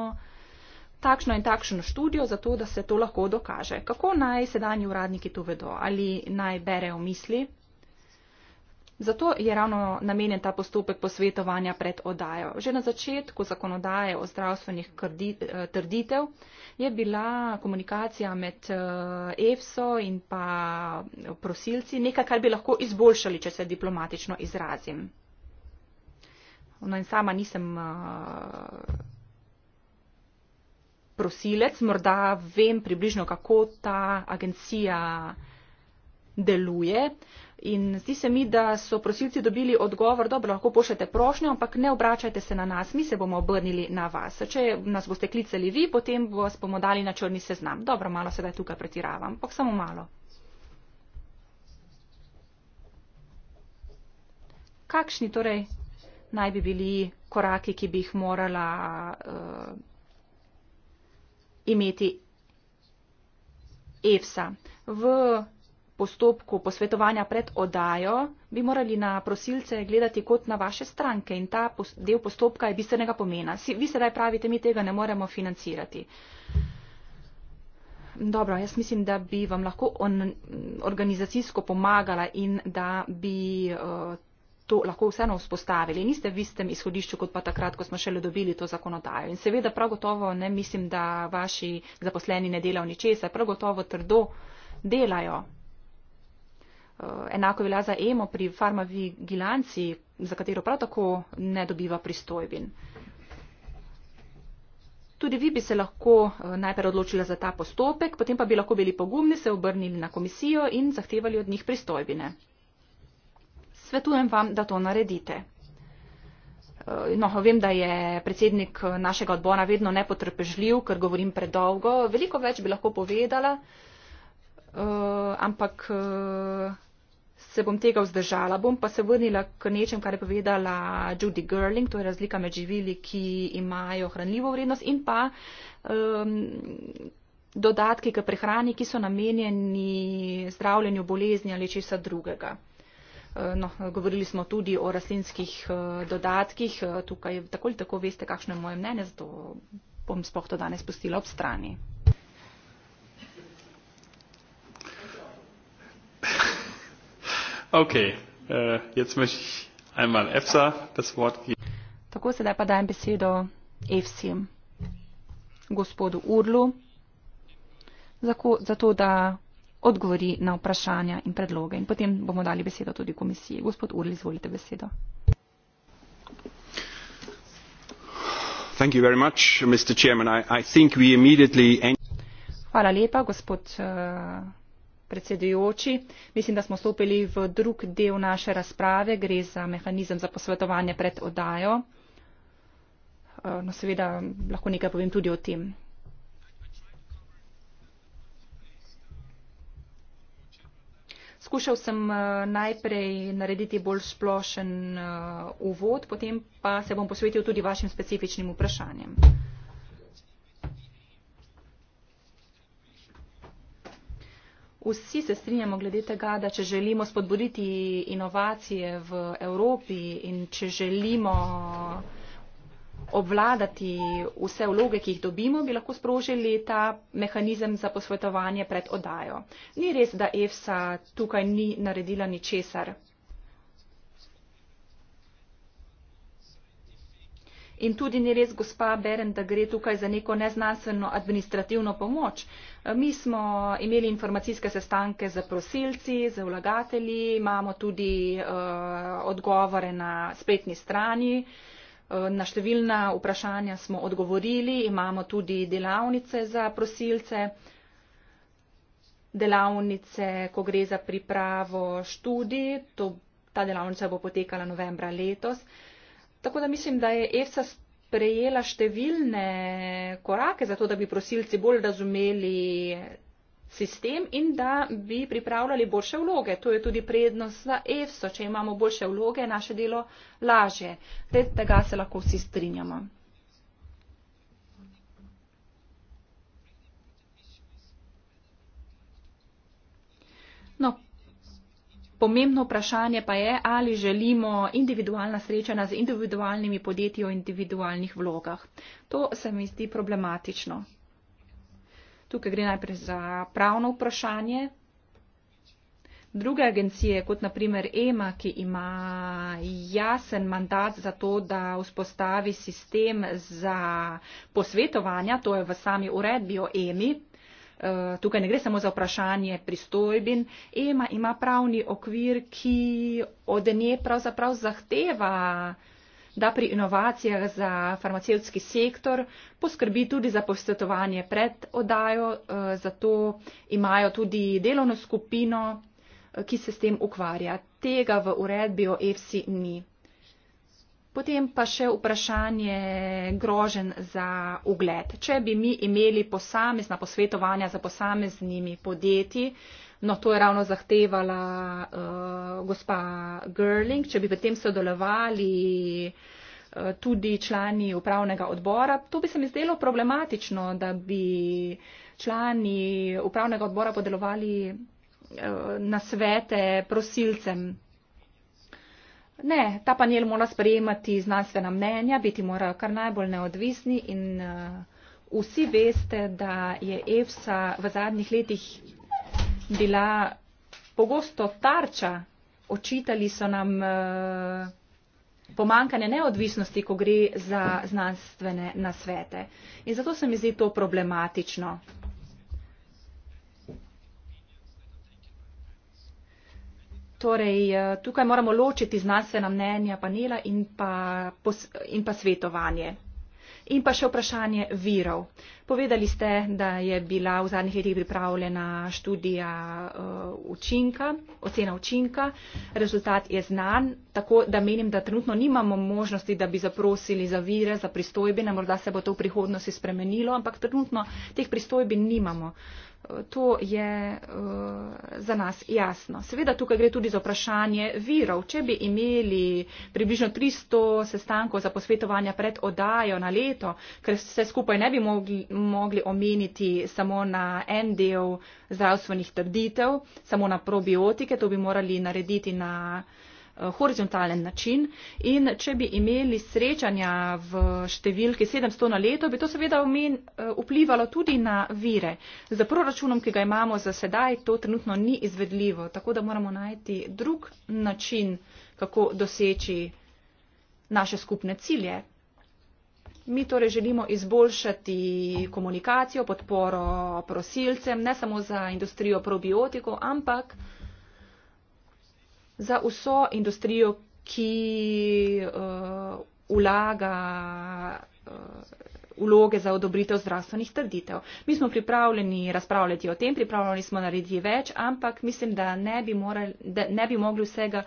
takšno in takšno študijo, zato da se to lahko dokaže. Kako naj sedanji uradniki to vedo? Ali naj berejo misli Zato je ravno namenjen ta postopek posvetovanja pred odajo. Že na začetku zakonodaje o zdravstvenih eh, trditev je bila komunikacija med eh, EFSO in pa eh, prosilci nekaj, kar bi lahko izboljšali, če se diplomatično izrazim. No in sama nisem prosilec, morda vem približno, kako ta agencija deluje in zdi se mi da so prosilci dobili odgovor dobro lahko pošljete prošnjo ampak ne obračajte se na nas mi se bomo obrnili na vas če nas boste klicali vi potem vas bomo dali na črni seznam dobro malo sedaj tukaj pretiravam ampak samo malo kakšni torej naj bi bili koraki ki bi jih morala uh, imeti EFSA v postopku posvetovanja pred odajo, bi morali na prosilce gledati kot na vaše stranke in ta del postopka je bistvenega pomena. Vi sedaj pravite, mi tega ne moremo financirati. Dobro, jaz mislim, da bi vam lahko on, organizacijsko pomagala in da bi uh, to lahko vseeno vzpostavili. Niste v istem izhodišču kot pa takrat, ko smo šele dobili to zakonodajo. In seveda prav gotovo ne mislim, da vaši zaposleni ne delajo ničesa, prav gotovo trdo delajo. Eh, enako velja za EMO pri farmavigilanci, za katero prav tako ne dobiva pristojbin. Tudi vi bi se lahko eh, najprej odločila za ta postopek, potem pa bi lahko bili pogumni, se obrnili na komisijo in zahtevali od njih pristojbine. Svetujem vam, da to naredite. Eh, no, vem, da je predsednik našega odbora vedno nepotrpežljiv, ker govorim predolgo. Veliko več bi lahko povedala, ampak se bom tega vzdržala. Bom pa se vrnila k nečem, kar je povedala Judy Girling, to je razlika med živili, ki imajo hranljivo vrednost in pa um, dodatki k prehrani, ki so namenjeni zdravljenju bolezni ali česa drugega. Uh, no, govorili smo tudi o rastlinskih uh, dodatkih. Uh, tukaj tako ali tako veste, kakšno je moje mnenje, zato bom spoh to danes pustila ob strani. Okay, äh, jetzt möchte ich einmal EFSA das Wort geben. Tako sedaj pa dajem besedo EFSI, gospodu Urlu, zato da odgovori na vprašanja in predloge. In potem bomo dali besedo tudi komisiji. Gospod Urli, izvolite besedo. Thank you very much, Mr. Chairman. I, I think we immediately. Hvala lepa, gospod. Uh, predsedujoči mislim da smo stopili v drug del naše razprave gre za mehanizem za posvetovanje pred oddajo eh, no seveda lahko nekaj povem tudi o tem Skušal sem eh, najprej narediti bolj splošen eh, uvod, potem pa se bom posvetil tudi vašim specifičnim vprašanjem. Vsi se strinjamo glede tega, da če želimo spodbuditi inovacije v Evropi in če želimo obvladati vse vloge, ki jih dobimo, bi lahko sprožili ta mehanizem za posvetovanje pred odajo. Ni res, da EFSA tukaj ni naredila ničesar. in tudi ni res, gospa Beren, da gre tukaj za neko neznanstveno administrativno pomoč. Eh, mi smo imeli informacijske sestanke z prosilci, z vlagatelji, imamo tudi uh, odgovore na spletni strani. Eh, na številna vprašanja smo odgovorili, imamo tudi delavnice za prosilce, delavnice, ko gre za pripravo študij, to, ta delavnica bo potekala novembra letos. Uh, Tako da mislim, da je EFSA sprejela številne korake za to, da bi prosilci bolj razumeli sistem in da bi pripravljali boljše vloge. To je tudi prednost za EFSO. Če imamo boljše vloge, naše delo laže. Tega se lahko vsi strinjamo. Pomembno vprašanje pa je, ali želimo individualna srečanja z individualnimi podjetji o individualnih vlogah. To se mi zdi problematično. Tukaj gre najprej za pravno vprašanje. Druge agencije, kot naprimer EMA, ki ima jasen mandat za to, da vzpostavi sistem za posvetovanja, to je v sami uredbi o EMI, Eh, tukaj ne gre samo za vprašanje pristojbin. EMA ima pravni okvir, ki od nje pravzaprav zahteva, da pri inovacijah za farmacevski sektor poskrbi tudi za posvetovanje pred odajo, eh, zato imajo tudi delovno skupino, eh, ki se s tem ukvarja. Tega v uredbi o EFSI ni. Potem pa še vprašanje grožen za ugled. Če bi mi imeli posamezna posvetovanja za posameznimi podjetji, no to je ravno zahtevala uh, gospa Gerling, če bi v tem sodelovali uh, tudi člani upravnega odbora, to bi se mi zdelo problematično, da bi člani upravnega odbora podelovali uh, na svete prosilcem. Ne, ta panel mora sprejemati znanstvena mnenja, biti morajo kar najbolj neodvisni in uh, vsi veste, da je EFSA v zadnjih letih bila pogosto tarča. Očitali so nam uh, pomankanje neodvisnosti, ko gre za znanstvene nasvete. In zato se mi zdi to problematično. Torej, eh, tukaj moramo ločiti znanstvena mnenja panela in pa, in pa svetovanje. In pa še vprašanje virov. Povedali ste, da je bila v zadnjih letih pripravljena študija uh, učinka, ocena učinka. Rezultat je znan, tako da menim, da trenutno nimamo možnosti, da bi zaprosili za vire, za pristojbine. Morda se bo to v prihodnosti spremenilo, ampak trenutno teh pristojbin nimamo. Uh, to je eh, za nas jasno. Seveda tukaj gre tudi za vprašanje virov. Če bi imeli približno 300 sestankov za posvetovanje pred odajo na leto, ker se skupaj ne bi mogli, mogli omeniti samo na en del zdravstvenih trditev, samo na probiotike, to bi morali narediti na horizontalen način in če bi imeli srečanja v številki 700 na leto, bi to seveda umen, eh, vplivalo tudi na vire. Za proračunom, ki ga imamo za sedaj, to trenutno ni izvedljivo, tako da moramo najti drug način, kako doseči naše skupne cilje. Mi torej želimo izboljšati komunikacijo, podporo prosilcem, ne samo za industrijo probiotikov, ampak za vso industrijo, ki uh, vlaga uh, vloge za odobritev zdravstvenih trditev. Mi smo pripravljeni razpravljati o tem, pripravljeni smo narediti več, ampak mislim, da ne bi, morali, da ne bi mogli vsega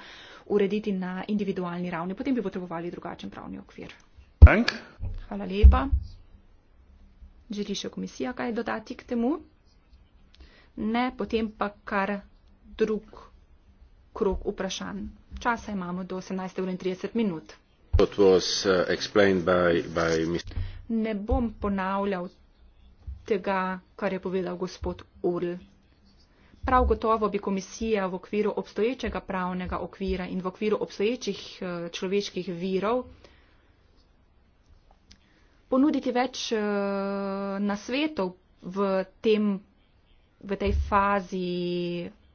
urediti na individualni ravni. Potem bi potrebovali drugačen pravni okvir. Thank. Hvala lepa. Želi še komisija kaj dodati k temu? Ne, potem pa kar drug krog vprašanj. Časa imamo do 18.30 minut. Uh, ne bom ponavljal tega, kar je povedal gospod Url. Prav gotovo bi komisija v okviru obstoječega pravnega okvira in v okviru obstoječih uh, človeških virov ponuditi več uh, nasvetov v, tem, v tej fazi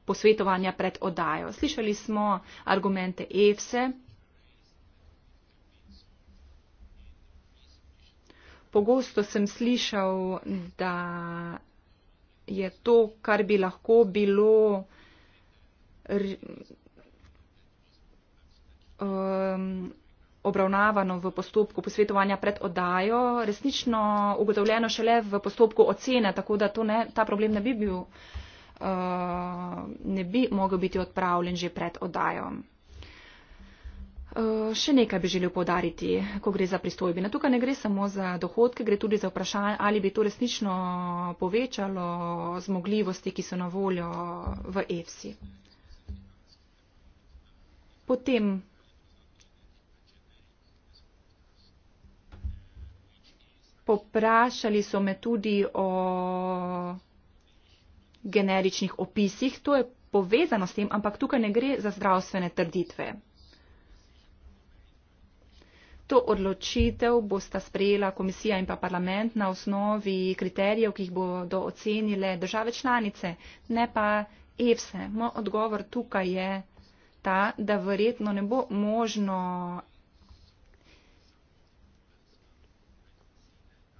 posvetovanja pred odajo. Slišali smo argumente EFSE. Pogosto sem slišal, da je to, kar bi lahko bilo um, obravnavano v postopku posvetovanja pred odajo, resnično ugotovljeno šele v postopku ocene, tako da ne, ta problem ne bi bil. Uh, uh, ne bi mogel biti odpravljen že pred odajo. Uh, eh, še nekaj bi želel podariti, ko gre za pristojbine. No, tukaj ne gre samo za dohodke, gre tudi za vprašanje, ali bi to resnično povečalo zmogljivosti, ki so na voljo v EFSI. Potem poprašali so me tudi o generičnih opisih, to je povezano s tem, ampak tukaj ne gre za zdravstvene trditve. To odločitev bosta sprejela komisija in pa parlament na osnovi kriterijev, ki jih bodo ocenile države članice, ne pa EFSE. Moj odgovor tukaj je ta, da verjetno ne bo možno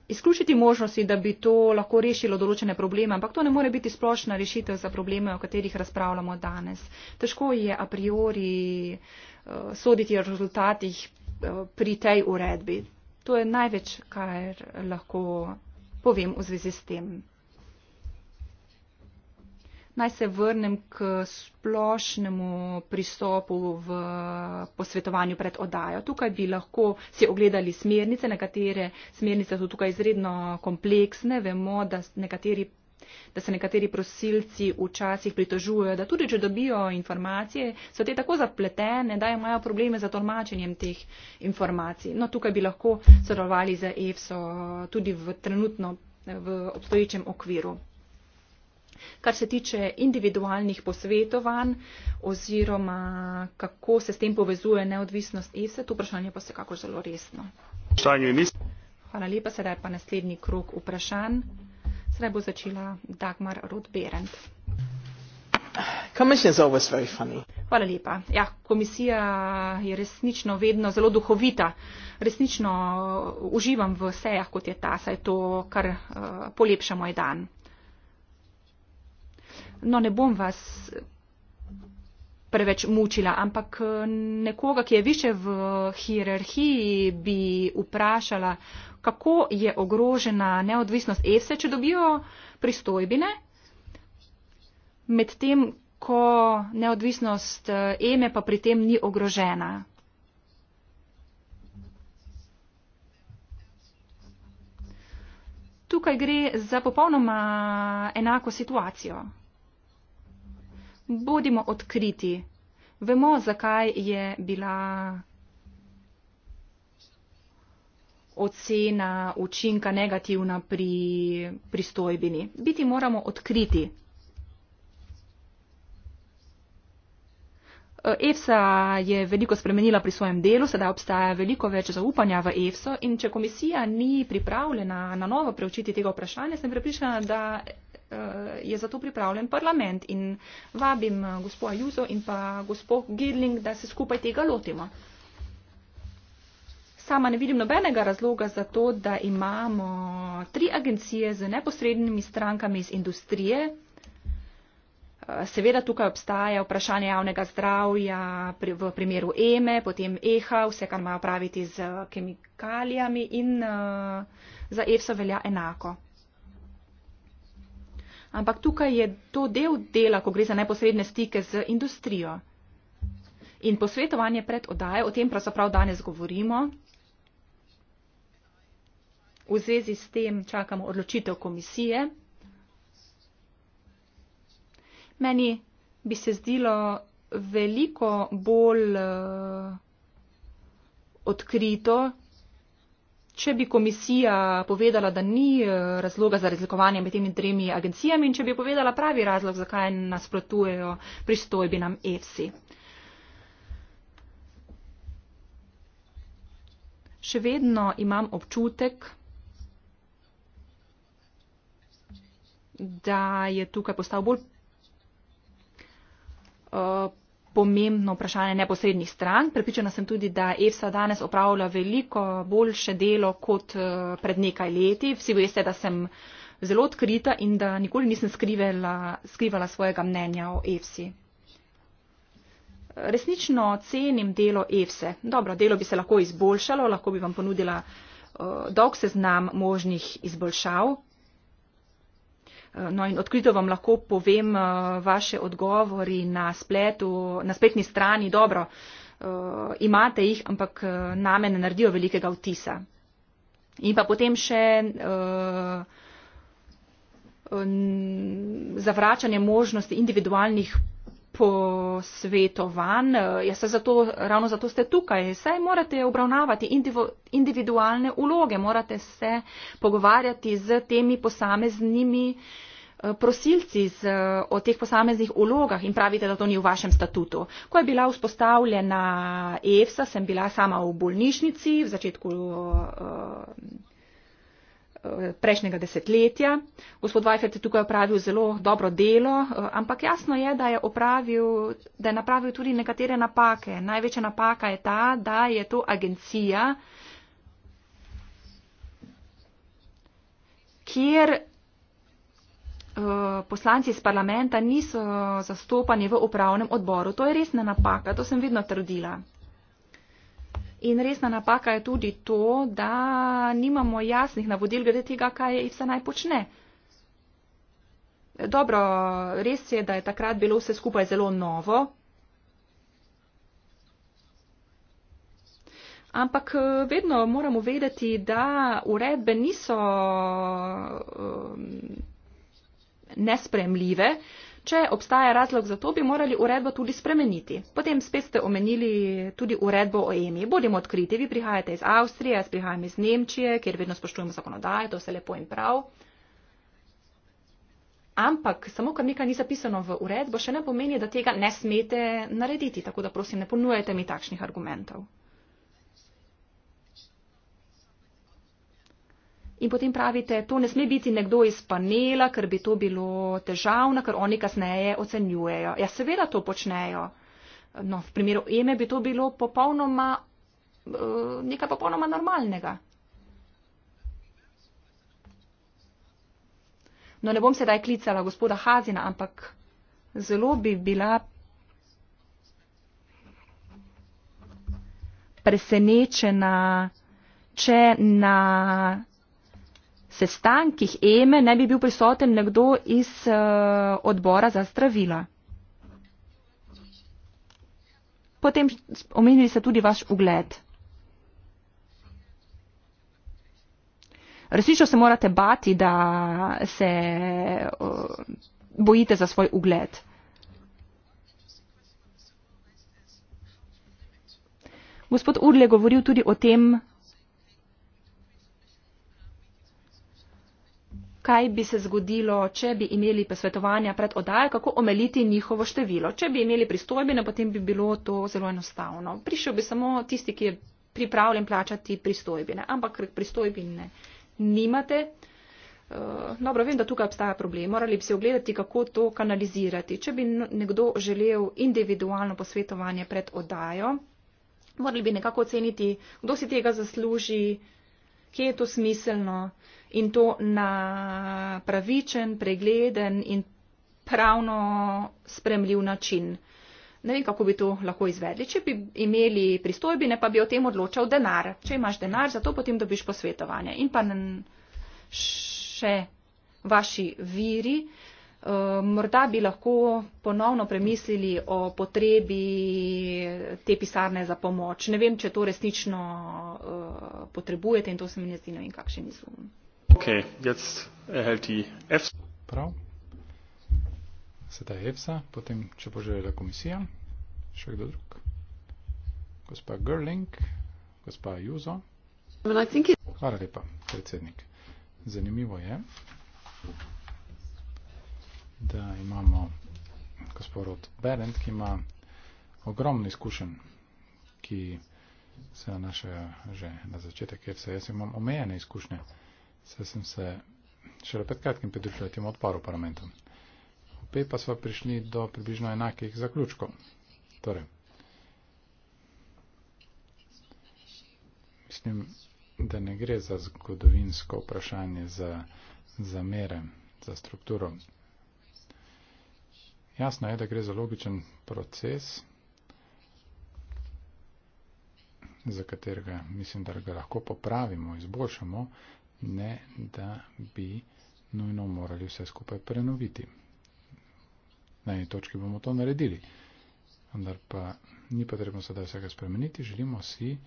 izključiti možnosti, da bi to lahko rešilo določene probleme, ampak to ne more biti splošna rešitev za probleme, o katerih razpravljamo danes. Težko je a priori eh, soditi o rezultatih eh, pri tej uredbi. To je največ, kar lahko povem v zvezi s tem. Naj se vrnem k splošnemu pristopu v posvetovanju pred odajo. Tukaj bi lahko si ogledali smernice, nekatere smernice so tukaj izredno kompleksne. Vemo, da, nekateri, da se nekateri prosilci včasih pritožujejo, da tudi, če dobijo informacije, so te tako zapletene, da imajo probleme z tolmačenjem teh informacij. No, tukaj bi lahko sodelovali za EFSO tudi v trenutno v obstoječem okviru. Kar se tiče individualnih posvetovanj oziroma kako se s tem povezuje neodvisnost ESE, to vprašanje pa se kako zelo resno. Hvala lepa, sedaj pa naslednji krok vprašanj. Sedaj bo začela Dagmar Rodberend. Hvala lepa. Ja, komisija je resnično vedno zelo duhovita. Resnično uh, uživam v sejah, kot je ta, saj to kar uh, polepša moj dan no ne bom vas preveč mučila, ampak eh, nekoga, ki je više v hierarhiji, bi vprašala, kako je ogrožena neodvisnost EFSE, če dobijo pristojbine, medtem, ko neodvisnost EME eh, pa pri tem ni ogrožena. Tukaj gre za popolnoma enako situacijo bodimo odkriti. Vemo, zakaj je bila ocena učinka negativna pri pristojbini. Biti moramo odkriti. EFSA je veliko spremenila pri svojem delu, sedaj obstaja veliko več zaupanja v EFSO in če komisija ni pripravljena na novo preučiti tega vprašanja, sem pripričana, da Eh, je za to pripravljen parlament in vabim eh, gospo Ajuzo in pa gospo Girling, da se skupaj tega lotimo. Sama ne vidim nobenega razloga za to, da imamo tri agencije z neposrednimi strankami iz industrije. Eh, seveda tukaj obstaja vprašanje javnega zdravja v primeru EME, potem EHA, vse, kar ima praviti z kemikalijami in za EFSA velja enako ampak tukaj je to del dela, ko gre za neposredne stike z industrijo. In posvetovanje pred odajo, o tem pravzaprav danes govorimo, v zvezi s tem čakamo odločitev komisije. Meni bi se zdilo veliko bolj eh, odkrito, če bi komisija povedala, da ni eh, razloga za razlikovanje med temi tremi agencijami in če bi povedala pravi razlog, zakaj nasprotujejo pristojbi nam EFSI. Še vedno imam občutek, da je tukaj postal bolj uh, pomembno vprašanje neposrednih strank. Pripričana sem tudi, da EFSA danes opravlja veliko boljše delo kot eh, pred nekaj leti. Vsi veste, da sem zelo odkrita in da nikoli nisem skrivala, skrivala svojega mnenja o EFSI. Resnično cenim delo EFSE. Dobro, delo bi se lahko izboljšalo, lahko bi vam ponudila eh, dolg seznam možnih izboljšav. Eh, no in odkrito vam lahko povem eh, vaše odgovori na spletu, na spletni strani. Dobro, eh, imate jih, ampak name ne naredijo velikega vtisa. In pa potem še zavračanje možnosti individualnih posvetovanj, eh, ja se zato, ravno zato ste tukaj, saj morate obravnavati individualne uloge, morate se pogovarjati z temi posameznimi eh, prosilci z, eh, o teh posameznih ulogah in pravite, da to ni v vašem statutu. Ko je bila vzpostavljena EFSA, sem bila sama v bolnišnici v začetku. Uh, Eh, prejšnjega desetletja. Gospod Weifert je tukaj opravil zelo dobro delo, eh, ampak jasno je, da je, opravil, da je napravil tudi nekatere napake. Največja napaka je ta, da je to agencija, kjer eh, poslanci iz parlamenta niso zastopani v upravnem odboru. To je resna napaka, to sem vedno trdila. In resna napaka je tudi to, da nimamo jasnih navodil glede tega, kaj je vse naj počne. Dobro, res je, da je takrat bilo vse skupaj zelo novo. Ampak vedno moramo vedeti, da uredbe niso um, nespremljive. Uh, če obstaja razlog za to, bi morali uredbo tudi spremeniti. Potem spet ste omenili tudi uredbo o EMI. Bodimo odkriti, vi prihajate iz Avstrije, jaz prihajam iz Nemčije, kjer vedno spoštujemo zakonodaje, to vse lepo in prav. Ampak samo, ker nekaj ni zapisano v uredbo, še ne pomeni, da tega ne smete narediti. Tako da prosim, ne ponujajte mi takšnih argumentov. In potem pravite, to ne sme biti nekdo iz panela, ker bi to bilo težavno, ker oni kasneje ocenjujejo. Ja, seveda to počnejo. No, v primeru Eme bi to bilo popolnoma, eh, nekaj popolnoma normalnega. No, ne bom sedaj klicala gospoda Hazina, ampak zelo bi bila presenečena, če na sestankih EME ne bi bil prisoten nekdo iz eh, odbora za zdravila. Potem omenili ste tudi vaš ugled. Resnično se morate bati, da se eh, bojite za svoj ugled. Gospod Urle je govoril tudi o tem, kaj bi se zgodilo, če bi imeli posvetovanja pred odajo, kako omeliti njihovo število. Če bi imeli pristojbine, potem bi bilo to zelo enostavno. Prišel bi samo tisti, ki je pripravljen plačati pristojbine, ampak pristojbine nimate. Eh, dobro, vem, da tukaj obstaja problem. Morali bi se ogledati, kako to kanalizirati. Če bi nekdo želel individualno posvetovanje pred odajo, morali bi nekako oceniti, kdo si tega zasluži, kje je to smiselno in to na pravičen, pregleden in pravno spremljiv način. Ne vem, kako bi to lahko izvedli, če bi imeli pristojbine, pa bi o tem odločal denar. Če imaš denar, zato potem dobiš posvetovanje. In pa še vaši viri, eh, morda bi lahko ponovno premislili o potrebi te pisarne za pomoč. Ne vem, če to resnično eh, potrebujete in to se mi ne zdi, ne vem, kakšen izum. Prav. Sedaj EFSA, potem, če bo želela komisija, še kdo drug. Gospa Gerling, gospa Juzo. Hvala lepa, predsednik. Zanimivo je, da imamo gospod Berend, ki ima ogromno izkušenj, ki se nanašajo že na začetek, ker se jaz imam omejene izkušnje. Saj sem se šele pred kratkim pridružil tem odporu parlamentu. Opet pa smo prišli do približno enakih zaključkov. Torej, mislim, da ne gre za zgodovinsko vprašanje, za zamere, za strukturo. Jasno je, da gre za logičen proces, za katerega mislim, da ga lahko popravimo, izboljšamo, ne da bi nujno morali vse skupaj prenoviti. Na eni točki bomo to naredili, vendar pa ni potrebno sedaj vsega spremeniti, želimo si,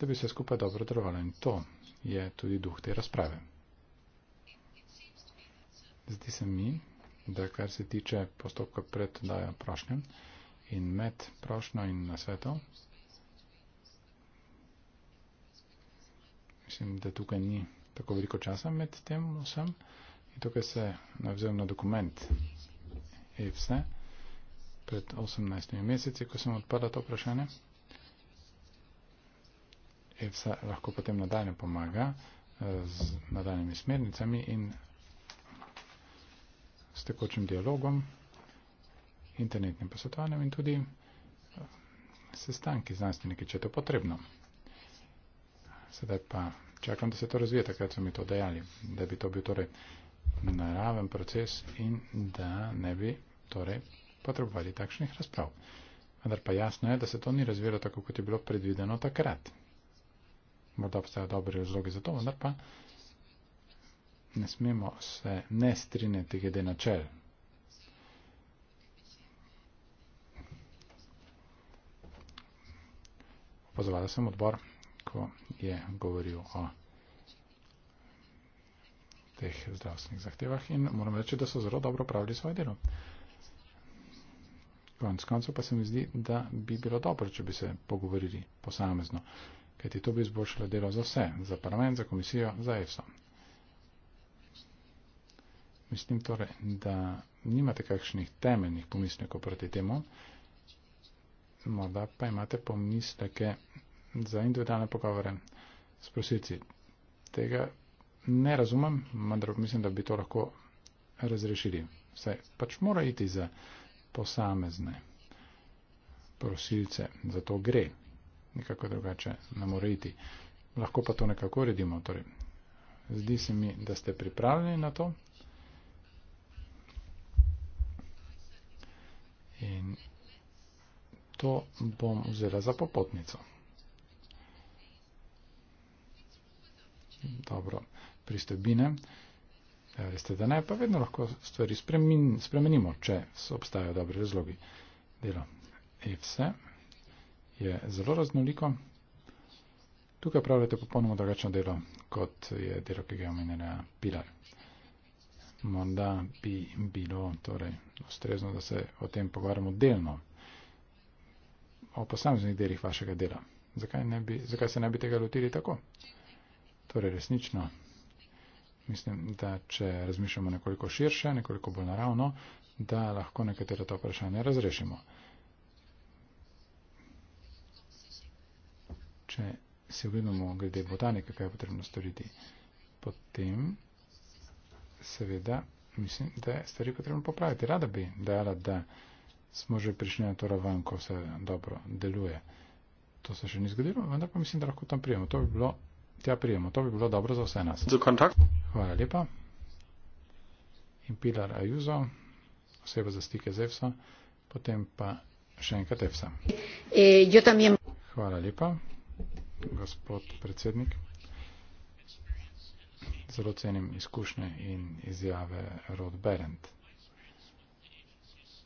da bi se skupaj dobro drvalo in to je tudi duh te razprave. Zdi se mi, da kar se tiče postopka pred dajo prošnjem in med prošnjo in nasvetom, mislim, da tukaj ni tako veliko časa med tem vsem. In tukaj se navzem na dokument EFSE pred 18 meseci, ko sem odprla to vprašanje. EFSA lahko potem nadaljno pomaga eh, z nadaljnimi smernicami in s tekočim dialogom, internetnim posvetovanjem in tudi eh, sestanki znanstveniki, če je to potrebno. Sedaj pa čakam, da se to razvije, takrat so mi to dejali, da bi to bil torej naraven proces in da ne bi torej potrebovali takšnih razprav. Vendar pa jasno je, da se to ni razvijalo tako, kot je bilo predvideno takrat. Morda obstaja dobre razloge za to, vendar pa ne smemo se ne strinjati glede načel. Opazovala sem odbor ko je govoril o teh zdravstvenih zahtevah in moram reči, da so zelo dobro pravili svoje delo. Konec koncev pa se mi zdi, da bi bilo dobro, če bi se pogovorili posamezno, kajti to bi izboljšalo delo za vse, za parlament, za komisijo, za EFSO. Mislim torej, da nimate kakšnih temeljnih pomislekov proti temu, morda pa imate pomisleke za individualne pogovore s prosilci. Tega ne razumem, vendar mislim, da bi to lahko razrešili. Vse pač mora iti za posamezne prosilce, za to gre. Nekako drugače ne more iti. Lahko pa to nekako redimo. Torej, zdi se mi, da ste pripravljeni na to. In to bom vzela za popotnico. dobro pristojbine. Ja, veste, da ne, pa vedno lahko stvari spremin, spremenimo, če so obstajajo dobri razlogi. Delo EFSE je zelo raznoliko. Tukaj pravljate popolnoma drugačno delo, kot je delo, ki ga je omenjena Pilar. Morda bi bilo torej ustrezno, da se o tem pogovarjamo delno, o posameznih delih vašega dela. Zakaj, ne bi, zakaj se ne bi tega lotili tako? Torej, resnično mislim, da če razmišljamo nekoliko širše, nekoliko bolj naravno, da lahko nekatera ta vprašanja razrešimo. Če si ogledamo glede botanike, kaj je potrebno storiti, potem seveda mislim, da je stvari potrebno popraviti. Rada bi dejala, da smo že prišli na to raven, ko se dobro deluje. To se še ni zgodilo, vendar pa mislim, da lahko tam prijemo. To bi bilo tja prijemo. To bi bilo dobro za vse nas. Za kontakt. Hvala lepa. In Pilar Ajuzo, oseba za stike z EFSA, potem pa še enkrat EFSA. E, Hvala lepa, gospod predsednik. Zelo cenim izkušnje in izjave Rod Berend.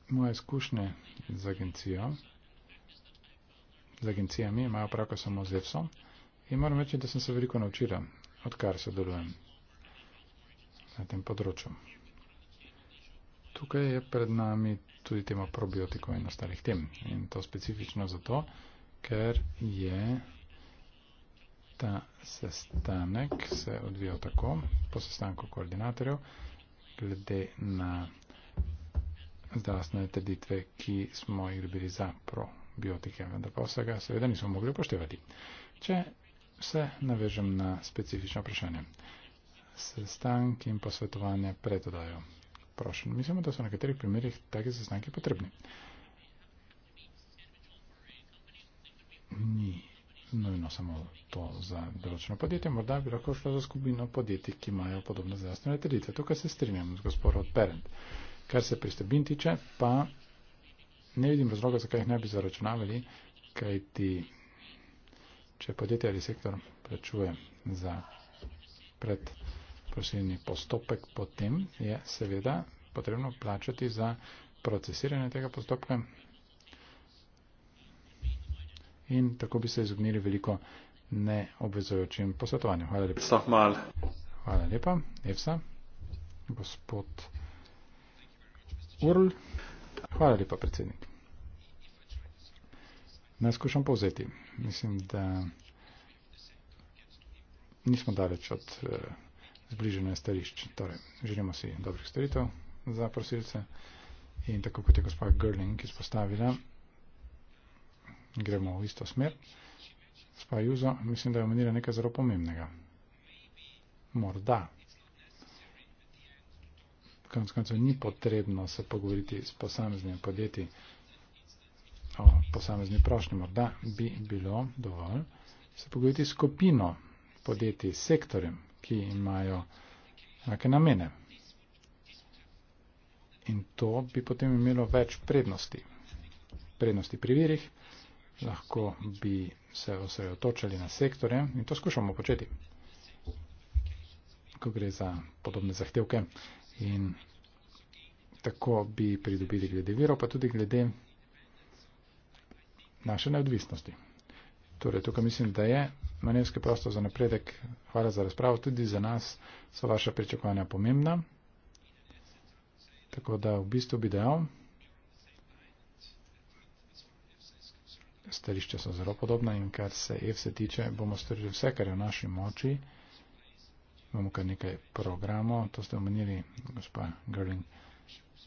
Moje izkušnje z agencijo, z agencijami imajo pravko samo z EFSO. In moram reči, da sem se veliko naučila, odkar sodelujem na tem področju. Tukaj je pred nami tudi tema probiotikov in ostalih tem. In to specifično zato, ker je ta sestanek se odvijal tako, po sestanku koordinatorjev, glede na zdravstvene trditve, ki smo jih dobili za probiotike. Vendar pa vsega seveda nismo mogli upoštevati. Če se navežem na specifično vprašanje. Sestanki in posvetovanje predodajo. Prošen, mislimo, da so v nekaterih primerjih take sestanki potrebni. Ni nojno samo to za določeno podjetje, morda bi lahko šlo za skupino podjetij, ki imajo podobne zdravstvene trditve. Tukaj se strinjam z gospodom Perent. Kar se pristebin tiče, pa ne vidim razloga, zakaj jih ne bi zaračunavali, kaj ti če podjetje ali sektor plačuje za predprosilni postopek, potem je seveda potrebno plačati za procesiranje tega postopka in tako bi se izognili veliko neobvezujočim posvetovanjem. Hvala lepa. Sahmal. Hvala lepa. Evsa. Gospod Url. Hvala lepa, predsednik. Ne skušam povzeti. Mislim, da nismo daleč od eh, zbližene starišč. Torej, želimo si dobrih storitev za prosilce in tako kot je gospod Gerling izpostavila, gremo v isto smer. Gospod Juzo, mislim, da je omenila nekaj zelo pomembnega. Morda. Konec koncev ni potrebno se pogovoriti s posameznimi podjetji, o posamezni prošnji, morda bi bilo dovolj se pogovoriti s skupino podjetij, sektorjem, ki imajo enake namene. In to bi potem imelo več prednosti. Prednosti pri virih, lahko bi se osredotočali na sektore in to skušamo početi, ko gre za podobne zahtevke. In tako bi pridobili glede virov, pa tudi glede naše neodvisnosti. Torej, tukaj mislim, da je manevrski prostor za napredek. Hvala za razpravo. Tudi za nas so vaše pričakovanja pomembna. Tako da v bistvu bi dejal, stališče so zelo podobna in kar se EFSE e tiče, bomo storili vse, kar je v naši moči. Imamo kar nekaj programov, to ste omenili, gospa Gerling,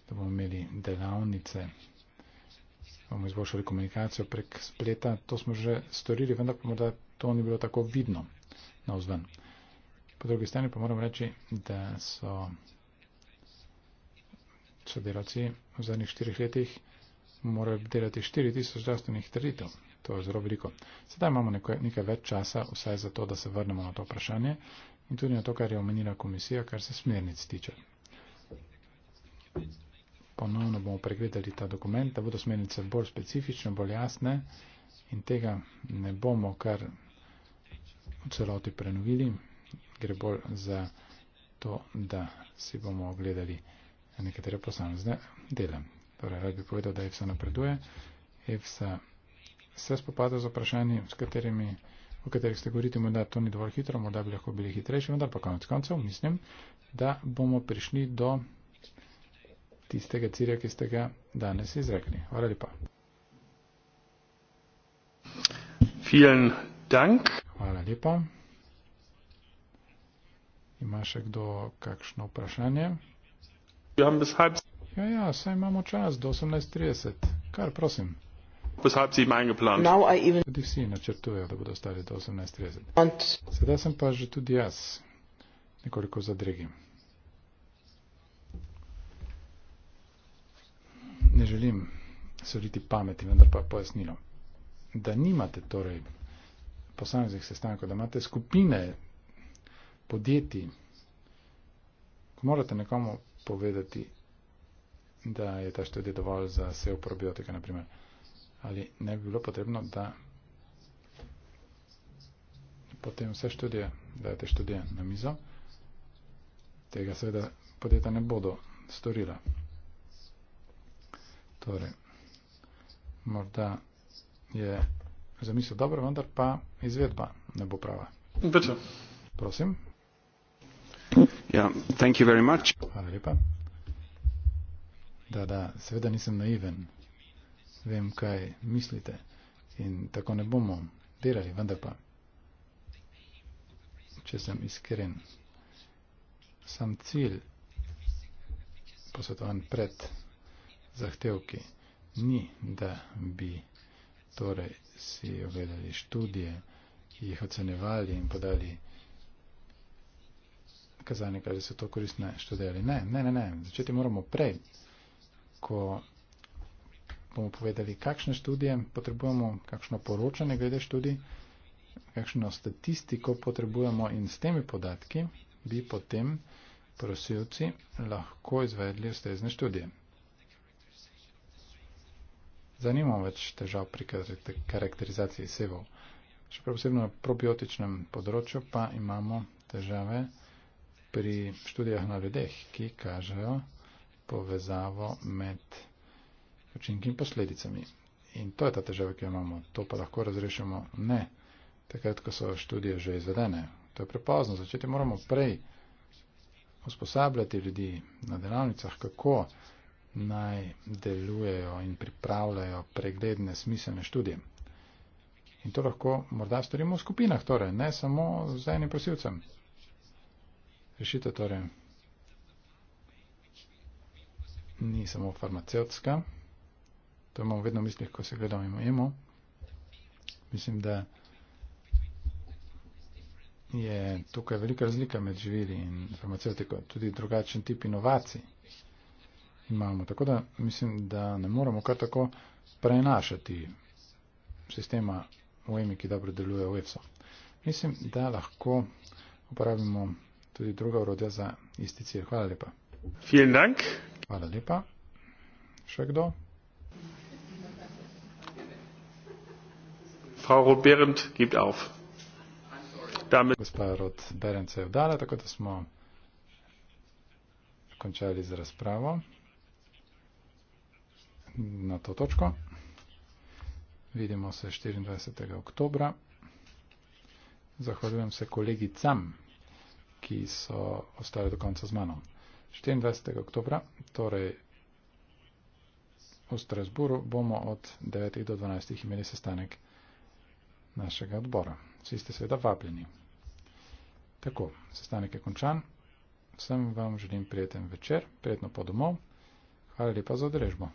da bomo imeli delavnice bomo izboljšali komunikacijo prek spleta. To smo že storili, vendar pa morda to ni bilo tako vidno na vzven. Po drugi strani pa moram reči, da so sodelavci v zadnjih štirih letih morali delati 4000 zdravstvenih trditev. To je zelo veliko. Sedaj imamo nekaj, nekaj več časa, vsaj za to, da se vrnemo na to vprašanje in tudi na to, kar je omenila komisija, kar se smernic tiče ponovno bomo pregledali ta dokument, da bodo smernice bolj specifične, bolj jasne in tega ne bomo kar v celoti prenovili. Gre bolj za to, da si bomo ogledali nekatere posamezne dele. Torej, rad bi povedal, da EFSA napreduje. EFSA se spopada z vprašanji, s katerimi, o katerih ste govorili, morda to ni dovolj hitro, morda bi lahko bili hitrejši, vendar pa konec koncev mislim, da bomo prišli do tistega cilja, ki ste ga danes izrekli. Hvala lepa. Hvala lepa. Ima še kdo kakšno vprašanje? Ja, ja, saj imamo čas do 18.30. Kar, prosim. Tudi vsi načrtujejo, da bodo stali do 18.30. Sedaj sem pa že tudi jaz nekoliko zadregim. želim soriti pameti, vendar pa pojasnilo. Da nimate torej posameznih sestankov, da imate skupine podjetij, ko morate nekomu povedati, da je ta študij dovolj za vse probiotika, naprimer, ali ne bi bilo potrebno, da potem vse študije, dajete študije na mizo, tega seveda podjetja ne bodo storila. Torej, morda je zamisel dobro, vendar pa izvedba ne bo prava. Beče. Prosim. Ja, thank you very much. Hvala lepa. Da, da, seveda nisem naiven. Vem, kaj mislite. In tako ne bomo delali, vendar pa. Če sem iskren, sam cilj posvetovan pred zahtevki. Ni, da bi torej si ogledali študije, jih ocenevali in podali kazanje, ali so to koristne študije ali ne. Ne, ne, ne. Začeti moramo prej, ko bomo povedali, kakšne študije potrebujemo, kakšno poročanje glede študij, kakšno statistiko potrebujemo in s temi podatki bi potem prosilci lahko izvedli ustrezne študije. Zdaj nimamo več težav pri karakterizaciji sevov. Še posebno na probiotičnem področju pa imamo težave pri študijah na ljudeh, ki kažejo povezavo med učinki in posledicami. In to je ta težava, ki jo imamo. To pa lahko razrešimo ne, takrat, ko so študije že izvedene. To je prepozno. Začeti moramo prej usposabljati ljudi na delavnicah, kako naj delujejo in pripravljajo pregledne smiselne študije. In to lahko morda storimo v skupinah, torej, ne samo z enim prosilcem. Rešite torej. Ni samo farmacevtska. To imamo vedno v mislih, ko se gledamo in imamo. Mislim, da je tukaj velika razlika med živili in farmacevtiko. Tudi drugačen tip inovacij imamo. Tako da mislim, da ne moramo kar tako prenašati sistema v emi, ki dobro deluje v EFSO. Mislim, da lahko uporabimo tudi druga urodja za isti cilj. Hvala lepa. Hvala lepa. Še kdo? Gospa Rod Berend se je vdala, tako da smo končali z razpravo na to točko. Vidimo se 24. oktobra. Zahvaljujem se kolegicam, ki so ostali do konca z mano. 24. oktobra, torej v Strasburu, bomo od 9. do 12. imeli sestanek našega odbora. Vsi ste seveda vabljeni. Tako, sestanek je končan. Vsem vam želim prijeten večer, prijetno po domov. Hvala lepa za odrežbo.